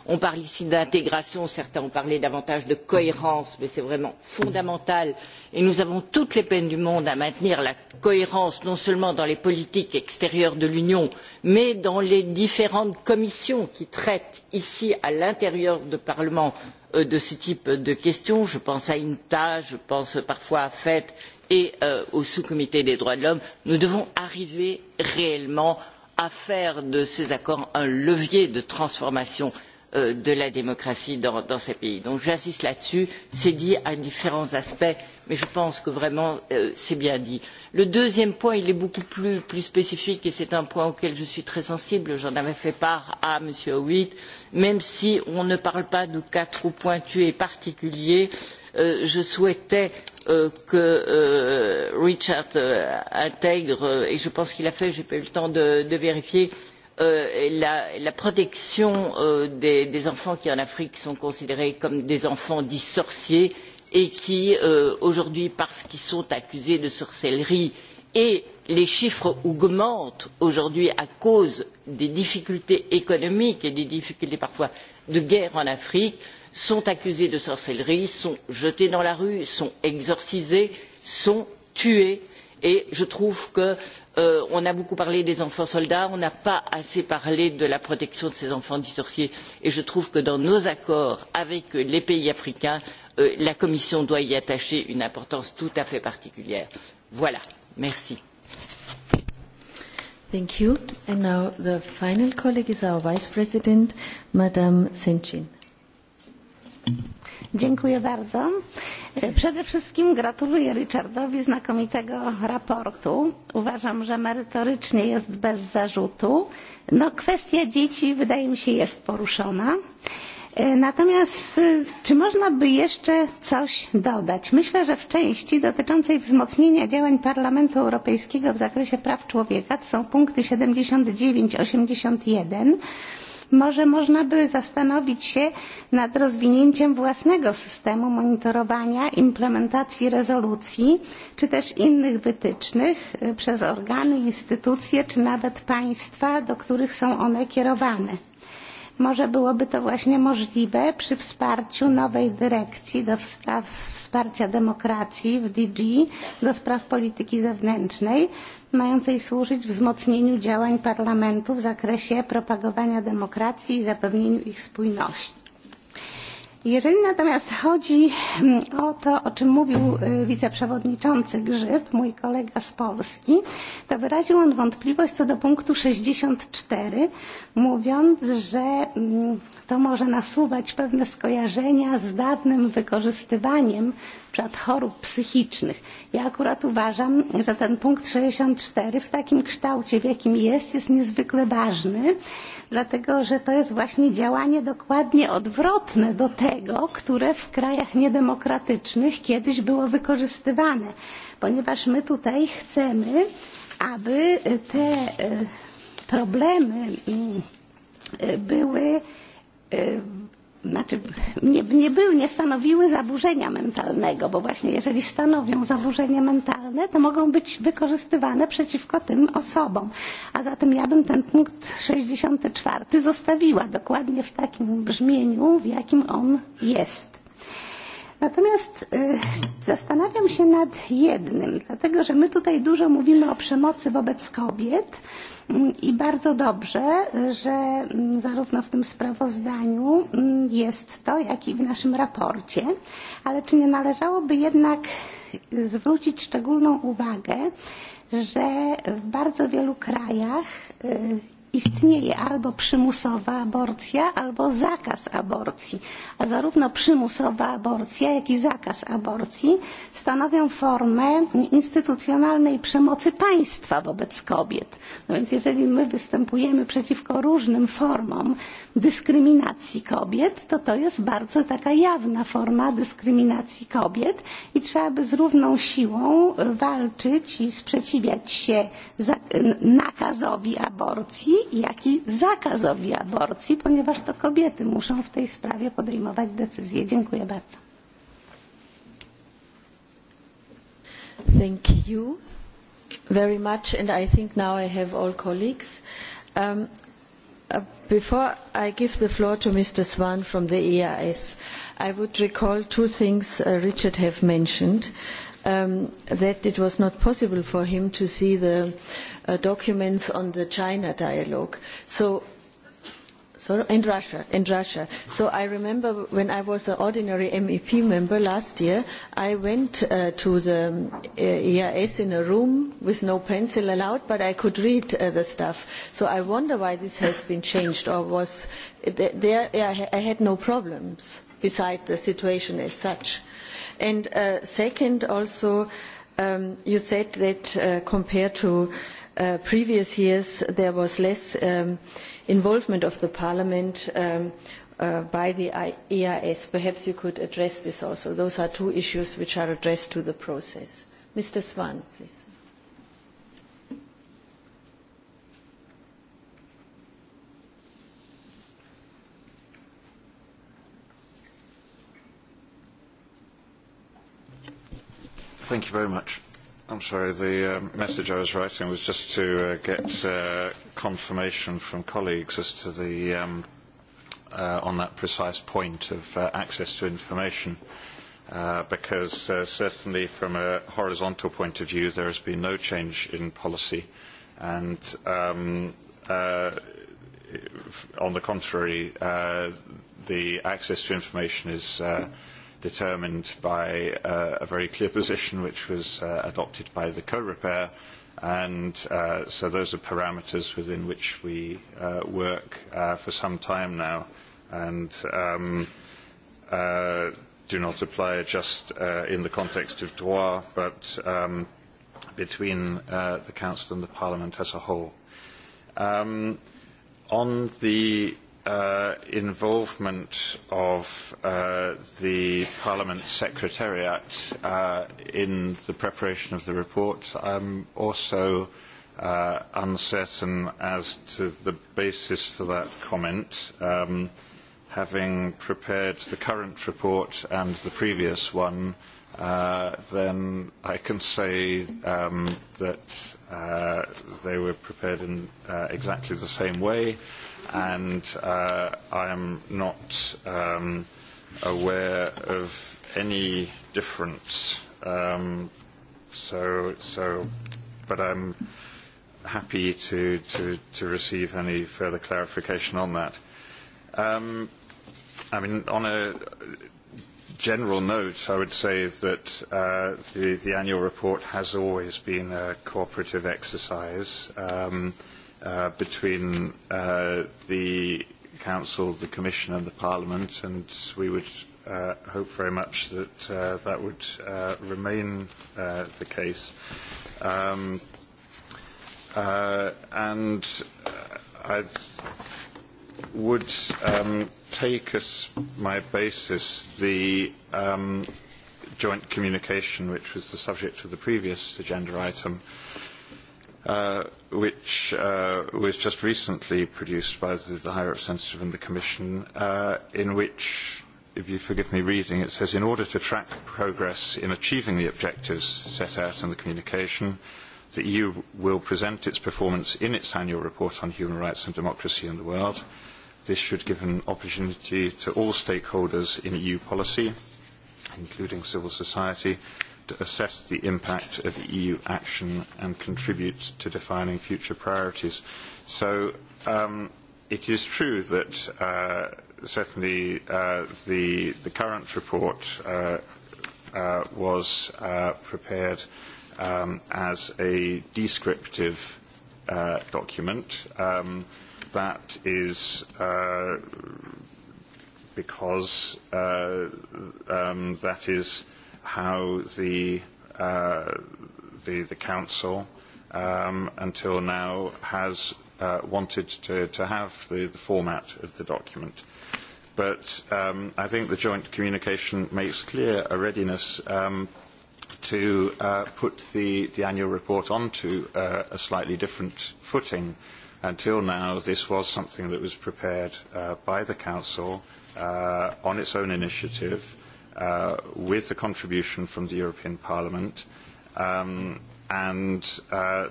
On parle ici d'intégration, certains ont parlé davantage de cohérence, mais c'est vraiment fondamental. Et nous avons toutes les peines du monde à maintenir la cohérence, non seulement dans les politiques extérieures de l'Union, mais dans les différentes commissions qui traitent ici, à l'intérieur du Parlement, Euh, de ce type de questions. Je pense à INTA, je pense parfois à FED et euh, au sous-comité des droits de l'homme. Nous devons arriver réellement à faire de ces accords un levier de transformation Euh, de la démocratie dans, dans ces pays. Donc j'insiste là-dessus, c'est dit à différents aspects, mais je pense que vraiment euh, c'est bien dit. Le deuxième point, il est beaucoup plus, plus spécifique et c'est un point auquel je suis très sensible, j'en avais fait part à M. Howitt, même si on ne parle pas de cas trop pointus et particuliers, euh, je souhaitais euh, que euh, Richard euh, intègre, et je pense qu'il a fait, je n'ai pas eu le temps de, de vérifier, euh, la, la protection euh, des, des enfants qui en Afrique sont considérés comme des enfants dits sorciers et qui euh, aujourd'hui parce qu'ils sont accusés de sorcellerie et les chiffres augmentent aujourd'hui à cause des difficultés économiques et des difficultés parfois de guerre en Afrique sont accusés de sorcellerie, sont jetés dans la rue, sont exorcisés, sont tués et je trouve que euh, on a beaucoup parlé des enfants soldats, on n'a pas assez parlé de la protection de ces enfants dissociés. Et je trouve que dans nos accords avec les pays africains, euh, la Commission doit y attacher une importance tout à fait particulière. Voilà. Merci. Thank you. And now the final colleague is our Vice President, Madame Senchin. Dziękuję bardzo. E, przede wszystkim gratuluję Richardowi znakomitego raportu. Uważam, że merytorycznie jest bez zarzutu. No, kwestia dzieci wydaje mi się jest poruszona. E, natomiast e, czy można by jeszcze coś dodać? Myślę, że w części dotyczącej wzmocnienia działań Parlamentu Europejskiego w zakresie praw człowieka to są punkty 79-81 może można by zastanowić się nad rozwinięciem własnego systemu monitorowania implementacji rezolucji, czy też innych wytycznych przez organy, instytucje, czy nawet państwa, do których są one kierowane. Może byłoby to właśnie możliwe przy wsparciu nowej dyrekcji do spraw wsparcia demokracji w DG, do spraw polityki zewnętrznej, mającej służyć wzmocnieniu działań parlamentu w zakresie propagowania demokracji i zapewnieniu ich spójności. Jeżeli natomiast chodzi mm, o to, o czym mówił wiceprzewodniczący Grzyb, mój kolega z Polski, to wyraził on wątpliwość co do punktu 64, mówiąc, że mm, to może nasuwać pewne skojarzenia z dawnym wykorzystywaniem przykład chorób psychicznych. Ja akurat uważam, że ten punkt 64 w takim kształcie, w jakim jest, jest niezwykle ważny, dlatego że to jest właśnie działanie dokładnie odwrotne do tego, które w krajach niedemokratycznych kiedyś było wykorzystywane, ponieważ my tutaj chcemy, aby te e, problemy mm, e, były E, znaczy nie, nie były, nie stanowiły zaburzenia mentalnego, bo właśnie jeżeli stanowią zaburzenie mentalne, to mogą być wykorzystywane przeciwko tym osobom. A zatem ja bym ten punkt 64 zostawiła dokładnie w takim brzmieniu, w jakim on jest. Natomiast y, e, zastanawiam się nad jednym, dlatego że my tutaj dużo mówimy o przemocy wobec kobiet mm, i bardzo dobrze, że mm, zarówno w tym sprawozdaniu mm, jest to, jak i w naszym raporcie, ale czy nie należałoby jednak zwrócić szczególną uwagę, że w bardzo wielu krajach y, e, istnieje albo przymusowa aborcja, albo zakaz aborcji. A zarówno przymusowa aborcja, jak i zakaz aborcji stanowią formę instytucjonalnej przemocy państwa wobec kobiet. No więc jeżeli my występujemy przeciwko różnym formom dyskryminacji kobiet, to to jest bardzo taka jawna forma dyskryminacji kobiet i trzeba by z równą siłą walczyć i sprzeciwiać się nakazowi aborcji, jak i jaki zakazowi aborcji, ponieważ to kobiety muszą w tej sprawie podejmować decyzje. Dziękuję bardzo. Thank you very much, and I think now I have all colleagues. Um, uh, before I give the floor to Mr. Swan from the EIS, I would recall two things uh, Richard have mentioned, um, that it was not possible for him to see the uh, uh, documents on the China dialogue. So Sorry, in Russia, in Russia. So I remember when I was an ordinary MEP member last year, I went uh, to the uh, EIS in a room with no pencil allowed, but I could read uh, the stuff. So I wonder why this has been changed or was there I, I had no problems beside the situation as such. And uh, second also, um, you said that uh, compared to Uh, previous years there was less um, involvement of the parliament um, uh, by the EIS. Perhaps you could address this also. Those are two issues which are addressed to the process. Mr. Swan, please. Thank you very much. I'm sorry, the uh, message I was writing was just to uh, get uh, confirmation from colleagues as to the, um, uh, on that precise point of uh, access to information, uh, because uh, certainly from a horizontal point of view there has been no change in policy, and um, uh, on the contrary, uh, the access to information is uh, determined by uh, a very clear position which was uh, adopted by the co-repair and uh, so those are parameters within which we uh, work uh, for some time now and um, uh, do not apply just uh, in the context of droit but um, between uh, the Council and the Parliament as a whole. Um, on the uh, involvement of uh, the Parliament Secretariat uh, in the preparation of the report. I'm also uh, uncertain as to the basis for that comment, um, having prepared the current report and the previous one. Uh, then I can say um, that uh, they were prepared in uh, exactly the same way and uh, I am not um, aware of any difference. Um, so, so, but I'm happy to, to, to receive any further clarification on that. Um, I mean, on a general note, I would say that uh, the, the annual report has always been a cooperative exercise. Um, uh, uh, between uh, the Council, the Commission and the Parliament, and we would uh, hope very much that uh, that would uh, remain uh, the case. Um, uh, and uh, I would um, take as my basis the um, joint communication, which was the subject of the previous agenda item, uh, which uh, was just recently produced by the, the High Representative and the Commission, uh, in which, if you forgive me reading, it says, in order to track progress in achieving the objectives set out in the communication, the EU will present its performance in its annual report on human rights and democracy in the world. This should give an opportunity to all stakeholders in EU policy, including civil society, to assess the impact of EU action and contribute to defining future priorities. So um, it is true that uh, certainly uh, the, the current report uh, uh, was uh, prepared um, as a descriptive uh, document um, that is uh, because uh, um, that is how the, uh, the, the Council um, until now has uh, wanted to, to have the, the format of the document. But um, I think the joint communication makes clear a readiness um, to uh, put the, the annual report onto uh, a slightly different footing. Until now, this was something that was prepared uh, by the Council uh, on its own initiative uh, with a contribution from the European Parliament. Um, and uh,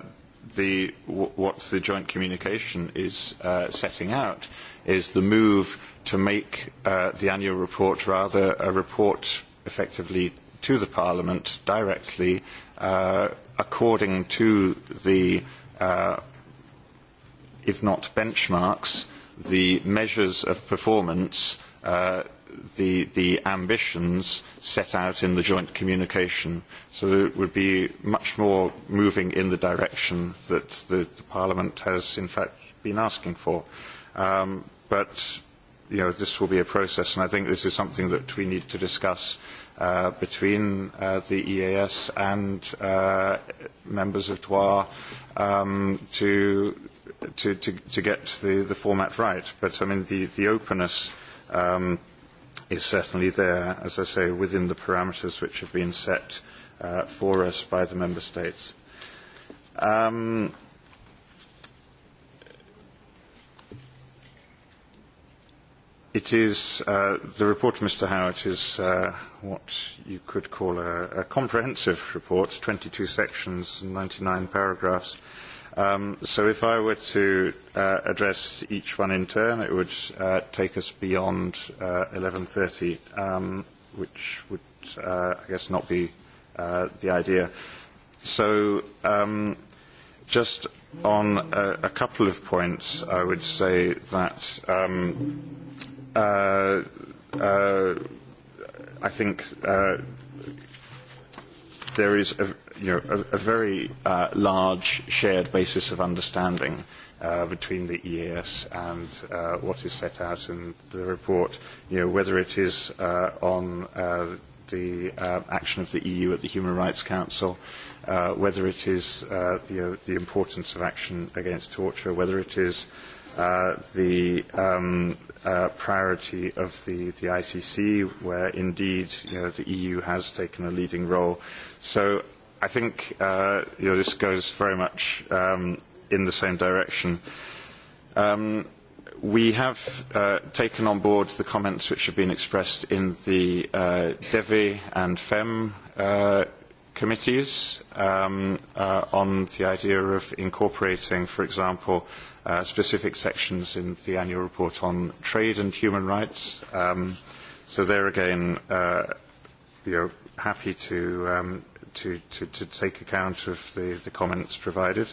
the, w what the joint communication is uh, setting out is the move to make uh, the annual report rather a report effectively to the Parliament directly uh, according to the, uh, if not benchmarks, the measures of performance uh, the, the ambitions set out in the joint communication. So it would be much more moving in the direction that the, the Parliament has in fact been asking for. Um, but you know, this will be a process, and I think this is something that we need to discuss uh, between uh, the EAS and uh, members of TWA um, to, to, to, to get the, the format right. But I mean, the, the openness um, – is certainly there, as I say, within the parameters which have been set uh, for us by the Member States. Um, it is, uh, the report of Mr. Howard is uh, what you could call a, a comprehensive report, 22 sections and 99 paragraphs. Um, so if I were to uh, address each one in turn, it would uh, take us beyond uh, 11.30, um, which would, uh, I guess, not be uh, the idea. So um, just on a, a couple of points, I would say that um, uh, uh, I think uh, there is a you know, a, a very uh, large shared basis of understanding uh, between the EAS and uh, what is set out in the report, you know, whether it is uh, on uh, the uh, action of the EU at the Human Rights Council, uh, whether it is uh, the, uh, the importance of action against torture, whether it is uh, the um, uh, priority of the, the ICC, where indeed you know, the EU has taken a leading role. So I think uh, you know, this goes very much um, in the same direction. Um, we have uh, taken on board the comments which have been expressed in the uh, DEVI and FEM uh, committees um, uh, on the idea of incorporating, for example, uh, specific sections in the annual report on trade and human rights. Um, so there again, uh, you happy to um, to, to, to take account of the, the comments provided.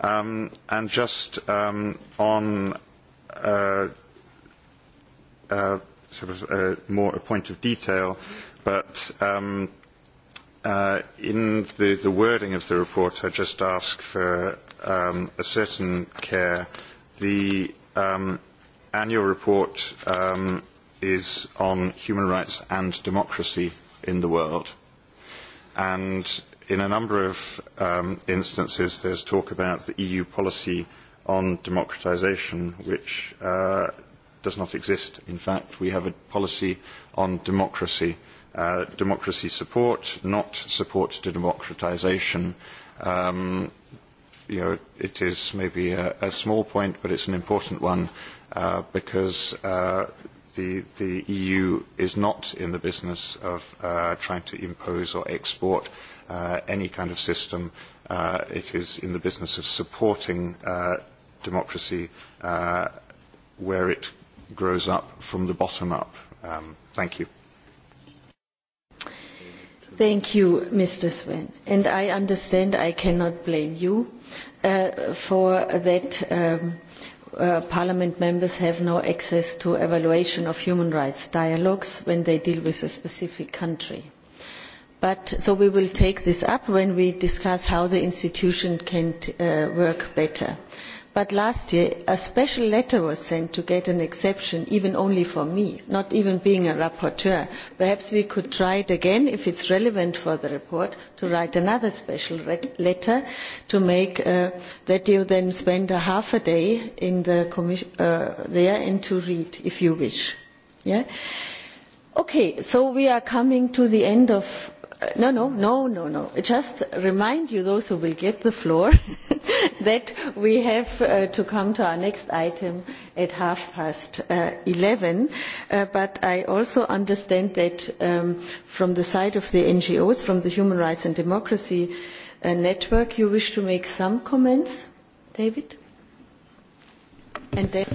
Um, and just um, on uh, uh, sort of a, uh, more a point of detail, but um, uh, in the, the wording of the report, I just ask for um, a certain care. The um, annual report um, is on human rights and democracy in the world and in a number of um, instances there's talk about the EU policy on democratisation, which uh, does not exist. In fact, we have a policy on democracy, uh, democracy support, not support to democratisation. Um, you know, it is maybe a, a small point, but it's an important one uh, because uh, the, the EU is not in the business of uh, trying to impose or export uh, any kind of system. Uh, it is in the business of supporting uh, democracy uh, where it grows up from the bottom up. Um, thank you. Thank you, Mr. Sven. And I understand I cannot blame you uh, for that. Um, Uh, parliament members have no access to evaluation of human rights dialogues when they deal with a specific country. But, so we will take this up when we discuss how the institution can uh, work better. But last year, a special letter was sent to get an exception, even only for me, not even being a rapporteur. Perhaps we could try it again, if it's relevant for the report, to write another special letter to make uh, that you then spend a half a day in the commission, uh, there and to read, if you wish. Yeah? Okay, so we are coming to the end of no, no, no, no, no. Just remind you, those who will get the floor, that we have uh, to come to our next item at half past uh, 11. Uh, but I also understand that um, from the side of the NGOs, from the Human Rights and Democracy uh, Network, you wish to make some comments, David? And then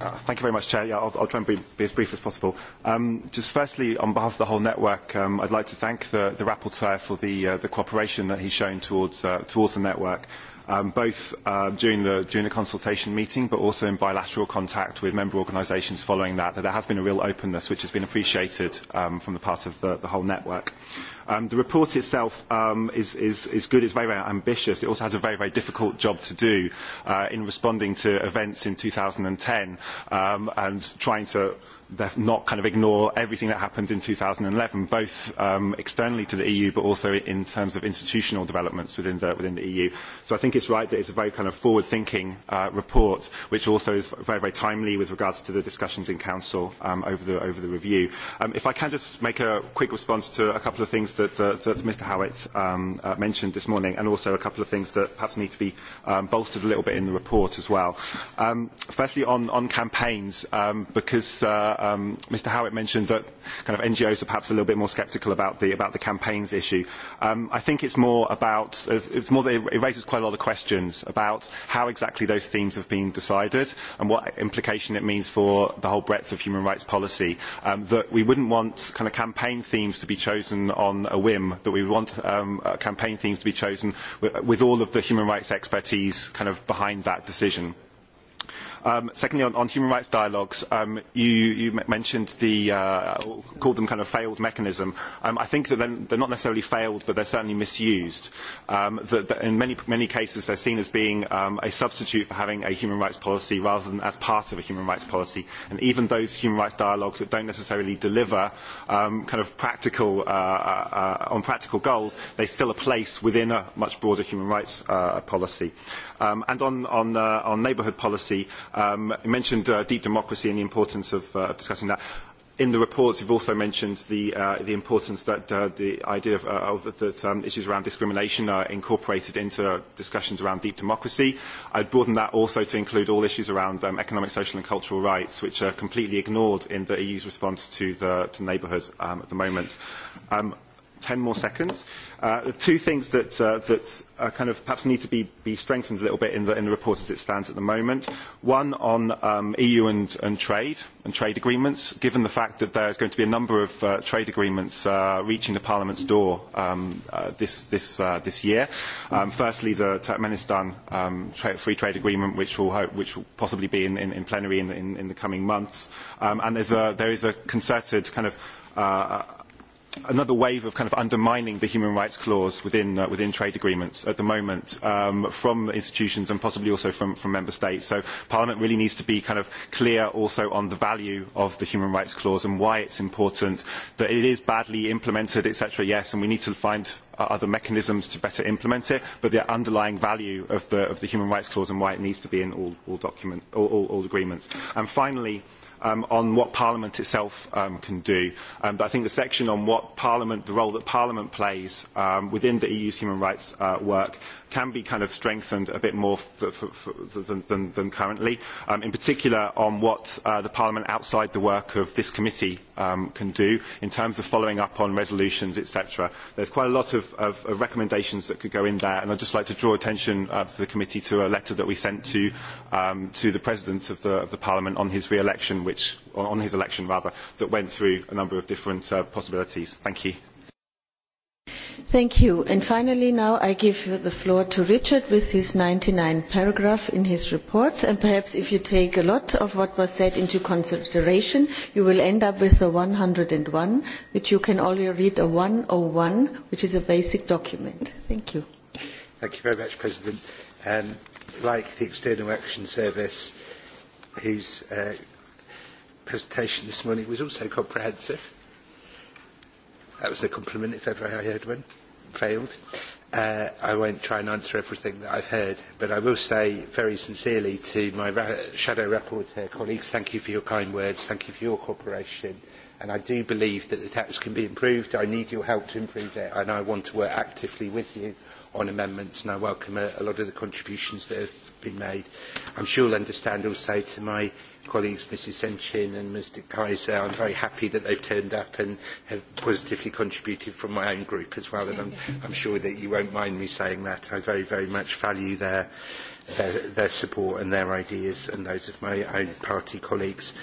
Uh, thank you very much, Chair. Yeah, I'll, I'll try and be, be as brief as possible. Um, just firstly, on behalf of the whole network, um, I'd like to thank the, the rapporteur for the, uh, the cooperation that he's shown towards, uh, towards the network um, both uh, during, the, during the consultation meeting but also in bilateral contact with member organisations following that, that there has been a real openness which has been appreciated um, from the part of the, the whole network. Um, the report itself um, is, is, is good, it's very, very ambitious. It also has a very, very difficult job to do uh, in responding to events in 2010 um, and trying to not kind of ignore everything that happened in 2011, both um, externally to the EU, but also in terms of institutional developments within the, within the EU. So I think it's right that it's a very kind of forward-thinking uh, report, which also is very, very timely with regards to the discussions in Council um, over, the, over the review. Um, if I can just make a quick response to a couple of things that, that, that Mr. Howitt um, uh, mentioned this morning, and also a couple of things that perhaps need to be um, bolstered a little bit in the report as well. Um, firstly, on, on campaigns, um, because uh, um, Mr. Howitt mentioned that kind of NGOs are perhaps a little bit more sceptical about the, about the campaigns issue. Um, I think it's more about, it's more that it raises quite a lot of questions about how exactly those themes have been decided and what implication it means for the whole breadth of human rights policy. Um, that we wouldn't want kind of campaign themes to be chosen on a whim, that we would want um, uh, campaign themes to be chosen with, with all of the human rights expertise kind of behind that decision. Um, secondly, on, on human rights dialogues, um, you, you mentioned the, uh, called them kind of failed mechanism. Um, I think that they're not necessarily failed, but they're certainly misused. Um, that, that in many, many cases, they're seen as being um, a substitute for having a human rights policy rather than as part of a human rights policy. And even those human rights dialogues that don't necessarily deliver um, kind of practical, uh, uh, uh on practical goals, they still a place within a much broader human rights uh, policy. Um, and on, on, uh, on neighbourhood policy, um, you mentioned uh, deep democracy and the importance of, uh, discussing that in the report, you've also mentioned the, uh, the importance that uh, the idea of, uh, of that um, issues around discrimination are incorporated into discussions around deep democracy. I'd broaden that also to include all issues around um, economic, social and cultural rights, which are completely ignored in the EU's response to the to neighbourhood um, at the moment. Um, 10 more seconds. Uh, two things that, uh, that uh, kind of perhaps need to be, be strengthened a little bit in the, in the report as it stands at the moment. One on um, EU and, and trade and trade agreements, given the fact that there is going to be a number of uh, trade agreements uh, reaching the Parliament's door um, uh, this, this, uh, this year. Um, firstly, the Turkmenistan um, tra free trade agreement, which will, hope, which will possibly be in, in, in plenary in, in, in the coming months. Um, and there's a, there is a concerted kind of uh, another wave of kind of undermining the human rights clause within, uh, within trade agreements at the moment um, from institutions and possibly also from, from member states. So Parliament really needs to be kind of clear also on the value of the human rights clause and why it's important, that it is badly implemented, etc., yes, and we need to find uh, other mechanisms to better implement it, but the underlying value of the, of the human rights clause and why it needs to be in all, all, document, all, all, all agreements. And finally, um, on what Parliament itself um, can do. Um, but I think the section on what Parliament, the role that Parliament plays um, within the EU's human rights uh, work can be kind of strengthened a bit more for, for, for, than, than, than currently, um, in particular on what uh, the Parliament outside the work of this committee um, can do in terms of following up on resolutions, etc. There's quite a lot of, of, of recommendations that could go in there, and I'd just like to draw attention uh, to the committee to a letter that we sent to, um, to the President of the, of the Parliament on his re-election, which, on his election rather, that went through a number of different uh, possibilities. Thank you. Thank you. And finally, now I give the floor to Richard with his 99 paragraph in his reports. And perhaps if you take a lot of what was said into consideration, you will end up with a 101, which you can only read a 101, which is a basic document. Thank you. Thank you very much, President. Um, like the External Action Service, whose uh, presentation this morning was also comprehensive, That was a compliment if ever I heard one. Failed. Uh, I won't try and answer everything that I've heard, but I will say very sincerely to my ra shadow rapporteur colleagues, thank you for your kind words, thank you for your cooperation, and I do believe that the tax can be improved. I need your help to improve it, and I want to work actively with you on amendments, and I welcome a, a lot of the contributions that have been made. I'm sure you'll understand also to my colleagues, Mrs. Senchin and Mr. Kaiser. I'm very happy that they've turned up and have positively contributed from my own group as well, and I'm, I'm sure that you won't mind me saying that. I very, very much value their, their, their support and their ideas and those of my own party colleagues.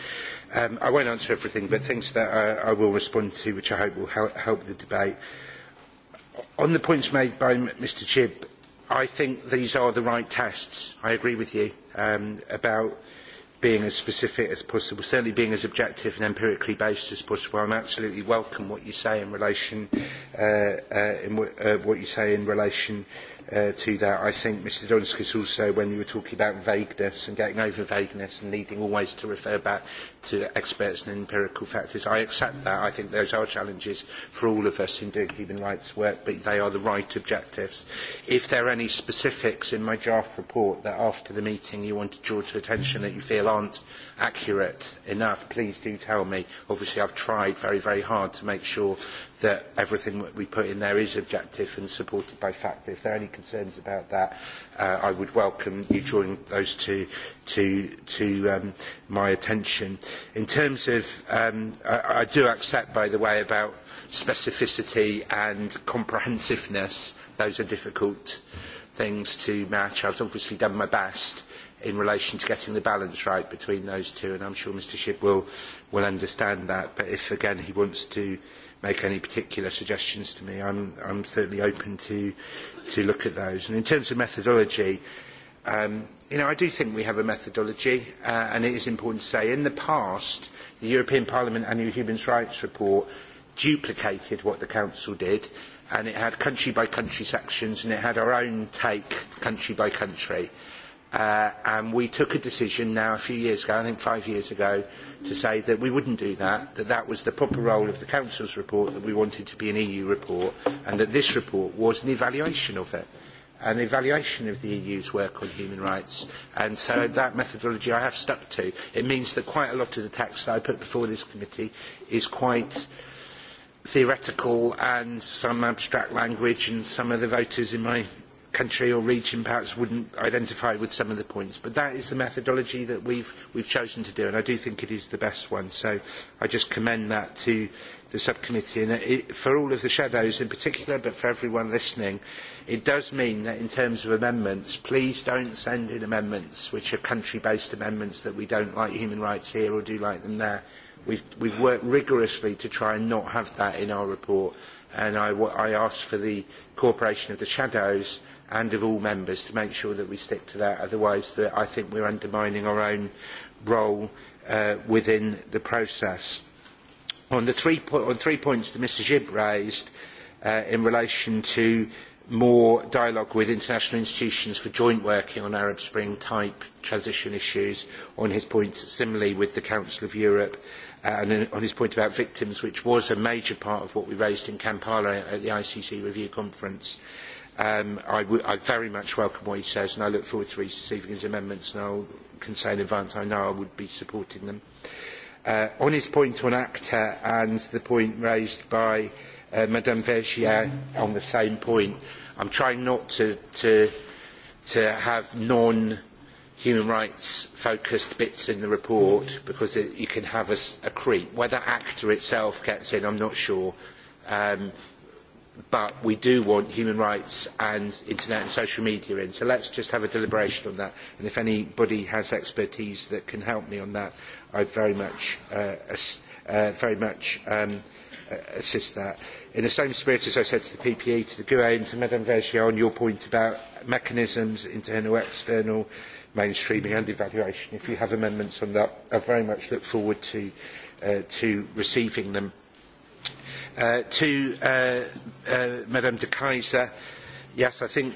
Um, I won't answer everything, but things that I, I will respond to, which I hope will help, help the debate. On the points made by Mr. Chibb, I think these are the right tests. I agree with you um, about being as specific as possible, certainly being as objective and empirically based as possible. I'm absolutely welcome what you say in relation, uh, uh, in w uh, what you say in relation uh, to that. I think Mr Donskis also, when you were talking about vagueness and getting over vagueness and needing always to refer back to experts and empirical factors, I accept that. I think those are challenges for all of us in doing human rights work, but they are the right objectives. If there are any specifics in my draft report that after the meeting you want to draw to attention that you feel aren't accurate enough, please do tell me. Obviously, I've tried very, very hard to make sure that everything that we put in there is objective and supported by fact. But if there are any concerns about that, uh, I would welcome you drawing those to, to, to um, my attention. In terms of, um, I, I do accept, by the way, about specificity and comprehensiveness. Those are difficult things to match. I've obviously done my best in relation to getting the balance right between those two, and I'm sure Mr Ship will, will understand that. But if, again, he wants to make any particular suggestions to me, I'm, I'm certainly open to, to look at those. And in terms of methodology, um, you know, I do think we have a methodology, uh, and it is important to say, in the past, the European Parliament Annual Human Rights Report duplicated what the Council did, and it had country-by-country -country sections, and it had our own take country-by-country. -country. -by -country. Uh, and we took a decision now a few years ago, I think five years ago, to say that we wouldn't do that, that that was the proper role of the Council's report, that we wanted to be an EU report, and that this report was an evaluation of it, an evaluation of the EU's work on human rights. And so that methodology I have stuck to. It means that quite a lot of the text that I put before this committee is quite theoretical and some abstract language and some of the voters in my country or region perhaps wouldn't identify with some of the points. But that is the methodology that we've, we've chosen to do, and I do think it is the best one. So I just commend that to the subcommittee. And it, for all of the shadows in particular, but for everyone listening, it does mean that in terms of amendments, please don't send in amendments which are country-based amendments that we don't like human rights here or do like them there. We've, we've worked rigorously to try and not have that in our report. And I, I ask for the cooperation of the shadows and of all members to make sure that we stick to that. Otherwise, the, I think we're undermining our own role uh, within the process. On the three, po on three points that Mr Jib raised uh, in relation to more dialogue with international institutions for joint working on Arab Spring type transition issues on his points similarly with the Council of Europe uh, and on his point about victims which was a major part of what we raised in Kampala at the ICC review conference Um, I, w I very much welcome what he says and I look forward to receiving his amendments and I can say in advance I know I would be supporting them. Uh, on his point on ACTA and the point raised by uh, Madame Vergier on the same point, I'm trying not to, to, to have non human rights focused bits in the report because it, you can have a, a creep. Whether ACTA itself gets in, I'm not sure. Um, but we do want human rights and internet and social media in. So let's just have a deliberation on that. And if anybody has expertise that can help me on that, I'd very much, uh, uh, very much um, uh, assist that. In the same spirit as I said to the PPE, to the GUE and to Madame Vergier on your point about mechanisms, internal, external, mainstreaming and evaluation, if you have amendments on that, I very much look forward to, uh, to receiving them. Uh, to uh, uh, Madame de Kaiser, yes, I think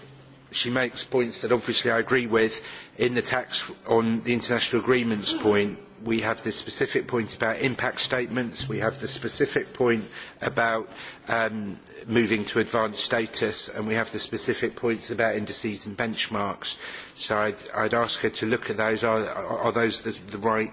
she makes points that obviously I agree with. In the tax on the international agreements point, we have the specific point about impact statements, we have the specific point about um, moving to advanced status, and we have the specific points about indices and benchmarks. So I'd, I'd ask her to look at those. Are, are those the, the right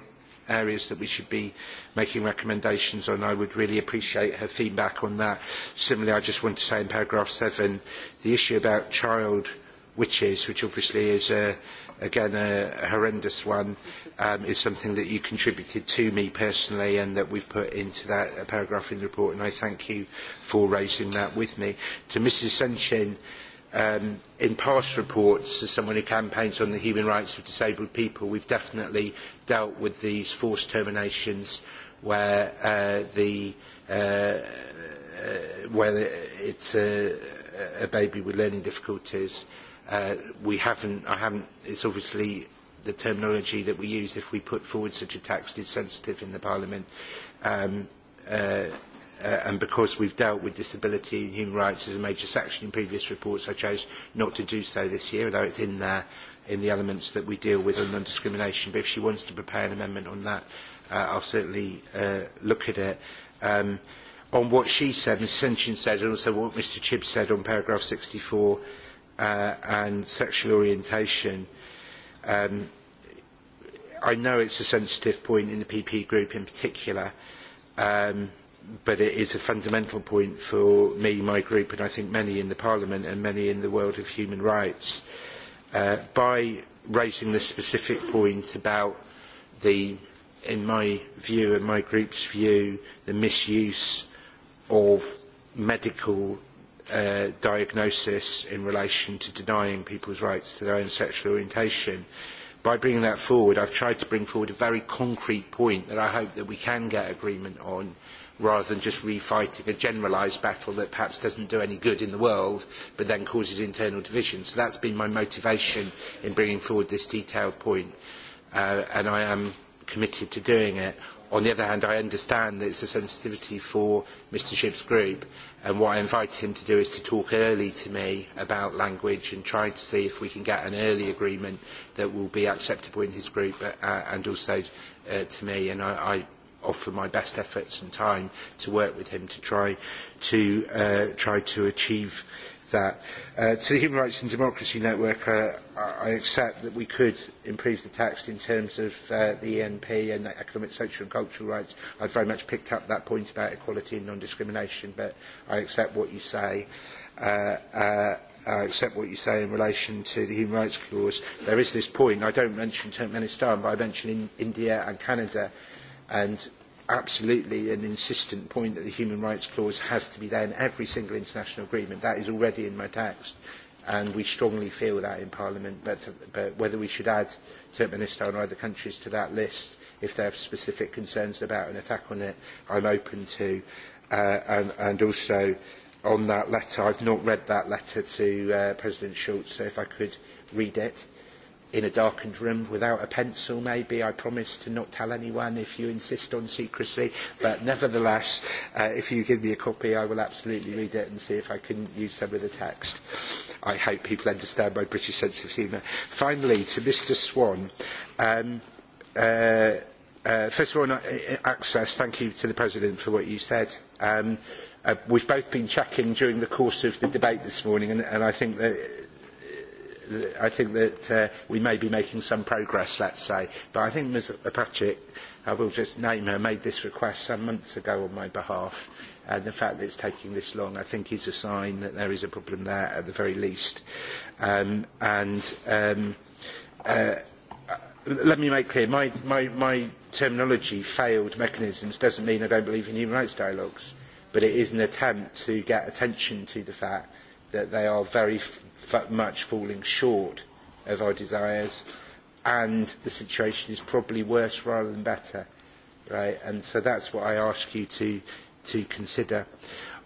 areas that we should be making recommendations on. I would really appreciate her feedback on that. Similarly, I just want to say in paragraph seven, the issue about child witches, which obviously is a, uh, again a horrendous one, um, is something that you contributed to me personally and that we've put into that uh, paragraph in the report, and I thank you for raising that with me. To Mrs. Senchin, um, in past reports, as someone who campaigns on the human rights of disabled people, we've definitely dealt with these forced terminations where uh, the uh, uh, where it's a, a baby with learning difficulties. Uh, we haven't, I haven't, it's obviously the terminology that we use if we put forward such a tax is sensitive in the Parliament. Um, uh, uh, and because we've dealt with disability and human rights as a major section in previous reports, I chose not to do so this year, although it's in there in the elements that we deal with on non-discrimination. But if she wants to prepare an amendment on that, uh, I'll certainly uh, look at it. Um, on what she said, Ms Senshin said, and also what Mr Chibb said on paragraph 64 uh, and sexual orientation, um, I know it's a sensitive point in the PP group in particular, um, but it is a fundamental point for me, my group, and I think many in the Parliament and many in the world of human rights. Uh, by raising this specific point about the in my view and my group's view, the misuse of medical uh, diagnosis in relation to denying people's rights to their own sexual orientation. By bringing that forward, I've tried to bring forward a very concrete point that I hope that we can get agreement on rather than just refighting a generalised battle that perhaps doesn't do any good in the world but then causes internal division. So that's been my motivation in bringing forward this detailed point. Uh, and I am committed to doing it. On the other hand, I understand that it's a sensitivity for Mr Ship's group, and what I invited him to do is to talk early to me about language and try to see if we can get an early agreement that will be acceptable in his group uh, and also uh, to me. And I, I offer my best efforts and time to work with him to try to, uh, try to achieve uh, that. Uh, to the Human Rights and Democracy Network, uh, I accept that we could improve the text in terms of uh, the ENP and economic, social and cultural rights. I very much picked up that point about equality and non-discrimination, but I accept what you say. Uh, uh, I accept what you say in relation to the human rights clause. There is this point, I don't mention Turkmenistan, but I mention in India and Canada, and absolutely an insistent point that the Human Rights Clause has to be there in every single international agreement. That is already in my text, and we strongly feel that in Parliament. But, but whether we should add Turkmenistan or other countries to that list, if they have specific concerns about an attack on it, I'm open to. Uh, and, and also on that letter, I've not read that letter to uh, President Schultz, so if I could read it in a darkened room without a pencil maybe I promise to not tell anyone if you insist on secrecy but nevertheless uh, if you give me a copy I will absolutely read it and see if I can use some of the text I hope people understand my British sense of humour finally to Mr Swan um, uh, uh, first of all access thank you to the President for what you said um, uh, we've both been checking during the course of the debate this morning and, and I think that I think that uh, we may be making some progress, let's say. But I think Ms. Apache, I will just name her, made this request some months ago on my behalf. And the fact that it's taking this long, I think, is a sign that there is a problem there at the very least. Um, and um, uh, let me make clear, my, my, my terminology, failed mechanisms, doesn't mean I don't believe in human rights dialogues. But it is an attempt to get attention to the fact that they are very much falling short of our desires and the situation is probably worse rather than better. Right? And so that's what I ask you to, to consider.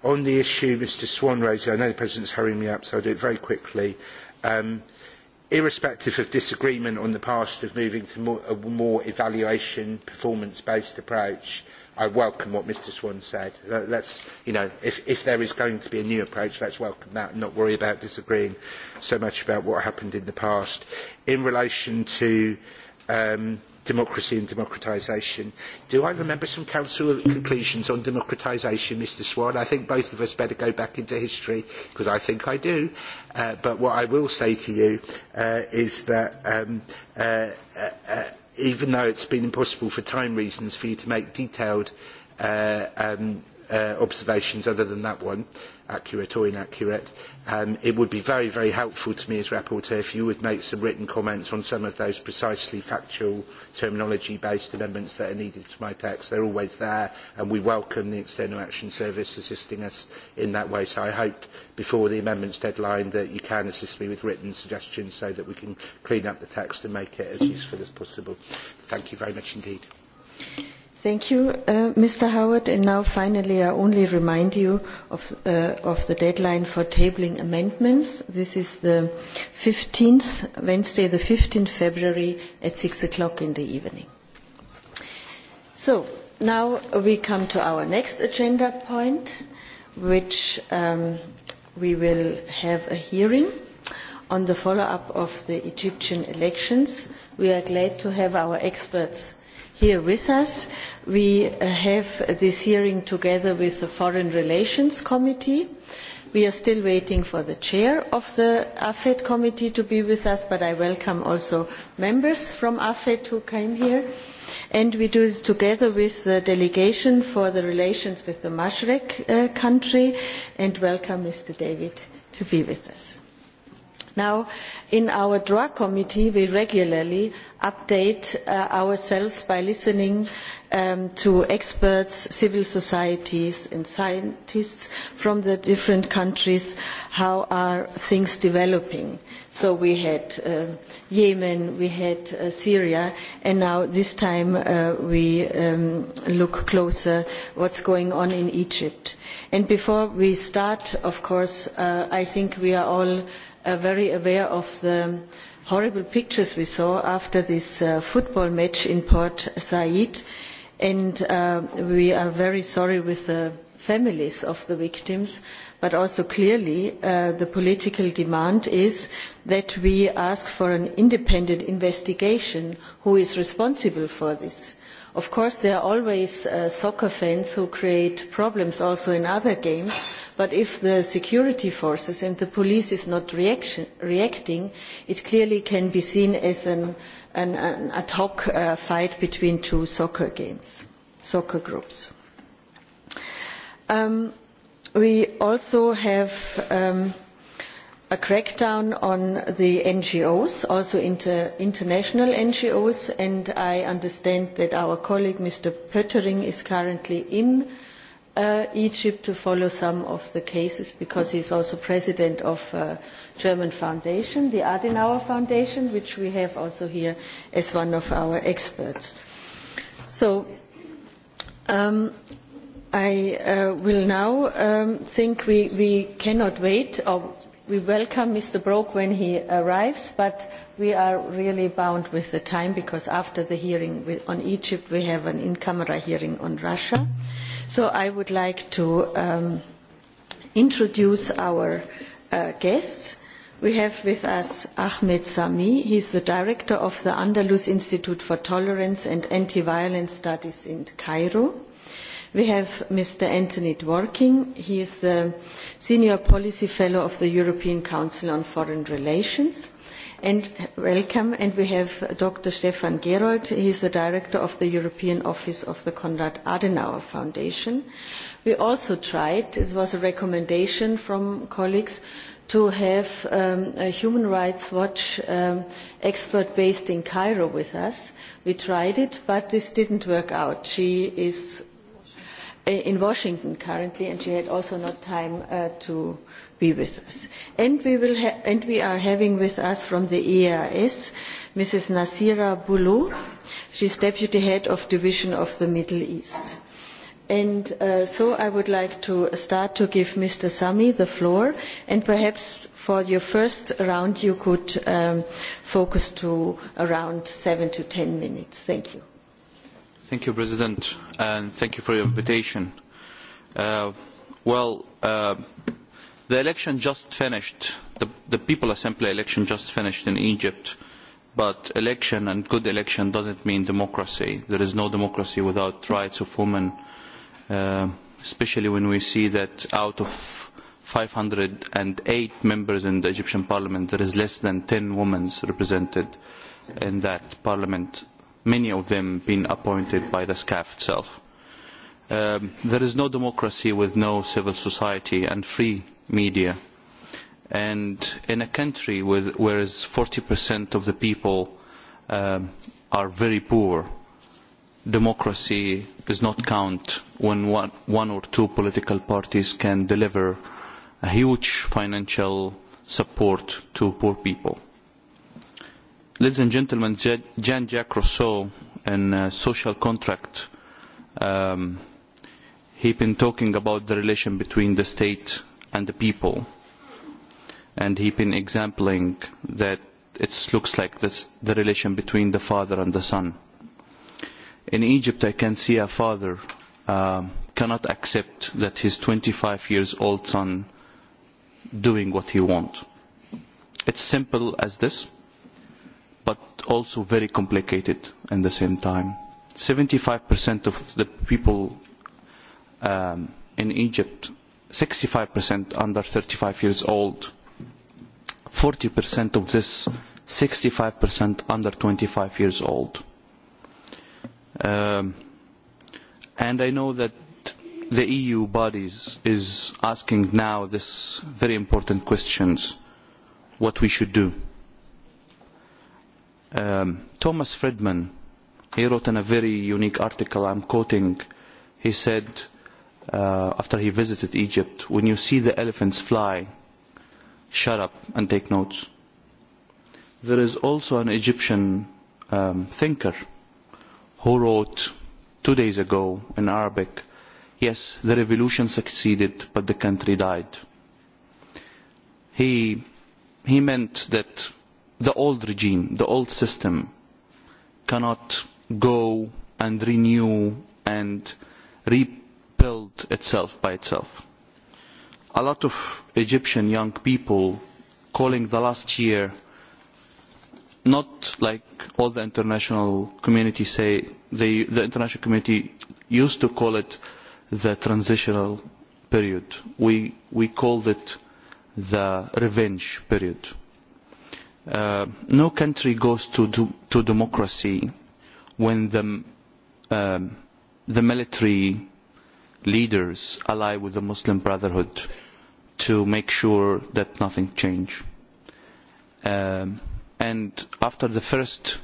On the issue Mr Swan raised, I know the President's hurrying me up so I'll do it very quickly. Um, irrespective of disagreement on the past of moving to more, a more evaluation, performance-based approach, I welcome what Mr Swan said. Let's, you know, if, if there is going to be a new approach, let's welcome that and not worry about disagreeing so much about what happened in the past. In relation to um, democracy and democratisation, do I remember some council conclusions on democratisation, Mr Swan? I think both of us better go back into history, because I think I do. Uh, but what I will say to you uh, is that um, uh, uh, uh, even though it has been impossible for time reasons for you to make detailed uh, um, uh, observations other than that one, accurate or inaccurate. Um, it would be very, very helpful to me as rapporteur if you would make some written comments on some of those precisely factual terminology-based amendments that are needed to my text. They are always there, and we welcome the External Action Service assisting us in that way. So I hope before the amendments deadline that you can assist me with written suggestions so that we can clean up the text and make it as useful as possible. Thank you very much indeed. Thank you, uh, Mr. Howard. And now finally, I only remind you of, uh, of the deadline for tabling amendments. This is the 15th, Wednesday, the 15th February at 6 o'clock in the evening. So now we come to our next agenda point, which um, we will have a hearing on the follow-up of the Egyptian elections. We are glad to have our experts here with us. We uh, have this hearing together with the Foreign Relations Committee. We are still waiting for the chair of the AFED committee to be with us, but I welcome also members from AFED who came here. And we do this together with the delegation for the relations with the Mashrek uh, country, and welcome Mr. David to be with us. Now, in our drug committee, we regularly update uh, ourselves by listening um, to experts, civil societies and scientists from the different countries, how are things developing. So we had uh, Yemen, we had uh, Syria, and now this time uh, we um, look closer what's going on in Egypt. And before we start, of course, uh, I think we are all uh, very aware of the horrible pictures we saw after this uh, football match in Port Said, and uh, we are very sorry with the families of the victims, but also clearly uh, the political demand is that we ask for an independent investigation who is responsible for this Of course, there are always uh, soccer fans who create problems also in other games, but if the security forces and the police is not reaction, reacting, it clearly can be seen as an, an, an ad hoc uh, fight between two soccer games, soccer groups. Um, we also have... Um, a crackdown on the NGOs, also inter international NGOs, and I understand that our colleague Mr. Pöttering is currently in uh, Egypt to follow some of the cases because he is also president of a uh, German Foundation, the Adenauer Foundation, which we have also here as one of our experts. So um, I uh, will now um, think we, we cannot wait, or we welcome Mr. Brok when he arrives, but we are really bound with the time because after the hearing on Egypt, we have an in-camera hearing on Russia. So I would like to um, introduce our uh, guests. We have with us Ahmed Sami. He is the director of the Andalus Institute for Tolerance and Anti-Violence Studies in Cairo. We have Mr. Anthony Dworkin. He is the Senior Policy Fellow of the European Council on Foreign Relations. And welcome, and we have Dr. Stefan Gerold. He is the Director of the European Office of the Konrad Adenauer Foundation. We also tried, it was a recommendation from colleagues, to have um, a Human Rights Watch um, expert based in Cairo with us. We tried it, but this didn't work out. She is Uh, in Washington currently, and she had also not time uh, to be with us. And we, will ha and we are having with us from the EAS Mrs. Nasira Boulou. She's Deputy Head of Division of the Middle East. And uh, so I would like to start to give Mr. Sami the floor, and perhaps for your first round you could um, focus to around seven to ten minutes. Thank you. Thank you, President, and thank you for your invitation. Uh, well, uh, the election just finished, the, the People Assembly election just finished in Egypt, but election and good election doesn't mean democracy. There is no democracy without rights of women, uh, especially when we see that out of five hundred and eight members in the Egyptian parliament, there is less than ten women represented in that parliament many of them been appointed by the SCAF itself. Um, there is no democracy with no civil society and free media. And in a country with, where 40% of the people um, are very poor, democracy does not count when one, one or two political parties can deliver a huge financial support to poor people. Ladies and gentlemen, Jean-Jacques Rousseau in uh, Social Contract, um, he's been talking about the relation between the state and the people. And he's been exampling that it looks like this, the relation between the father and the son. In Egypt, I can see a father uh, cannot accept that his twenty five years old son doing what he wants. It's simple as this but also very complicated at the same time. Seventy 75% of the people um, in Egypt, sixty 65% under thirty five years old, forty of this, sixty 65% under twenty five years old. Um, and I know that the EU bodies is asking now this very important questions, what we should do Um, Thomas Friedman, he wrote in a very unique article I'm quoting. He said, uh, after he visited Egypt, when you see the elephants fly, shut up and take notes. There is also an Egyptian um, thinker who wrote two days ago in Arabic, yes, the revolution succeeded, but the country died. He, he meant that the old regime, the old system cannot go and renew and rebuild itself by itself. A lot of Egyptian young people calling the last year not like all the international community say they, the international community used to call it the transitional period. We, we called it the revenge period Uh, no country goes to, to, democracy when the, um, the military leaders ally with the Muslim Brotherhood to make sure that nothing changes. Um, and after the first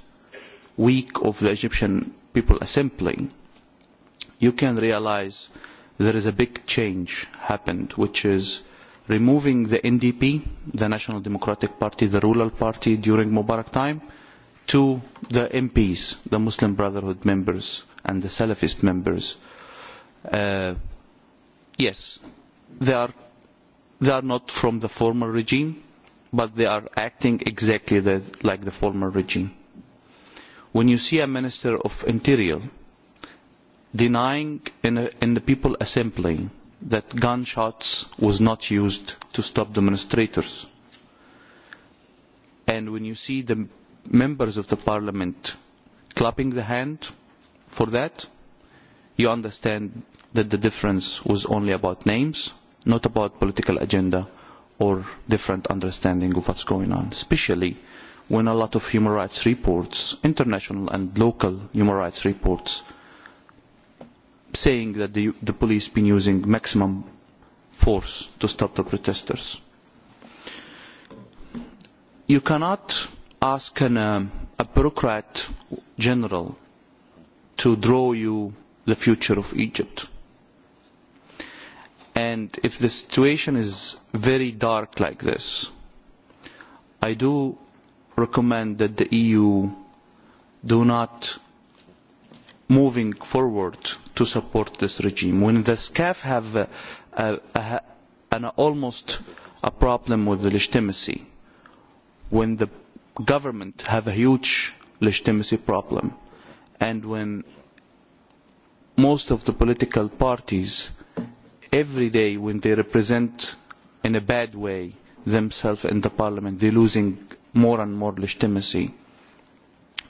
week of the Egyptian People Assembly, you can realise there is a big change happened, which is uh, removing the NDP, the National Democratic Party, the rural party during Mubarak time, to the MPs, the Muslim Brotherhood members and the Salafist members. Uh, yes, they are, they are not from the former regime, but they are acting exactly the, like the former regime. When you see a Minister of Interior denying in, a, in the People Assembly that gunshots was not used to stop demonstrators. And when you see the members of the parliament clapping the hand for that, you understand that the difference was only about names, not about political agenda or different understanding of what's going on, especially when a lot of human rights reports, international and local human rights reports, saying that the, the police been using maximum force to stop the protesters. You cannot ask an, um, a bureaucrat general to draw you the future of Egypt. And if the situation is very dark like this, I do recommend that the EU do not moving forward to support this regime. When the SCAF have a, a, a, an almost a problem with the legitimacy, when the government have a huge legitimacy problem, and when most of the political parties every day when they represent in a bad way themselves in the parliament, they're losing more and more legitimacy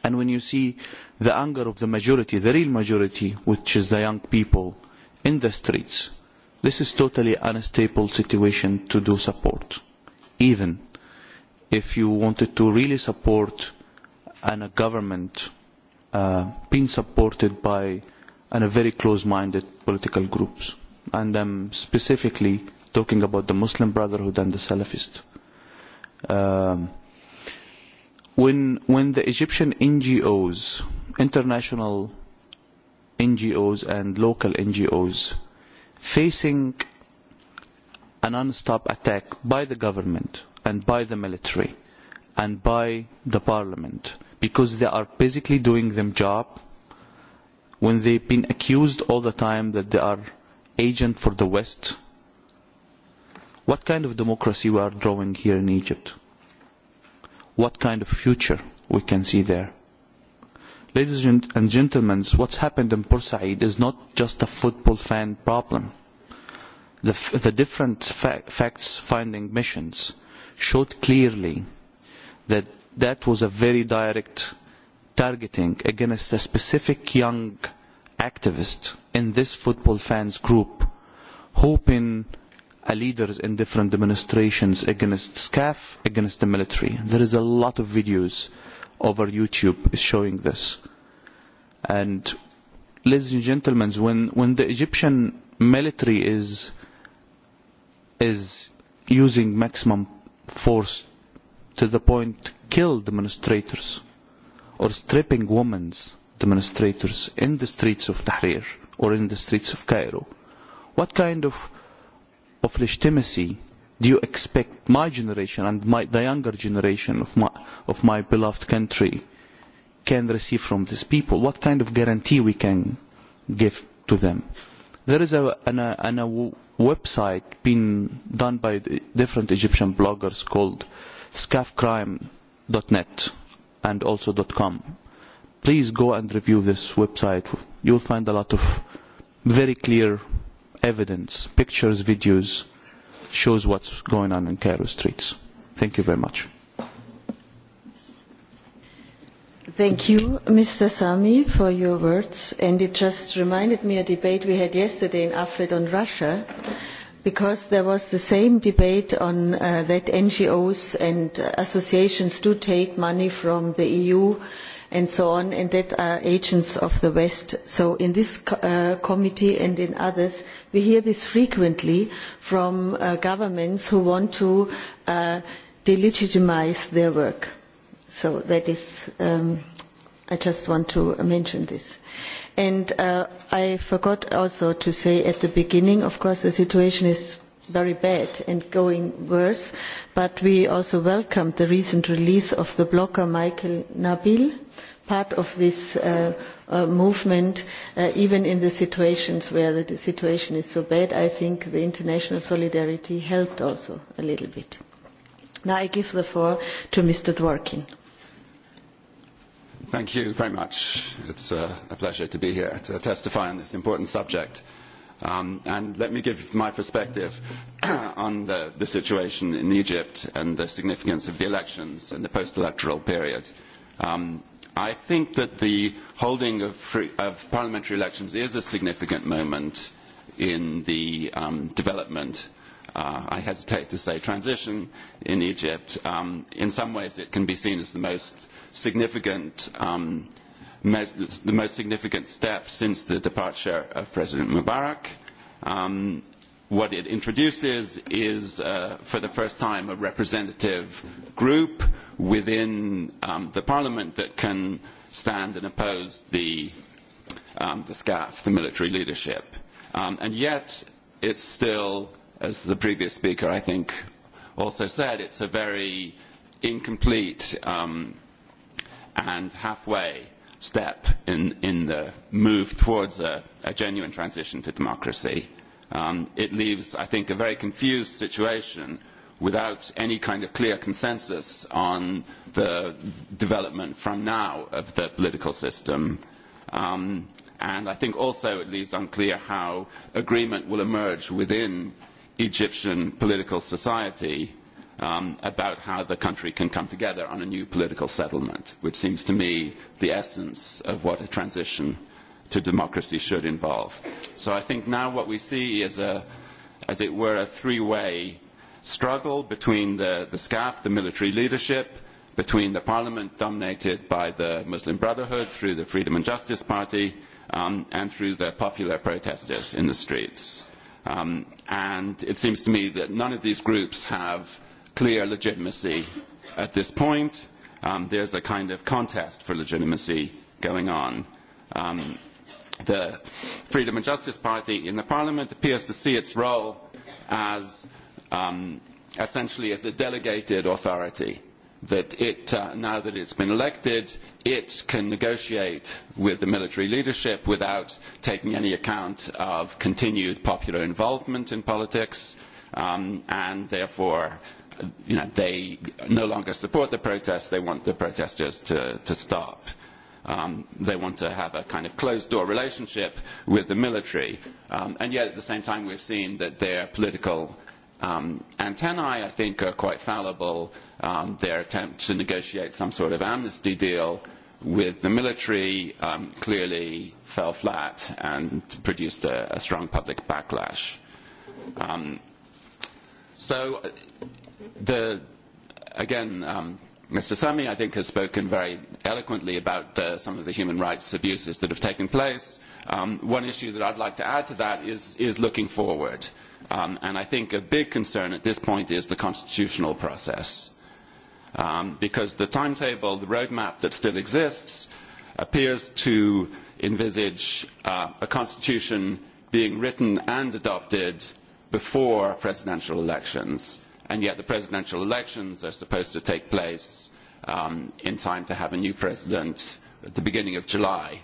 And when you see the anger of the majority, the real majority, which is the young people in the streets, this is totally unstable situation to do support. Even if you wanted to really support and a government uh, being supported by and a very close-minded political groups. And I'm specifically talking about the Muslim Brotherhood and the Salafist. Um, when when the Egyptian NGOs, international NGOs and local NGOs, facing a non-stop attack by the government and by the military and by the parliament because they are basically doing their job when they've been accused all the time that they are agent for the West. What kind of democracy we are drawing here in Egypt? what kind of future we can see there. Ladies and gentlemen, what's happened in Port is not just a football fan problem. The, f the different fa facts-finding missions showed clearly that that was a very direct targeting against a specific young activist in this football fans group, hoping leaders in different demonstrations against SCAF, against the military. There is a lot of videos over YouTube showing this. And ladies and gentlemen, when, when the Egyptian military is, is using maximum force to the point kill demonstrators or stripping women's demonstrators in the streets of Tahrir or in the streets of Cairo, what kind of of legitimacy do you expect my generation and my, the younger generation of my, of my beloved country can receive from these people? What kind of guarantee we can give to them? There is a, an, a, an, a website being done by the different Egyptian bloggers called scafcrime.net and also .com. Please go and review this website. You'll find a lot of very clear evidence, pictures, videos, shows what's going on in Cairo streets. Thank you very much. Thank you, Mr. Sami, for your words. And it just reminded me of a debate we had yesterday in Afrit on Russia, because there was the same debate on uh, that NGOs and uh, associations do take money from the EU and so on, and that are agents of the West. So in this uh, committee and in others, we hear this frequently from uh, governments who want to uh, delegitimize their work. So that is, um, I just want to mention this. And uh, I forgot also to say at the beginning, of course, the situation is very bad and going worse, but we also welcome the recent release of the blogger Michael Nabil part of this uh, uh, movement, uh, even in the situations where the situation is so bad. I think the international solidarity helped also a little bit. Now I give the floor to Mr. Dworkin. Thank you very much. It's uh, a pleasure to be here to testify on this important subject. Um, and let me give my perspective on the, the situation in Egypt and the significance of the elections and the post-electoral period. Um, I think that the holding of, free, of parliamentary elections is a significant moment in the um, development uh, I hesitate to say transition in Egypt. Um, in some ways, it can be seen as the most significant, um, the most significant step since the departure of President Mubarak. Um, What it introduces is, uh, for the first time, a representative group within um, the parliament that can stand and oppose the, um, the SCAF, the military leadership. Um, and yet, it's still, as the previous speaker, I think, also said, it's a very incomplete um, and halfway step in, in the move towards a, a genuine transition to democracy um, it leaves, I think, a very confused situation without any kind of clear consensus on the development from now of the political system. Um, and I think also it leaves unclear how agreement will emerge within Egyptian political society um, about how the country can come together on a new political settlement, which seems to me the essence of what a transition to democracy should involve. So I think now what we see is, a, as it were, a three-way struggle between the, the SCAF, the military leadership, between the parliament dominated by the Muslim Brotherhood through the Freedom and Justice Party, um, and through the popular protesters in the streets. Um, and it seems to me that none of these groups have clear legitimacy at this point. Um, there's a kind of contest for legitimacy going on. Um, the Freedom and Justice Party in the Parliament appears to see its role as um, essentially as a delegated authority. That it, uh, now that it's been elected, it can negotiate with the military leadership without taking any account of continued popular involvement in politics, um, and therefore you know, they no longer support the protests, they want the protesters to, to stop um, they want to have a kind of closed door relationship with the military. Um, and yet at the same time, we've seen that their political um, antennae, I think, are quite fallible. Um, their attempt to negotiate some sort of amnesty deal with the military um, clearly fell flat and produced a, a strong public backlash. Um, so uh, the, again, um, Mr. Sami, I think, has spoken very eloquently about uh, some of the human rights abuses that have taken place. Um, one issue that I would like to add to that is, is looking forward. Um, and I think a big concern at this point is the constitutional process. Um, because the timetable, the roadmap that still exists, appears to envisage uh, a constitution being written and adopted before presidential elections and yet the presidential elections are supposed to take place um, in time to have a new president at the beginning of July,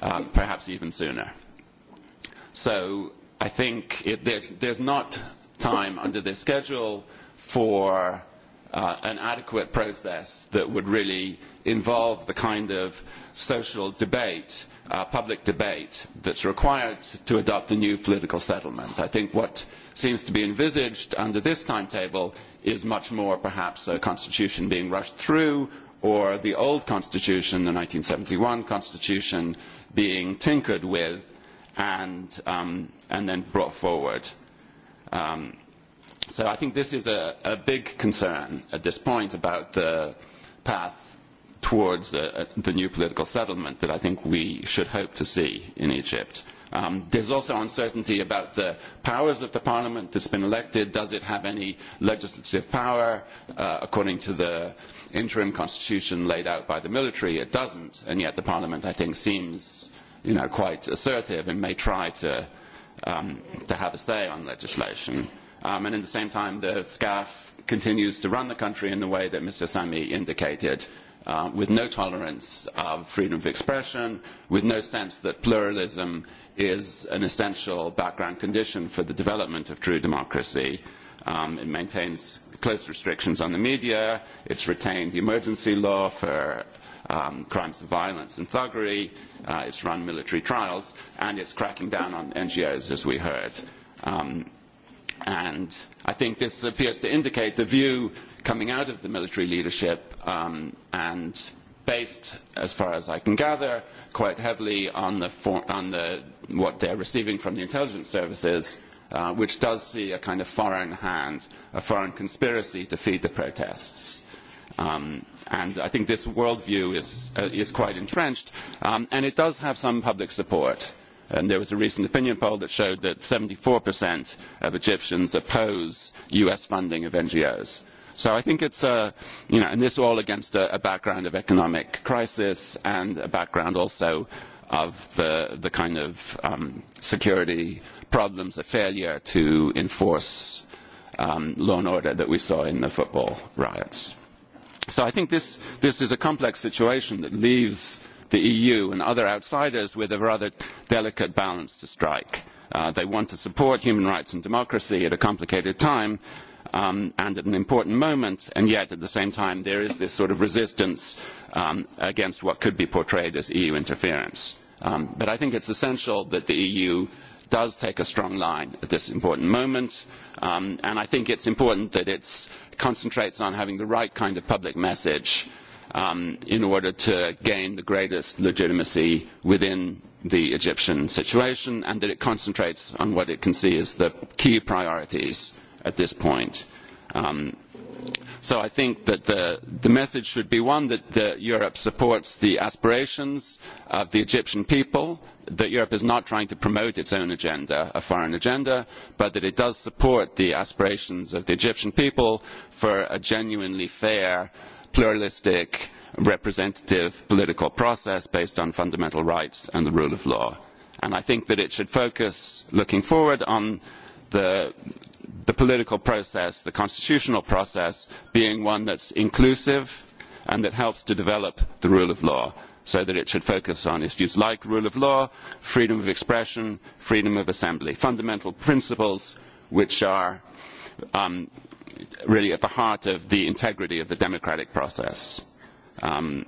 um, perhaps even sooner. So I think it, there's, there's not time under this schedule for uh, an adequate process that would really involve the kind of social debate, uh, public debate, that is required to adopt a new political settlement. I think what seems to be envisaged under this timetable is much more perhaps a constitution being rushed through or the old constitution, the seventy one constitution, being tinkered with and, um, and then brought forward. Um, so I think this is a, a big concern at this point about the path towards uh, uh, the new political settlement that I think we should hope to see in Egypt. Um, there's also uncertainty about the powers of the parliament that's been elected. Does it have any legislative power? Uh, according to the interim constitution laid out by the military, it doesn't. And yet the parliament, I think, seems you know, quite assertive and may try to, um, to have a say on legislation. Um, and at the same time, the SCAF continues to run the country in the way that Mr. Sami indicated uh, with no tolerance of freedom of expression, with no sense that pluralism is an essential background condition for the development of true democracy. Um, it maintains close restrictions on the media, it's retained the emergency law for um, crimes of violence and thuggery, uh, it's run military trials, and it's cracking down on NGOs, as we heard. Um, and I think this appears to indicate the view coming out of the military leadership um, and based, as far as I can gather, quite heavily on, the for, on the, what they're receiving from the intelligence services, uh, which does see a kind of foreign hand, a foreign conspiracy to feed the protests. Um, and I think this worldview is, uh, is quite entrenched, um, and it does have some public support. And there was a recent opinion poll that showed that 74% of Egyptians oppose US funding of NGOs. So I think it's, uh, you know, and this all against a, a background of economic crisis and a background also of the, the kind of um, security problems, a failure to enforce um, law and order that we saw in the football riots. So I think this, this is a complex situation that leaves the EU and other outsiders with a rather delicate balance to strike. Uh, they want to support human rights and democracy at a complicated time, um, and at an important moment, and yet at the same time there is this sort of resistance um, against what could be portrayed as EU interference. Um, but I think it's essential that the EU does take a strong line at this important moment, um, and I think it's important that it concentrates on having the right kind of public message um, in order to gain the greatest legitimacy within the Egyptian situation, and that it concentrates on what it can see as the key priorities at this point. Um, so I think that the, the message should be one that, that Europe supports the aspirations of the Egyptian people, that Europe is not trying to promote its own agenda, a foreign agenda, but that it does support the aspirations of the Egyptian people for a genuinely fair, pluralistic, representative political process based on fundamental rights and the rule of law. And I think that it should focus, looking forward, on the, the political process, the constitutional process, being one that is inclusive and that helps to develop the rule of law so that it should focus on issues like rule of law, freedom of expression, freedom of assembly, fundamental principles which are um, really at the heart of the integrity of the democratic process. Um,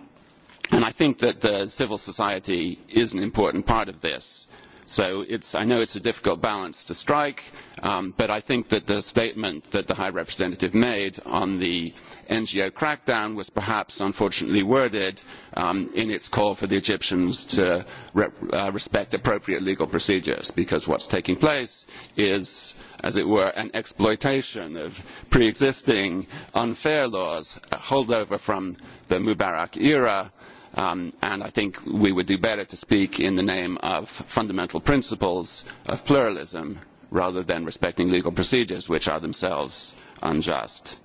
and I think that the civil society is an important part of this. So I know it is a difficult balance to strike, um, but I think that the statement that the High Representative made on the NGO crackdown was perhaps unfortunately worded um, in its call for the Egyptians to re uh, respect appropriate legal procedures, because what is taking place is, as it were, an exploitation of pre-existing unfair laws, a holdover from the Mubarak era, Um, and I think we would do better to speak in the name of fundamental principles of pluralism rather than respecting legal procedures which are themselves unjust.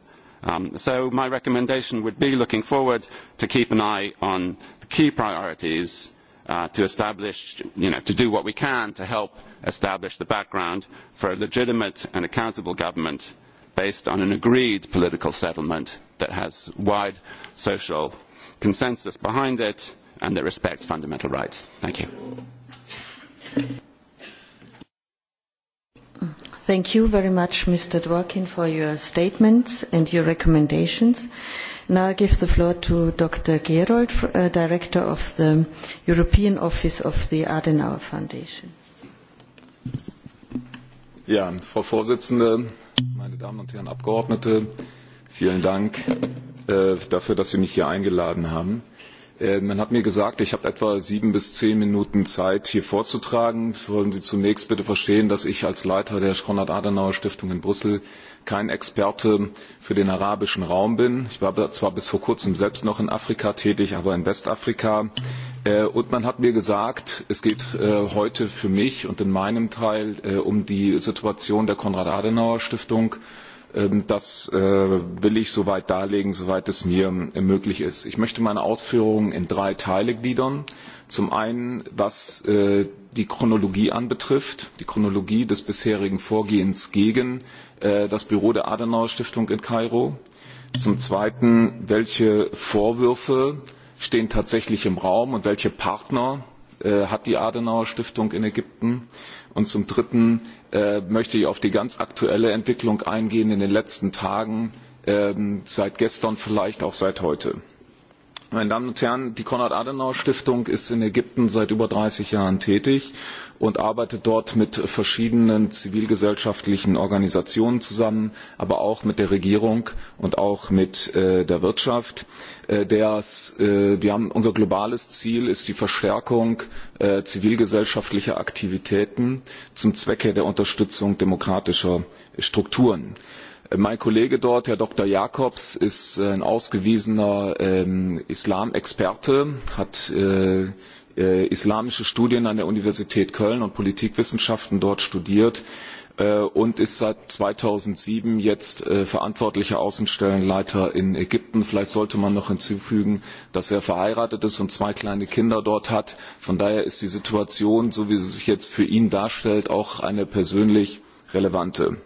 Um, so my recommendation would be looking forward to keep an eye on the key priorities uh, to establish, you know, to do what we can to help establish the background for a legitimate and accountable government based on an agreed political settlement that has wide social consensus behind it and that respects fundamental rights. Thank you. Thank you very much, Mr. Dworkin, for your statements and your recommendations. Now I give the floor to Dr. Gerold, uh, Director of the European Office of the Adenauer Foundation. Ja, Frau Vorsitzende, meine Damen und Herren Abgeordnete, vielen Dank Äh, dafür, dass Sie mich hier eingeladen haben. Äh, man hat mir gesagt, ich habe etwa sieben bis zehn Minuten Zeit, hier vorzutragen. Sollen Sie zunächst bitte verstehen, dass ich als Leiter der Konrad-Adenauer-Stiftung in Brüssel kein Experte für den arabischen Raum bin. Ich war zwar bis vor kurzem selbst noch in Afrika tätig, aber in Westafrika. Äh, und man hat mir gesagt, es geht heute für mich und in meinem Teil um die Situation der Konrad-Adenauer-Stiftung Ähm, das äh, will ich soweit darlegen, soweit es mir äh, möglich ist. Ich möchte meine Ausführungen in drei Teile gliedern. Zum einen, was äh, die Chronologie anbetrifft, die Chronologie des bisherigen Vorgehens gegen das Büro der Adenauer Stiftung in Kairo. Zum Zweiten, welche Vorwürfe stehen tatsächlich im Raum und welche Partner hat die Adenauer Stiftung in Ägypten? Und zum Dritten, Äh, möchte ich auf die ganz aktuelle Entwicklung eingehen in den letzten Tagen, ähm, seit gestern vielleicht auch seit heute. Meine Damen und Herren, die Konrad-Adenauer-Stiftung ist in Ägypten seit über dreißig Jahren tätig und arbeitet dort mit verschiedenen zivilgesellschaftlichen Organisationen zusammen, aber auch mit der Regierung und auch mit äh, der Wirtschaft. Äh, das, äh, wir haben, unser globales Ziel ist die Verstärkung äh, zivilgesellschaftlicher Aktivitäten zum Zwecke der Unterstützung demokratischer Strukturen. Äh, mein Kollege dort, Herr Dr. Jakobs, ist ein ausgewiesener ähm, Islamexperte, hat äh, äh, islamische Studien an der Universität Köln und Politikwissenschaften dort studiert äh, und ist seit 2007 jetzt äh, verantwortlicher Außenstellenleiter in Ägypten. Vielleicht sollte man noch hinzufügen, dass er verheiratet ist und zwei kleine Kinder dort hat. Von daher ist die Situation, so wie sie sich jetzt für ihn darstellt, auch eine persönlich relevante.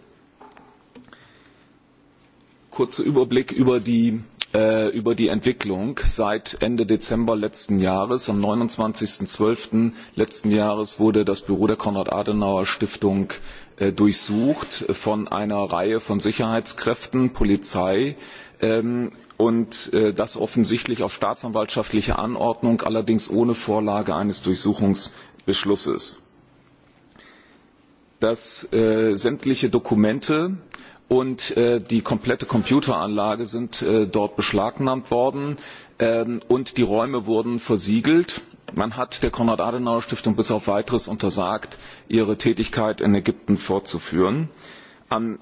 Kurzer Überblick über die Äh, über die Entwicklung seit Ende Dezember letzten Jahres. Am 29.12. letzten Jahres wurde das Büro der Konrad-Adenauer-Stiftung äh, durchsucht von einer Reihe von Sicherheitskräften, Polizei, ähm, und äh, das offensichtlich auf staatsanwaltschaftliche Anordnung, allerdings ohne Vorlage eines Durchsuchungsbeschlusses. Dass sämtliche Dokumente und äh, die komplette Computeranlage sind äh, dort beschlagnahmt worden ähm, und die Räume wurden versiegelt. Man hat der Konrad-Adenauer-Stiftung bis auf weiteres untersagt, ihre Tätigkeit in Ägypten fortzuführen. Am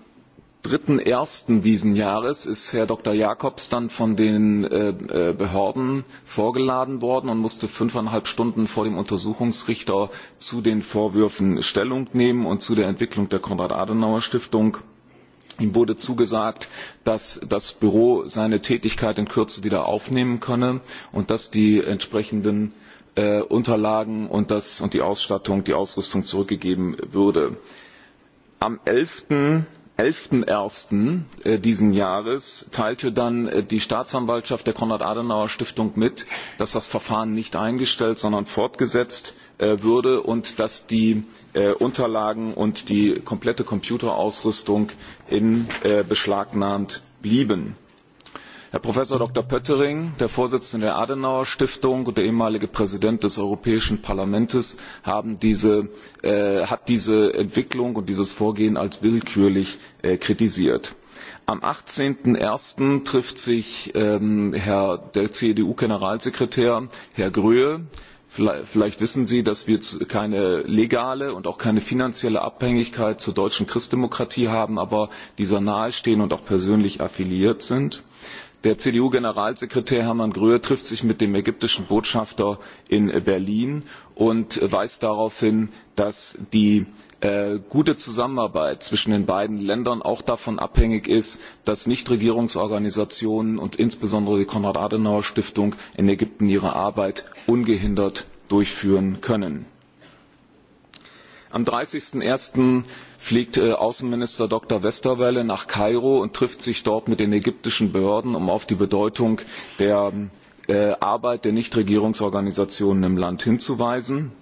3.1. diesen Jahres ist Herr Dr. Jakobs dann von den äh, äh, Behörden vorgeladen worden und musste fünfeinhalb Stunden vor dem Untersuchungsrichter zu den Vorwürfen Stellung nehmen und zu der Entwicklung der Konrad-Adenauer-Stiftung. Ihm wurde zugesagt, dass das Büro seine Tätigkeit in Kürze wieder aufnehmen könne und dass die entsprechenden äh, Unterlagen und, das, und die Ausstattung, die Ausrüstung zurückgegeben würde. Am 11. 11.01. Äh, diesen Jahres teilte dann äh, die Staatsanwaltschaft der Konrad-Adenauer-Stiftung mit, dass das Verfahren nicht eingestellt, sondern fortgesetzt äh, würde und dass die äh, Unterlagen und die komplette Computerausrüstung in äh, beschlagnahmt blieben. Herr Professor Dr. Pöttering, der Vorsitzende der Adenauer Stiftung und der ehemalige Präsident des Europäischen Parlaments, haben diese, äh, hat diese Entwicklung und dieses Vorgehen als willkürlich äh, kritisiert. Am 18.01. trifft sich ähm, Herr, der CDU-Generalsekretär, Herr Gröhe, Vielleicht wissen Sie, dass wir keine legale und auch keine finanzielle Abhängigkeit zur deutschen Christdemokratie haben, aber dieser nahestehen und auch persönlich affiliiert sind. Der CDU-Generalsekretär Hermann Gröhe trifft sich mit dem ägyptischen Botschafter in Berlin und weist darauf hin, dass die Äh, gute Zusammenarbeit zwischen den beiden Ländern auch davon abhängig ist, dass Nichtregierungsorganisationen und insbesondere die Konrad-Adenauer-Stiftung in Ägypten ihre Arbeit ungehindert durchführen können. Am 30.01. fliegt äh, Außenminister Dr. Westerwelle nach Kairo und trifft sich dort mit den ägyptischen Behörden, um auf die Bedeutung der äh, Arbeit der Nichtregierungsorganisationen im Land hinzuweisen.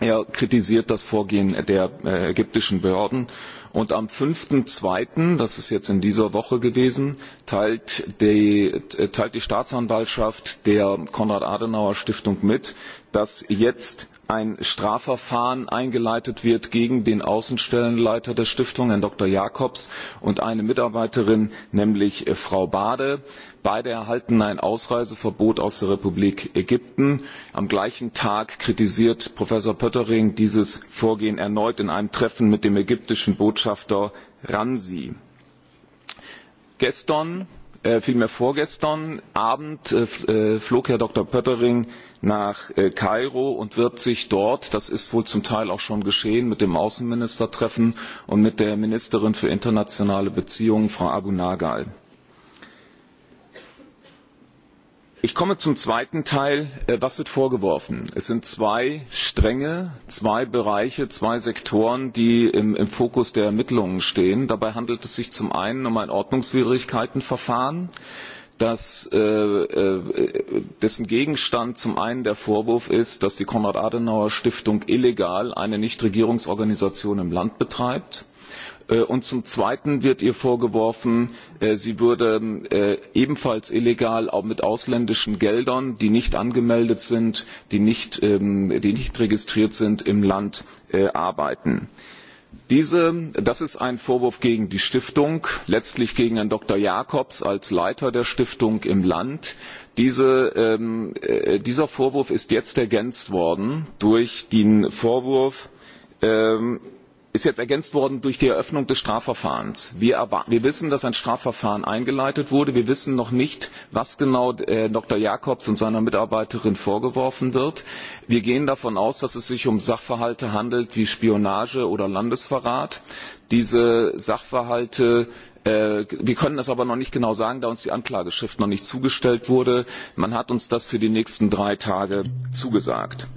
Er kritisiert das Vorgehen der äh, ägyptischen Behörden. Und am 5.2., das ist jetzt in dieser Woche gewesen, teilt die, äh, teilt die Staatsanwaltschaft der Konrad-Adenauer-Stiftung mit, dass jetzt ein Strafverfahren eingeleitet wird gegen den Außenstellenleiter der Stiftung, Herrn Dr. Jakobs, und eine Mitarbeiterin, nämlich äh, Frau Bade. Beide erhalten ein Ausreiseverbot aus der Republik Ägypten. Am gleichen Tag kritisiert Professor Pöttering dieses Vorgehen erneut in einem Treffen mit dem ägyptischen Botschafter Ransi. Gestern, äh, vielmehr vorgestern Abend, äh, äh flog Herr Dr. Pöttering nach äh, Kairo und wird sich dort, das ist wohl zum Teil auch schon geschehen, mit dem Außenminister treffen und mit der Ministerin für internationale Beziehungen, Frau Abu Nagal. Ich komme zum zweiten Teil. Äh, was wird vorgeworfen? Es sind zwei Stränge, zwei Bereiche, zwei Sektoren, die im, im Fokus der Ermittlungen stehen. Dabei handelt es sich zum einen um ein Ordnungswidrigkeitenverfahren dass äh, äh, dessen Gegenstand zum einen der Vorwurf ist, dass die Konrad-Adenauer-Stiftung illegal eine Nichtregierungsorganisation im Land betreibt. Äh, und zum Zweiten wird ihr vorgeworfen, sie würde ebenfalls illegal auch mit ausländischen Geldern, die nicht angemeldet sind, die nicht, ähm, die nicht registriert sind, im Land arbeiten. Äh, Diese, das ist ein Vorwurf gegen die Stiftung, letztlich gegen Herrn Dr. Jakobs als Leiter der Stiftung im Land. Diese, ähm, äh, dieser Vorwurf ist jetzt ergänzt worden durch den Vorwurf, ähm, ist jetzt ergänzt worden durch die Eröffnung des Strafverfahrens. Wir, wir, wissen, dass ein Strafverfahren eingeleitet wurde. Wir wissen noch nicht, was genau äh, Dr. Jacobs und seiner Mitarbeiterin vorgeworfen wird. Wir gehen davon aus, dass es sich um Sachverhalte handelt wie Spionage oder Landesverrat. Diese Sachverhalte äh, Wir können das aber noch nicht genau sagen, da uns die Anklageschrift noch nicht zugestellt wurde. Man hat uns das für die nächsten drei Tage zugesagt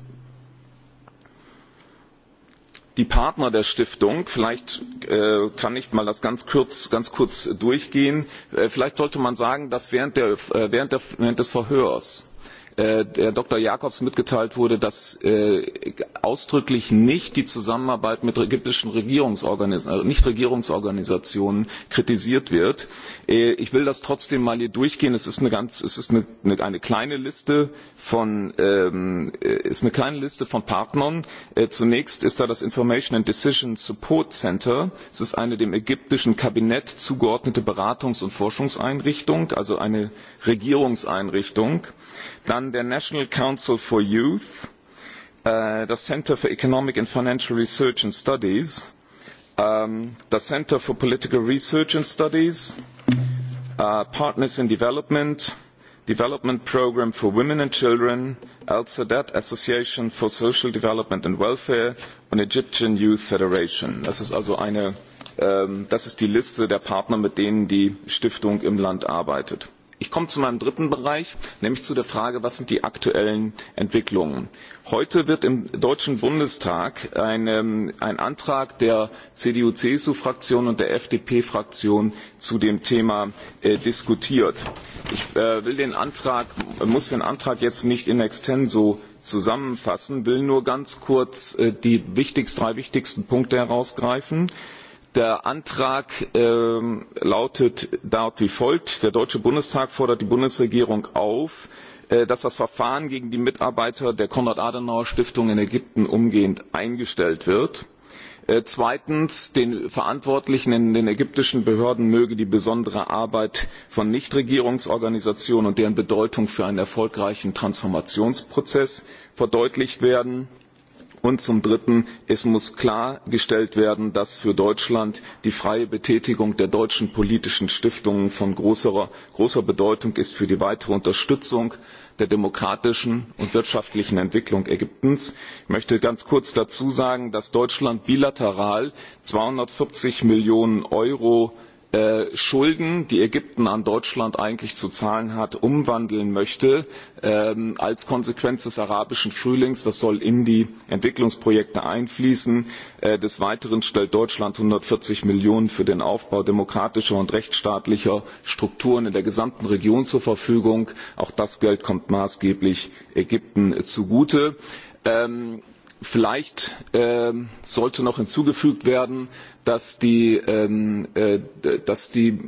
die Partner der Stiftung, vielleicht äh, kann ich mal das ganz kurz, ganz kurz durchgehen, äh, vielleicht sollte man sagen, dass während, der, äh, während, der, während des Verhörs äh, der Dr. Jakobs mitgeteilt wurde, dass äh, ausdrücklich nicht die Zusammenarbeit mit ägyptischen Regierungsorganisationen, äh, nicht Regierungsorganisationen kritisiert wird. Äh, ich will das trotzdem mal hier durchgehen. Es ist eine ganz, es ist eine, eine, kleine Liste von, ähm, äh, ist eine kleine Liste von Partnern. Äh, zunächst ist da das Information and Decision Support Center. Es ist eine dem ägyptischen Kabinett zugeordnete Beratungs- und Forschungseinrichtung, also eine Regierungseinrichtung. Dann der National Council for Youth, äh, das Center for Economic and Financial Research and Studies, ähm, das Center for Political Research and Studies, äh, Partners in Development, Development Programme for Women and Children, Al Sadat Association for Social Development and Welfare und Egyptian Youth Federation. Das ist also eine, ähm, das ist die Liste der Partner, mit denen die Stiftung im Land arbeitet. Ich komme zu meinem dritten Bereich, nämlich zu der Frage, was sind die aktuellen Entwicklungen. Heute wird im Deutschen Bundestag ein, ähm, ein Antrag der CDU-CSU-Fraktion und der FDP-Fraktion zu dem Thema äh, diskutiert. Ich äh, will den Antrag, muss den Antrag jetzt nicht in extenso zusammenfassen, will nur ganz kurz äh, die wichtigst, drei wichtigsten Punkte herausgreifen. Äh, Der Antrag ähm, lautet dort wie folgt. Der Deutsche Bundestag fordert die Bundesregierung auf, äh, dass das Verfahren gegen die Mitarbeiter der Konrad-Adenauer-Stiftung in Ägypten umgehend eingestellt wird. Äh, zweitens, den Verantwortlichen in den ägyptischen Behörden möge die besondere Arbeit von Nichtregierungsorganisationen und deren Bedeutung für einen erfolgreichen Transformationsprozess verdeutlicht werden. Und zum Dritten, es muss klargestellt werden, dass für Deutschland die freie Betätigung der deutschen politischen Stiftungen von großer, großer Bedeutung ist für die weitere Unterstützung der demokratischen und wirtschaftlichen Entwicklung Ägyptens. Ich möchte ganz kurz dazu sagen, dass Deutschland bilateral 240 Millionen Euro Äh, Schulden, die Ägypten an Deutschland eigentlich zu zahlen hat, umwandeln möchte, ähm, als Konsequenz des arabischen Frühlings. Das soll in die Entwicklungsprojekte einfließen. Äh, des Weiteren stellt Deutschland 140 Millionen für den Aufbau demokratischer und rechtsstaatlicher Strukturen in der gesamten Region zur Verfügung. Auch das Geld kommt maßgeblich Ägypten zugute. Ähm, Vielleicht ähm, sollte noch hinzugefügt werden, dass, die, ähm, äh, dass, die,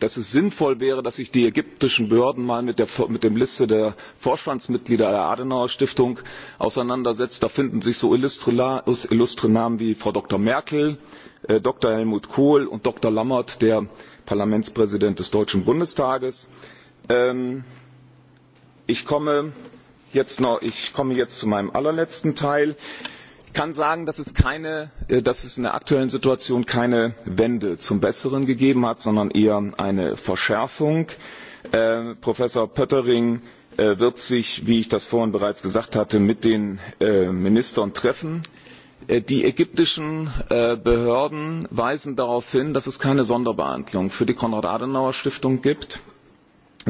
dass es sinnvoll wäre, dass sich die ägyptischen Behörden mal mit der mit Liste der Vorstandsmitglieder der Adenauer Stiftung auseinandersetzt. Da finden sich so illustre, illustre Namen wie Frau Dr. Merkel, äh, Dr. Helmut Kohl und Dr. Lammert, der Parlamentspräsident des Deutschen Bundestages. Ähm, ich komme jetzt noch, ich komme jetzt zu meinem allerletzten Teil. Ich kann sagen, dass es, keine, äh, dass es in der aktuellen Situation keine Wende zum Besseren gegeben hat, sondern eher eine Verschärfung. Äh, Professor Pöttering äh, wird sich, wie ich das vorhin bereits gesagt hatte, mit den äh, Ministern treffen. Die ägyptischen Behörden weisen darauf hin, dass es keine Sonderbehandlung für die Konrad-Adenauer-Stiftung gibt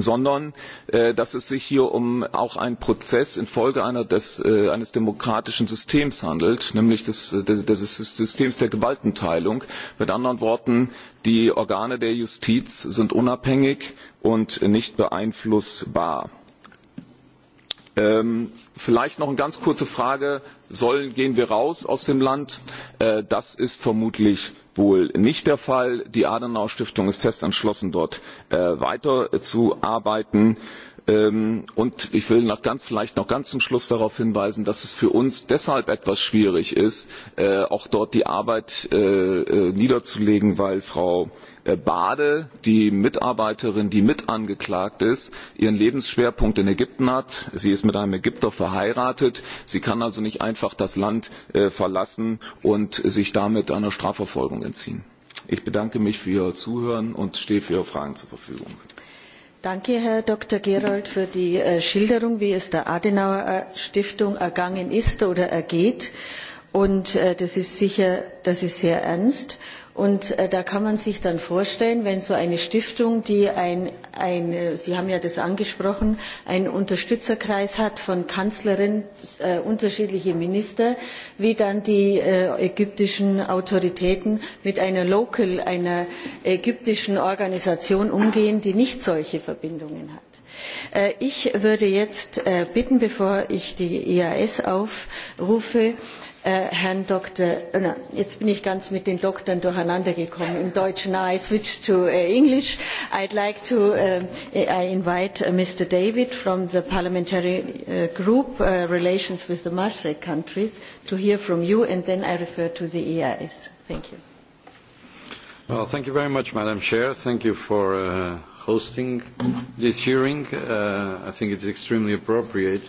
sondern äh, dass es sich hier um auch einen Prozess infolge einer des, äh, eines demokratischen Systems handelt, nämlich des, äh, des, des Systems der Gewaltenteilung. Mit anderen Worten, die Organe der Justiz sind unabhängig und nicht beeinflussbar. Ähm, vielleicht noch eine ganz kurze Frage. Sollen, gehen wir raus aus dem Land? Äh, das ist vermutlich wohl nicht der Fall. Die Adenauer Stiftung ist fest entschlossen, dort äh, weiterzuarbeiten. Äh, Ähm, und ich will noch ganz, vielleicht noch ganz zum Schluss darauf hinweisen, dass es für uns deshalb etwas schwierig ist, äh, auch dort die Arbeit äh, äh, niederzulegen, weil Frau Bade, die Mitarbeiterin, die mit angeklagt ist, ihren Lebensschwerpunkt in Ägypten hat. Sie ist mit einem Ägypter verheiratet. Sie kann also nicht einfach das Land verlassen und sich damit einer Strafverfolgung entziehen. Ich bedanke mich für Ihr Zuhören und stehe für Ihre Fragen zur Verfügung. Danke, Herr Dr. Gerold, für die äh, Schilderung, wie es der Adenauer Stiftung ergangen ist oder ergeht. Und äh, das ist sicher, das ist sehr ernst. Und äh, da kann man sich dann vorstellen, wenn so eine Stiftung, die ein, ein äh, Sie haben ja das angesprochen, einen Unterstützerkreis hat von Kanzlerin, äh, unterschiedliche Minister, wie dann die äh, ägyptischen Autoritäten mit einer Local, einer ägyptischen Organisation umgehen, die nicht solche Verbindungen hat. Äh, ich würde jetzt äh, bitten, bevor ich die EAS aufrufe, uh, Herrn Dr. Äh, no, jetzt bin ich ganz mit den Doktoren durcheinander gekommen im Deutschen. Now I switch to uh, English. I'd like to uh, I invite uh, Mr. David from the parliamentary uh, group uh, relations with the Maastricht countries to hear from you, and then I refer to the EIS. Thank you. Well, thank you very much, Madam Chair. Thank you for uh, hosting this hearing. Uh, I think it's extremely appropriate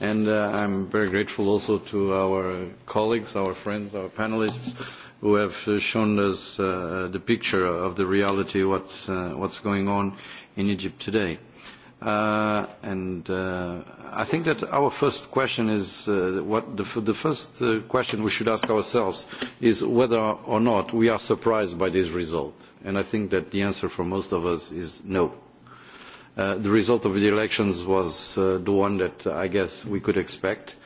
And uh, I'm very grateful also to our colleagues, our friends, our panelists who have uh, shown us uh, the picture of the reality, what's, uh, what's going on in Egypt today. Uh, and uh, I think that our first question is uh, what the, f the first uh, question we should ask ourselves is whether or not we are surprised by this result. And I think that the answer for most of us is no. Uh, the result of the elections was uh, the one that uh, I guess we could expect.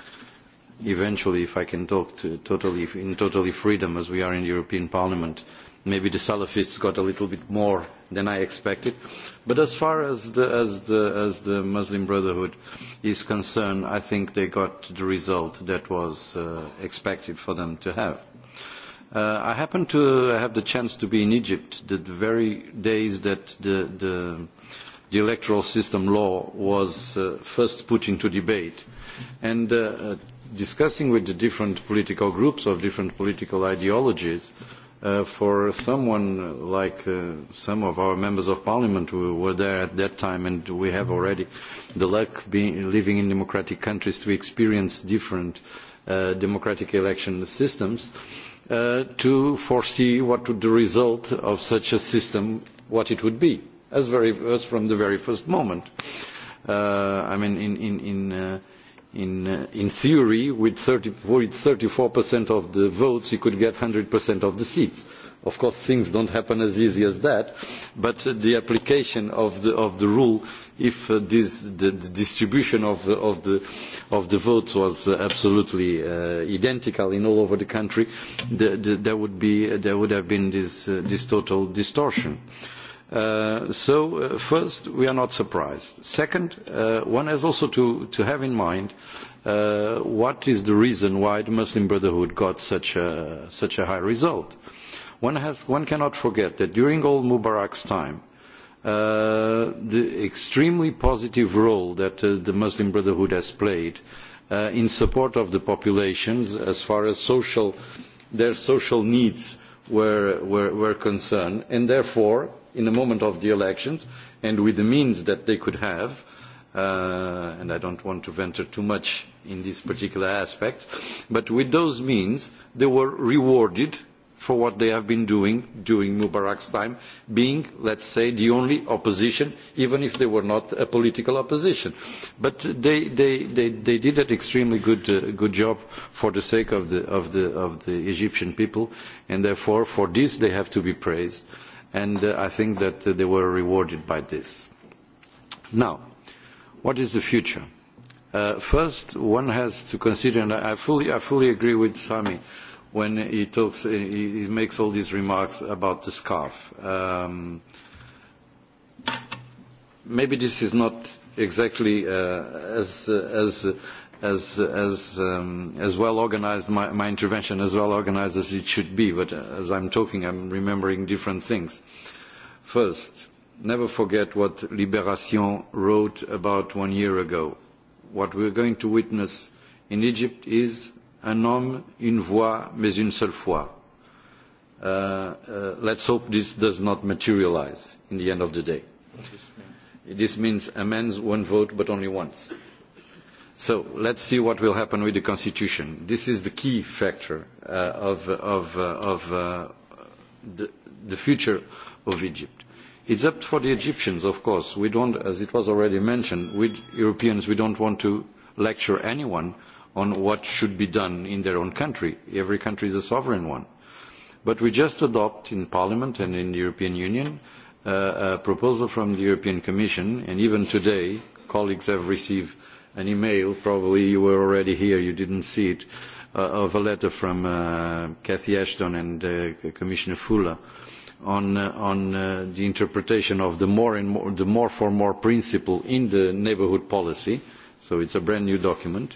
Eventually, if I can talk to totally, in totally freedom as we are in the European Parliament, maybe the Salafists got a little bit more than I expected. But as far as the, as the, as the Muslim Brotherhood is concerned, I think they got the result that was uh, expected for them to have. Uh, I happened to have the chance to be in Egypt the very days that the, the the electoral system law was uh, first put into debate. And uh, uh, discussing with the different political groups of different political ideologies, uh, for someone like uh, some of our members of parliament who were there at that time and we have already the luck being, living in democratic countries to experience different uh, democratic election systems uh, to foresee what would the result of such a system, what it would be as, very, as from the very first moment. Uh, I mean, in, in, in, uh, in, uh, in theory, with, thirty with percent of the votes, you could get 100% of the seats. Of course, things don't happen as easy as that, but uh, the application of the, of the rule, if uh, this, the, the distribution of the, of the, of the votes was uh, absolutely uh, identical in all over the country, the, the, there, would be, there would have been this, uh, this total distortion. Uh, Uh, so, uh, first, we are not surprised. Second, uh, one has also to, to have in mind uh, what is the reason why the Muslim Brotherhood got such a, such a high result. One, has, one cannot forget that during all Mubarak's time, uh, the extremely positive role that uh, the Muslim Brotherhood has played uh, in support of the populations as far as social, their social needs were, were, were concerned, and therefore in the moment of the elections and with the means that they could have, uh, and I don't want to venture too much in this particular aspect, but with those means they were rewarded for what they have been doing during Mubarak's time, being, let's say, the only opposition, even if they were not a political opposition. But they, they, they, they did an extremely good, uh, good job for the sake of the, of, the, of the Egyptian people, and therefore for this they have to be praised and uh, I think that uh, they were rewarded by this. Now, what is the future? Uh, first, one has to consider, and I fully, I fully agree with Sami when he talks, uh, he, he makes all these remarks about the scarf. Um, maybe this is not exactly uh, as, uh, as uh, as as um, as well organized my, my intervention as well organized as it should be but as I'm talking I'm remembering different things first never forget what liberation wrote about one year ago what we're going to witness in Egypt is un homme une voix mais une seule fois uh, uh, let's hope this does not materialize in the end of the day this means a man's one vote but only once So let us see what will happen with the Constitution. This is the key factor uh, of, of, uh, of uh, the, the future of Egypt. It's up for the Egyptians, of course. We don't, as it was already mentioned, we Europeans, we don't want to lecture anyone on what should be done in their own country. Every country is a sovereign one. But we just adopt in Parliament and in the European Union uh, a proposal from the European Commission, and even today colleagues have received – an email, probably you were already here, you didn't see it, uh, of a letter from uh, Cathy Ashton and uh, Commissioner Fuller on, uh, on uh, the interpretation of the more, and more, the more for more principle in the neighborhood policy. So it's a brand new document.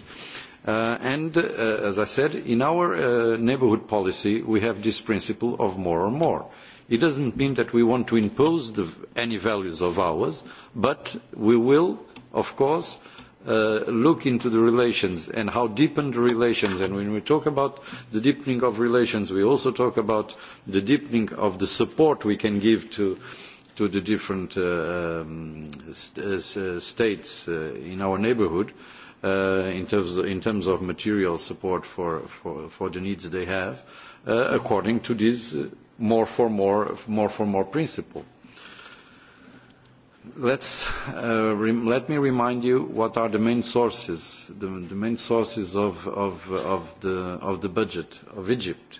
Uh, and uh, as I said, in our uh, neighborhood policy, we have this principle of more or more. It doesn't mean that we want to impose the, any values of ours, but we will, of course, Uh, look into the relations and how deepen the relations. And when we talk about the deepening of relations, we also talk about the deepening of the support we can give to, to the different uh, um, st uh, uh, states uh, in our neighborhood uh, in, terms of, in terms of material support for, for, for the needs they have, uh, according to this uh, more for more, more for more principle let's, uh, let me remind you what are the main sources, the, the main sources of, of, of, the, of the budget of Egypt.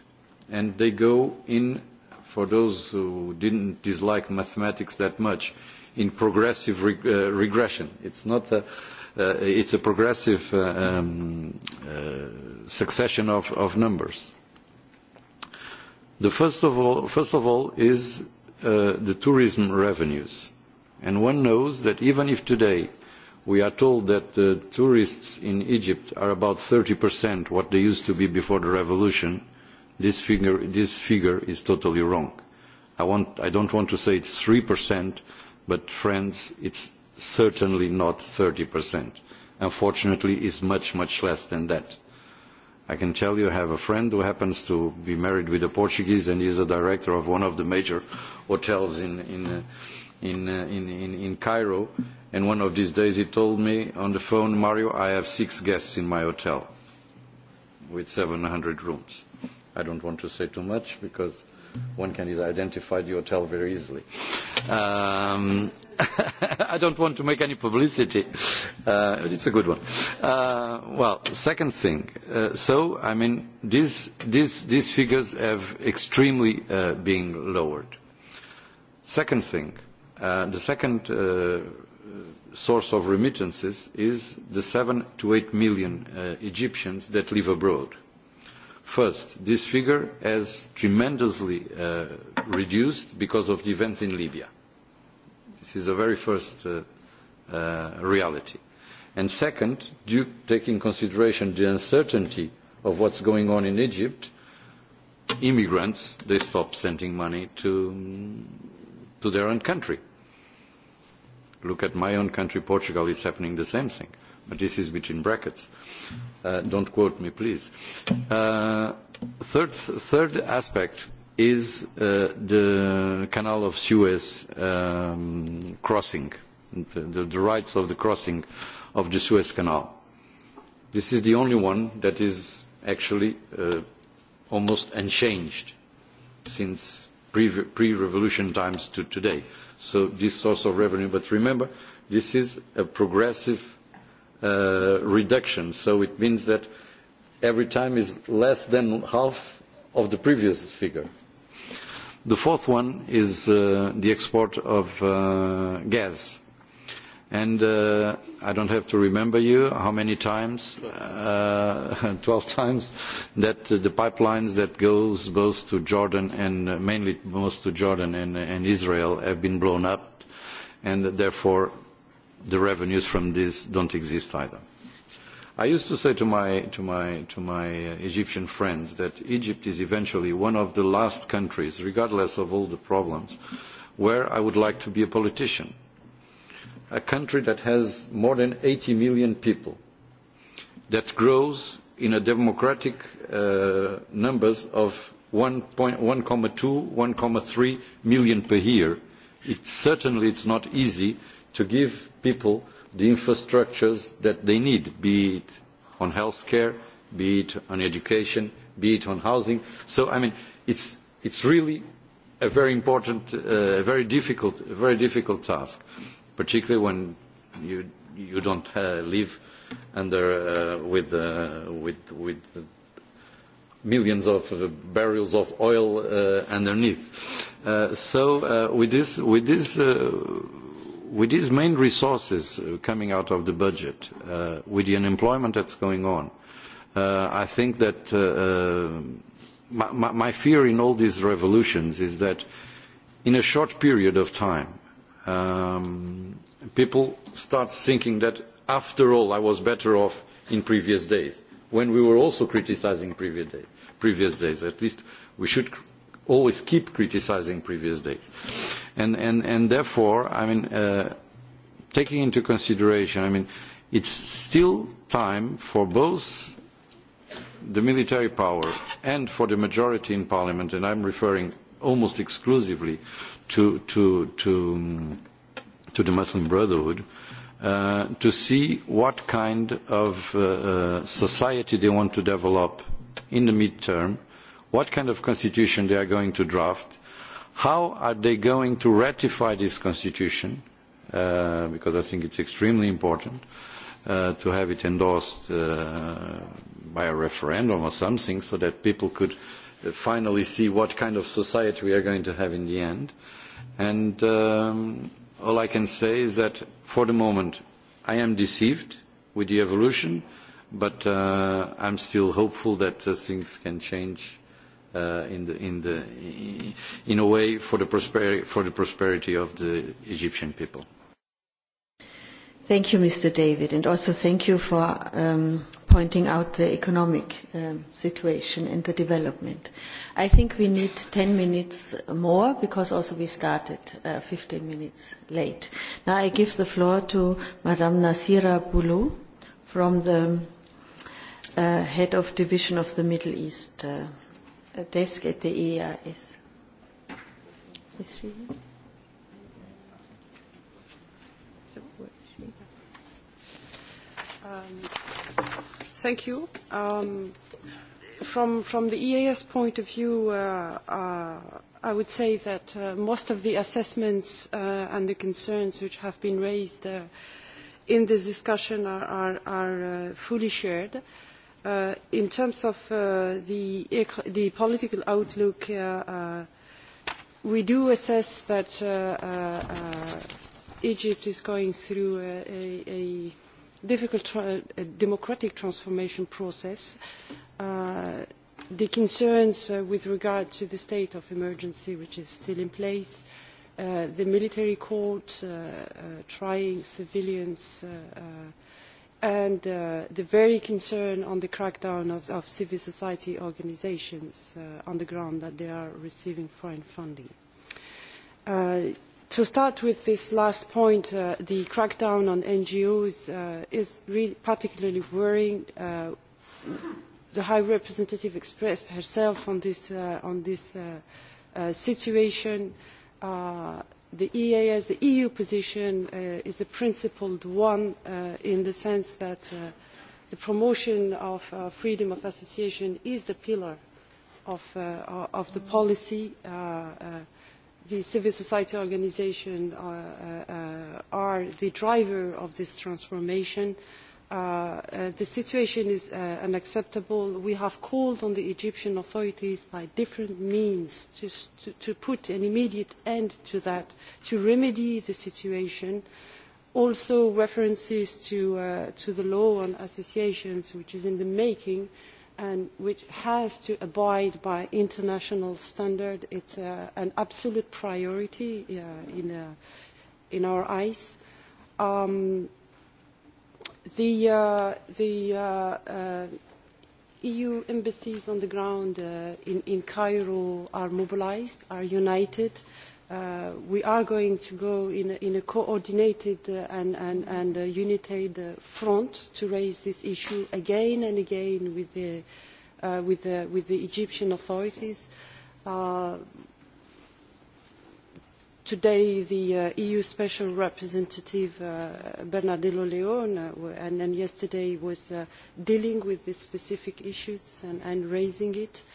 And they go in, for those who didn't dislike mathematics that much, in progressive reg uh, regression. It's not a, uh, it's a progressive uh, um, uh, succession of, of numbers. The first of all, first of all is uh, the tourism revenues And one knows that even if today we are told that the tourists in Egypt are about 30% what they used to be before the revolution, this figure, this figure is totally wrong. I, want, I don't want to say it's 3%, but friends, it's certainly not 30%. Unfortunately, it's much, much less than that. I can tell you I have a friend who happens to be married with a Portuguese and is a director of one of the major hotels in, in, uh, in, uh, in, in, in Cairo, and one of these days he told me on the phone, Mario, I have six guests in my hotel with 700 rooms. I don't want to say too much because one can identify the hotel very easily. Um, I don't want to make any publicity, uh, but it's a good one. Uh, well, second thing. Uh, so, I mean, these, these, these figures have extremely uh, been lowered. Second thing, Uh, the second uh, source of remittances is the seven to eight million uh, Egyptians that live abroad. First, this figure has tremendously uh, reduced because of the events in Libya. This is the very first uh, uh, reality. And second, due taking consideration the uncertainty of what's going on in Egypt, immigrants, they stop sending money to, to their own country Look at my own country, Portugal, it's happening the same thing. But this is between brackets. Uh, don't quote me, please. Uh, third, third aspect is uh, the Canal of Suez um, crossing, the, the rights of the crossing of the Suez Canal. This is the only one that is actually uh, almost unchanged since pre-revolution pre times to today so this source of revenue. But remember, this is a progressive uh, reduction, so it means that every time is less than half of the previous figure. The fourth one is uh, the export of uh, gas. And I don't have to remember you how many times, uh, 12 times, that uh, the pipelines that goes both to Jordan and uh, mainly most to Jordan and, uh, and Israel have been blown up, and therefore the revenues from this don't exist either. I used to say to my, to my, to my uh Egyptian friends that Egypt is eventually one of the last countries, regardless of all the problems, where I would like to be a politician a country that has more than 80 million people, that grows in a democratic uh, numbers of 1.2, 1.3 million per year, it certainly it's not easy to give people the infrastructures that they need, be it on health care, be it on education, be it on housing. So, I mean, it's, it's really a very important, uh, very difficult, very difficult task particularly when you, you don't uh, live under, uh, with, uh, with, with millions of uh, barrels of oil uh, underneath. Uh, so uh, with, this, with, this, uh, with these main resources uh, coming out of the budget, uh, with the unemployment that's going on, uh, I think that uh, uh my, my fear in all these revolutions is that in a short period of time, um, people start thinking that after all I was better off in previous days, when we were also criticizing previous, day, previous days. At least we should always keep criticizing previous days. And, and, and therefore, I mean, uh, taking into consideration, I mean, it's still time for both the military power and for the majority in parliament, and I'm referring almost exclusively to, to, to, mm, to the Muslim Brotherhood uh, to see what kind of uh, uh society they want to develop in the mid term, what kind of constitution they are going to draft, how are they going to ratify this constitution, uh, because I think it's extremely important uh, to have it endorsed uh, by a referendum or something so that people could Uh, finally see what kind of society we are going to have in the end. And um, all I can say is that for the moment I am deceived with the evolution, but uh, I'm still hopeful that uh, things can change uh, in, the, in, the, in a way for the, prosperity, for the prosperity of the Egyptian people. Thank you, Mr. David, and also thank you for um, pointing out the economic um, situation and the development. I think we need 10 minutes more because also we started uh, 15 minutes late. Now I give the floor to Madame Nasira Boulou from the uh, head of division of the Middle East uh, desk at the EIS. Is she here? Thank you. Um, from, from the EAS point of view, uh, uh, I would say that uh, most of the assessments uh, and the concerns which have been raised uh, in this discussion are, are, are uh, fully shared. Uh, in terms of uh, the, the political outlook, uh, uh, we do assess that uh, uh, uh, Egypt is going through a, a, a difficult tra uh, uh, democratic transformation process, uh, the concerns uh, with regard to the state of emergency which is still in place, uh, the military court uh, uh, trying civilians, uh, uh, and uh, the very concern on the crackdown of, of civil society organizations uh, on the ground that they are receiving foreign funding. Uh, to start with this last point, uh, the crackdown on NGOs uh, is really particularly worrying. Uh, the High Representative expressed herself on this, uh, on this uh, uh, situation. Uh, the EAS, the EU position, uh, is a principled one uh, in the sense that uh, the promotion of uh, freedom of association is the pillar of, uh, of the policy. Uh, uh, the civil society organisations are, uh, uh, are the driver of this transformation. Uh, uh, the situation is uh, unacceptable. We have called on the Egyptian authorities by different means to, to, to put an immediate end to that, to remedy the situation. Also references to, uh, to the law on associations, which is in the making, uh, and which has to abide by international standards. It's uh, an absolute priority uh, in, uh, in our eyes. Um, the uh, the uh, uh, EU embassies on the ground uh, in, in Cairo are mobilized, are united, uh, we are going to go in, in a coordinated uh, and, and, and united uh, front to raise this issue again and again with the, uh, with the, with the Egyptian authorities. Uh, today the uh, EU Special Representative uh, Bernardino Leon uh, and, and yesterday was uh, dealing with these specific issues and, and raising it. Uh,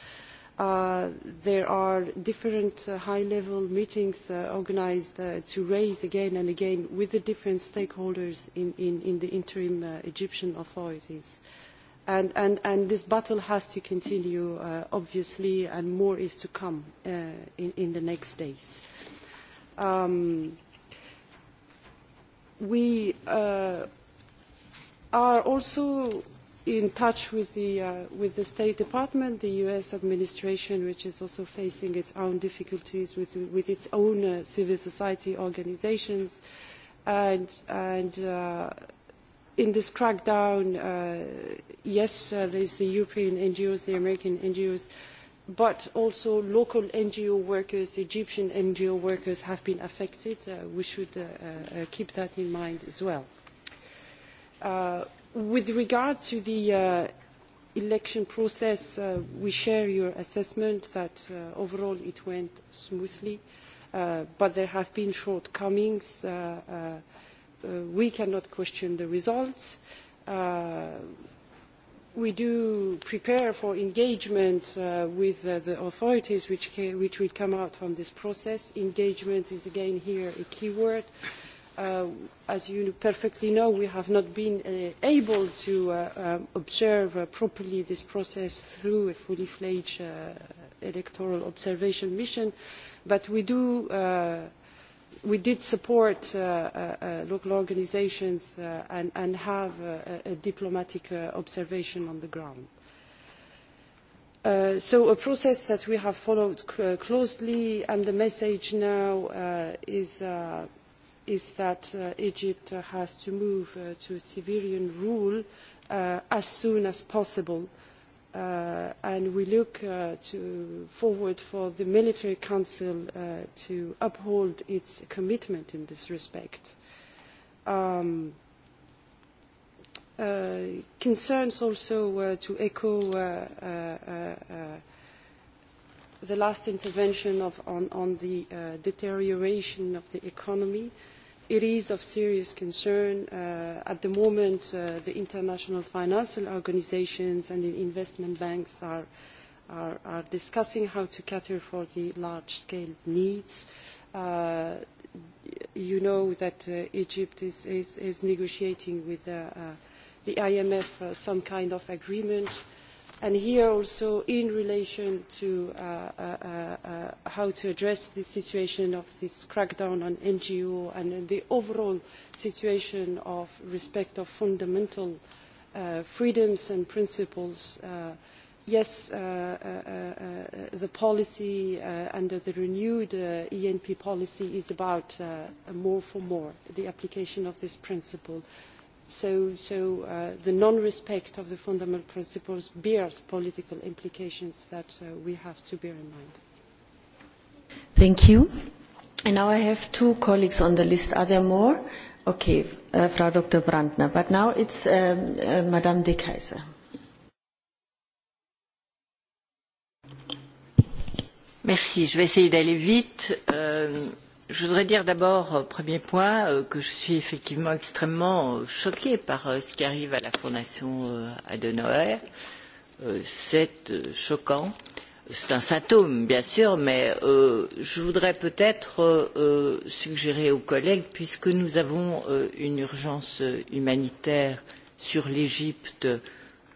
Uh, there are different uh, high-level meetings uh, organized uh, to raise again and again with the different stakeholders in, in, in the interim uh, Egyptian authorities. And, and, and this battle has to continue, uh, obviously, and more is to come uh, in, in the next days. Um, we uh, are also in touch with the, uh, with the State Department, the U.S. administration, which is also facing its own difficulties with, with its own uh, civil society organizations. And, and uh, in this crackdown, uh, yes, uh, there's the European NGOs, the American NGOs, but also local NGO workers, Egyptian NGO workers have been affected. Uh, we should uh, uh, keep that in mind as well. Uh, With regard to the uh, election process, uh, we share your assessment that uh, overall it went smoothly, uh, but there have been shortcomings. Uh, uh, uh we cannot question the results. Uh, we do prepare for engagement uh, with uh, the authorities which, which will come out from this process. Engagement is again here a key word. Uh, uh, as you perfectly know, we have not been uh, able to uh, um, observe uh, properly this process through a fully-fledged uh, electoral observation mission, but we do uh, we did support uh, uh, uh local organizations uh, and, and have uh, a, diplomatic uh, observation on the ground. Uh, so a process that we have followed uh, closely and the message now uh, is uh, is that uh, Egypt has to move uh, to civilian rule uh, as soon as possible. Uh, and we look uh, to forward for the Military Council uh, to uphold its commitment in this respect. Um, uh, concerns also uh, to echo uh, uh, uh, the last intervention of, on, on the uh, deterioration of the economy, it is of serious concern. Uh, at the moment, uh, the international financial organizations and the investment banks are, are, are discussing how to cater for the large-scale needs. Uh, you know that uh, Egypt is, is, is negotiating with uh, uh, the IMF uh, some kind of agreement and here also in relation to uh, uh, uh, uh, how to address the situation of this crackdown on NGO and the overall situation of respect of fundamental uh, freedoms and principles. Uh, yes, uh, uh, uh, the policy uh, under the renewed uh, ENP policy is about uh, more for more, the application of this principle so, so uh, the non-respect of the fundamental principles bears political implications that uh, we have to bear in mind. Thank you. And now I have two colleagues on the list. Are there more? Okay, uh, Frau Dr. Brandner. But now it's um, uh, Madame de Kaiser. Merci. Je vais essayer d'aller vite. Euh, Je voudrais dire d'abord, euh, premier point, euh, que je suis effectivement extrêmement euh, choquée par ce qui arrive à la Fondation Adenauer. C'est choquant. C'est un symptôme, bien sûr, mais euh, je voudrais peut-être euh, suggérer aux collègues, puisque nous avons euh, une urgence humanitaire sur l'Égypte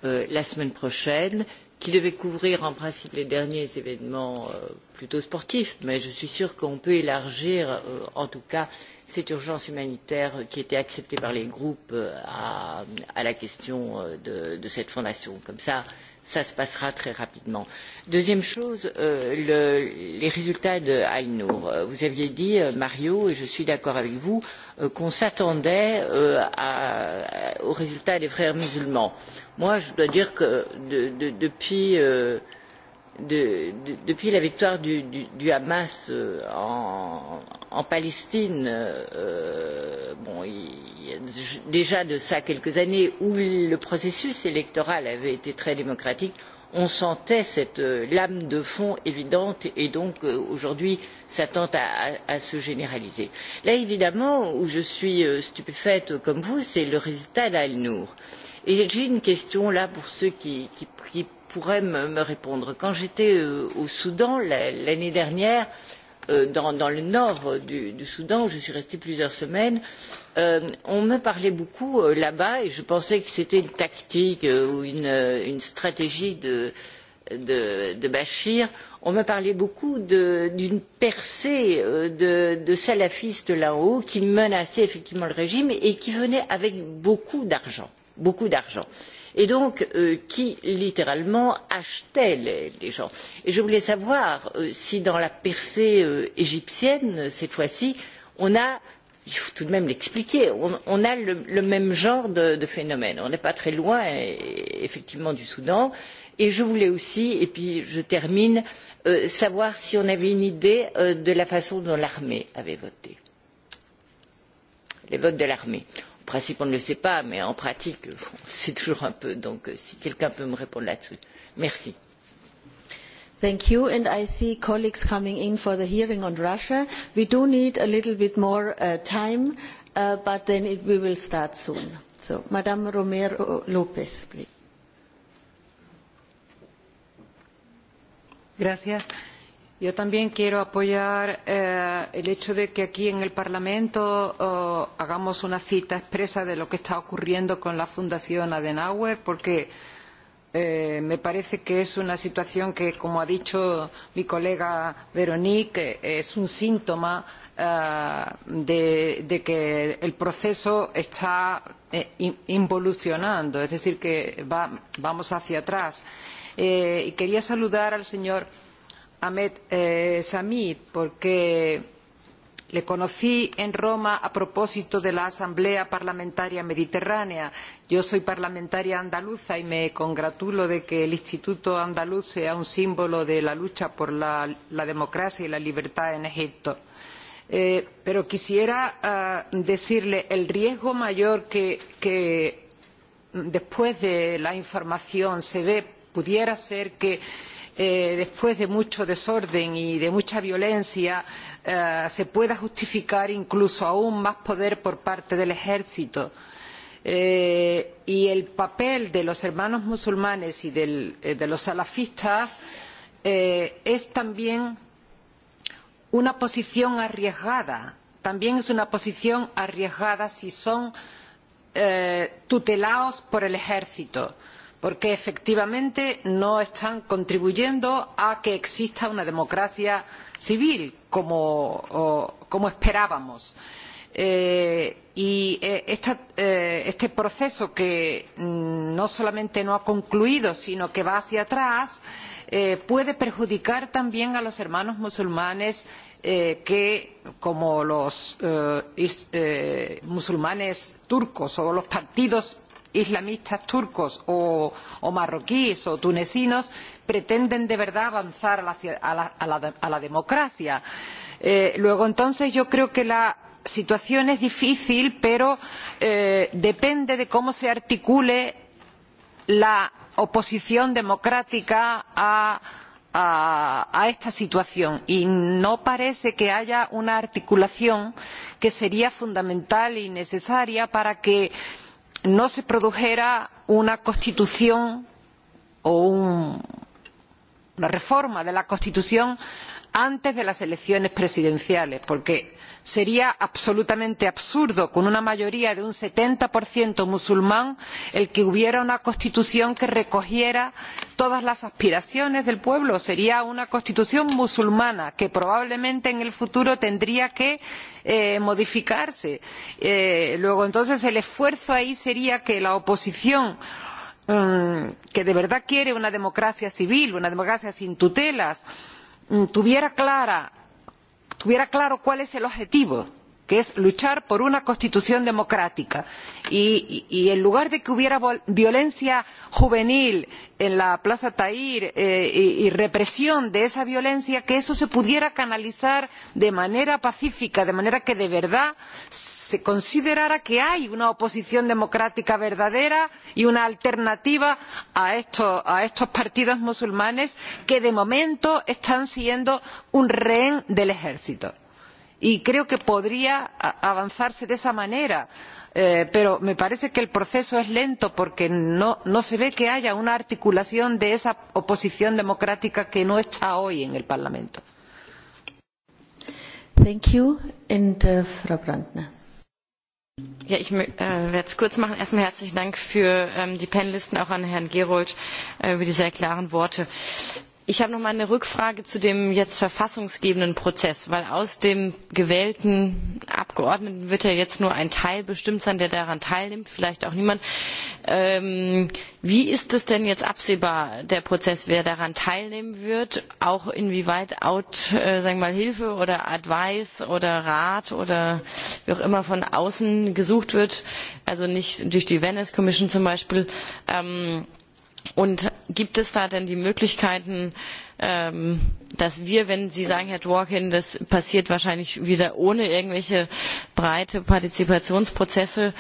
la semaine prochaine, qui devait couvrir en principe les derniers événements euh, plutôt sportifs, mais je suis sûre qu'on peut élargir euh, en tout cas cette urgence humanitaire qui était acceptée par les groupes euh, à, à la question de, de cette fondation. Comme ça, ça se passera très rapidement. Deuxième chose, euh, le, les résultats de Aïnour. Vous aviez dit, Mario, et je suis d'accord avec vous, euh, Euh, qu'on s'attendait euh, aux résultats des frères musulmans. Moi, je dois dire que de, de, depuis, euh, de, depuis, la victoire du, du, du Hamas en, en Palestine, euh, bon, il y a déjà de ça quelques années où le processus électoral avait été très démocratique, on sentait cette euh, lame de fond évidente et donc euh, aujourd'hui ça tend à, à, à, se généraliser. Là évidemment où je suis euh, stupéfaite comme vous c'est le résultat d'Al-Nour. Et j'ai une question là pour ceux qui, qui, qui pourraient me, me répondre. Quand j'étais au Soudan l'année dernière, euh, euh, dans, dans le nord du, du Soudan, où je suis restée plusieurs semaines, euh, on me parlait beaucoup euh, là-bas et je pensais que c'était une tactique euh, ou une, euh, une stratégie de, de, de Bachir. On me parlait beaucoup d'une percée euh, de, de salafistes là-haut qui menaçaient effectivement le régime et qui venaient avec beaucoup d'argent. Beaucoup d'argent. Euh, et donc euh, qui littéralement achetait les, les gens. Et je voulais savoir euh, si dans la percée euh, égyptienne, cette fois-ci, on a il faut tout de même l'expliquer. On, on a le, le même genre de, de phénomène. On n'est pas très loin, et, effectivement, du Soudan. Et je voulais aussi, et puis je termine, euh, savoir si on avait une idée euh, de la façon dont l'armée avait voté. Les votes de l'armée principe, on ne le sait pas, mais en pratique, c'est toujours un peu. Donc, euh, si quelqu'un peut me répondre là-dessus. Merci. Thank you, and I see colleagues coming in for the hearing on Russia. We do need a little bit more uh, time, uh, but then it, we will start soon. So, Madame Romero Lopez, please. Gracias. Yo también quiero apoyar eh, el hecho de que aquí en el Parlamento oh, hagamos una cita expresa de lo que está ocurriendo con la Fundación Adenauer, porque eh, me parece que es una situación que, como ha dicho mi colega Veronique, es un síntoma eh, de, de, que el proceso está eh, involucionando, es decir, que va, vamos hacia atrás. Eh, y quería saludar al señor. Ahmed eh, Samir porque le conocí en Roma a propósito de la Asamblea Parlamentaria Mediterránea. Yo soy parlamentaria andaluza y me congratulo de que el Instituto Andaluz sea un símbolo de la lucha por la, la democracia y la libertad en Egipto. Eh, pero quisiera uh, decirle el riesgo mayor que, que después de la información se ve pudiera ser que eh, después de mucho desorden y de mucha violencia, eh, se pueda justificar incluso aún más poder por parte del ejército. Eh, y el papel de los hermanos musulmanes y del, eh, de los salafistas eh, es también una posición arriesgada. También es una posición arriesgada si son eh, tutelados por el ejército. Eh, porque efectivamente no están contribuyendo a que exista una democracia civil como, o, como esperábamos. Eh, y eh, esta, eh, este proceso que mm, no solamente no ha concluido, sino que va hacia atrás, eh, puede perjudicar también a los hermanos musulmanes eh, que, como los eh, musulmanes turcos o los partidos islamistas turcos o, o marroquíes o tunecinos pretenden de verdad avanzar a la, a la, a la, a la democracia. Eh, luego, entonces, yo creo que la situación es difícil, pero eh, depende de cómo se articule la oposición democrática a a, a esta situación y no parece que haya una articulación que sería fundamental y necesaria para que eh, no se produjera una constitución o un, una reforma de la constitución antes de las elecciones presidenciales, porque sería absolutamente absurdo, con una mayoría de un setenta musulmán, el que hubiera una constitución que recogiera todas las aspiraciones del pueblo. Sería una constitución musulmana que probablemente en el futuro tendría que eh, modificarse. Eh, luego, entonces, el esfuerzo ahí sería que la oposición mm, que de verdad quiere una democracia civil, una democracia sin tutelas, Mm, tuviera, clara, tuviera claro cuál es el objetivo que es luchar por una constitución democrática. Y, y en lugar de que hubiera violencia juvenil en la Plaza Tahrir eh, y, y, represión de esa violencia, que eso se pudiera canalizar de manera pacífica, de manera que de verdad se considerara que hay una oposición democrática verdadera y una alternativa a esto, a estos partidos musulmanes que de momento están siendo un rehén del ejército y creo que podría avanzarse de esa manera. Eh, pero me parece que el proceso es lento porque no, no, se ve que haya una articulación de esa oposición democrática que no está hoy en el Parlamento. And, uh, Frau Brandner. Ja, ich äh, werde es kurz machen. Erstmal herzlichen Dank für ähm, die Panelisten, auch an Herrn Gerold äh, über die sehr klaren Worte. Ich habe noch mal eine Rückfrage zu dem jetzt verfassungsgebenden Prozess, weil aus dem gewählten Abgeordneten wird ja jetzt nur ein Teil bestimmt sein, der daran teilnimmt, vielleicht auch niemand. Ähm, wie ist es denn jetzt absehbar, der Prozess, wer daran teilnehmen wird, auch inwieweit out, äh, sagen wir mal, Hilfe oder Advice oder Rat oder wie auch immer von außen gesucht wird, also nicht durch die Venice Commission zum Beispiel, ähm, Und gibt es da denn die Möglichkeiten, ähm, dass wir, wenn Sie sagen, Herr Dworkin, das passiert wahrscheinlich wieder ohne irgendwelche breite Partizipationsprozesse,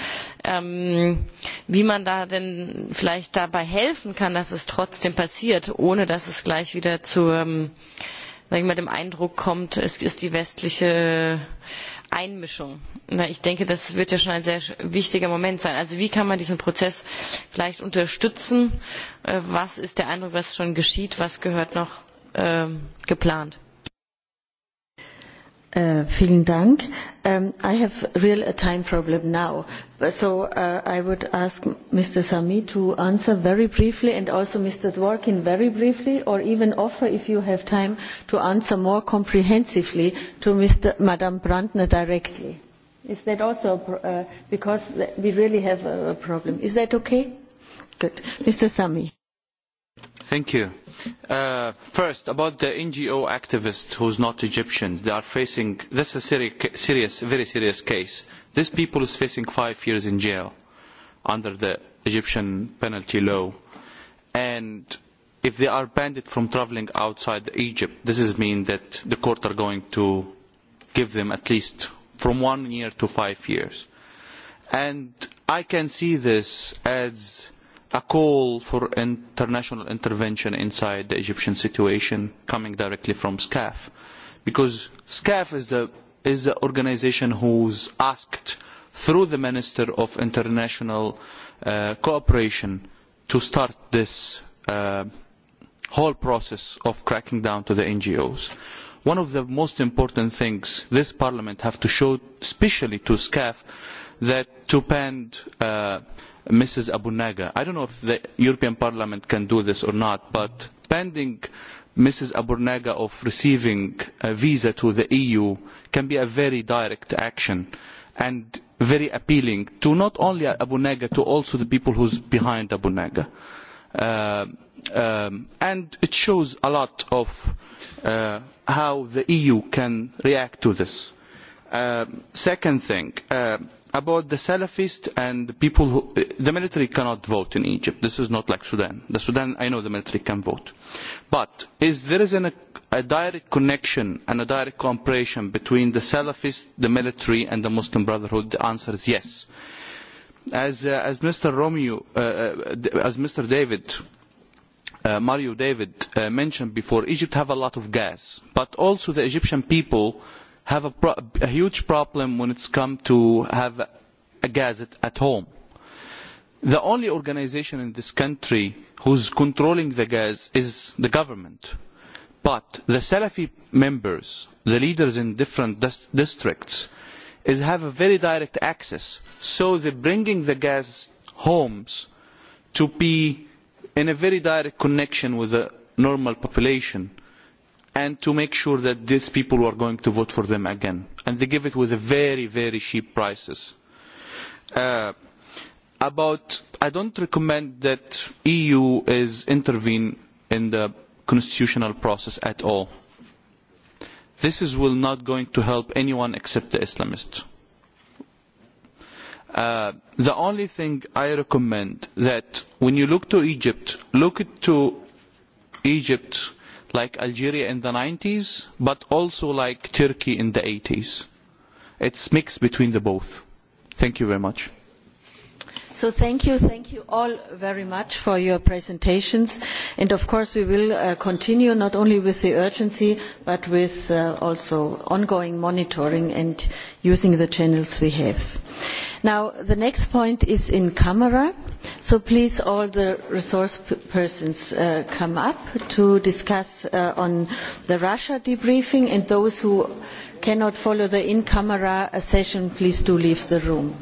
ähm, wie man da denn vielleicht dabei helfen kann, dass es trotzdem passiert, ohne dass es gleich wieder zu ähm, sag ich mal, dem Eindruck kommt, es ist die westliche Einmischung. Na, ich denke, das wird ja schon ein sehr wichtiger Moment sein. Also wie kann man diesen Prozess vielleicht unterstützen? Äh, was ist der Eindruck, was schon geschieht? Was gehört noch äh, geplant? Uh, vielen Dank. Um, I have real a time problem now, so uh, I would ask Mr. Sami to answer very briefly and also Mr. Dworkin very briefly, or even offer, if you have time, to answer more comprehensively to Mr. Madame Brandner directly. Is that also, uh, because we really have a problem. Is that okay? Good. Mr. Sami. Thank you. Uh, first, about the NGO activist who is not Egyptian, they are facing, this is a serious, serious, very serious case. This people is facing five years in jail under the Egyptian penalty law. And if they are banned from travelling outside Egypt, this is mean that the court are going to give them at least from one year to five years. And I can see this as a call for international intervention inside the Egyptian situation coming directly from SCAF. Because SCAF is the, is the organization who's asked through the Minister of International uh, Cooperation to start this uh, whole process of cracking down to the NGOs. One of the most important things this Parliament has to show, especially to SCAF, that to pend uh, Mrs. Abunaga. I don't know if the European Parliament can do this or not, but pending Mrs. Abunaga of receiving a visa to the EU can be a very direct action and very appealing to not only Abunaga, to also the people who's behind Abunaga. Uh, um, and it shows a lot of uh, how the EU can react to this. Uh, second thing, uh, about the Salafists and the people who, uh, the military cannot vote in Egypt. This is not like Sudan. The Sudan, I know the military can vote. But is there is an, a direct connection and a direct cooperation between the Salafists, the military and the Muslim Brotherhood? The answer is yes. As, uh, as Mr. Romeo, uh, uh as Mr. David Uh, Mario David uh, mentioned before, Egypt have a lot of gas, but also the Egyptian people have a, pro a huge problem when it comes to have a gazette at home. The only organisation in this country who is controlling the gas is the government. But the Salafi members, the leaders in different districts, is have a very direct access. So they are bringing the gas homes to be in a very direct connection with the normal population and to make sure that these people are going to vote for them again. And they give it with a very, very cheap prices. Uh, about, I don't recommend that the EU is intervene in the constitutional process at all. This is will not going to help anyone except the Islamists. Uh, the only thing I recommend that when you look to Egypt, look to Egypt like Algeria in the 90s, but also like Turkey in the 80s. It's mixed between the both. Thank you very much. So thank you, thank you all very much for your presentations. And of course we will uh, continue not only with the urgency, but with uh, also ongoing monitoring and using the channels we have. Now, the next point is in camera. So please, all the resource persons uh, come up to discuss uh, on the Russia debriefing and those who cannot follow the in-camera uh, session, please do leave the room.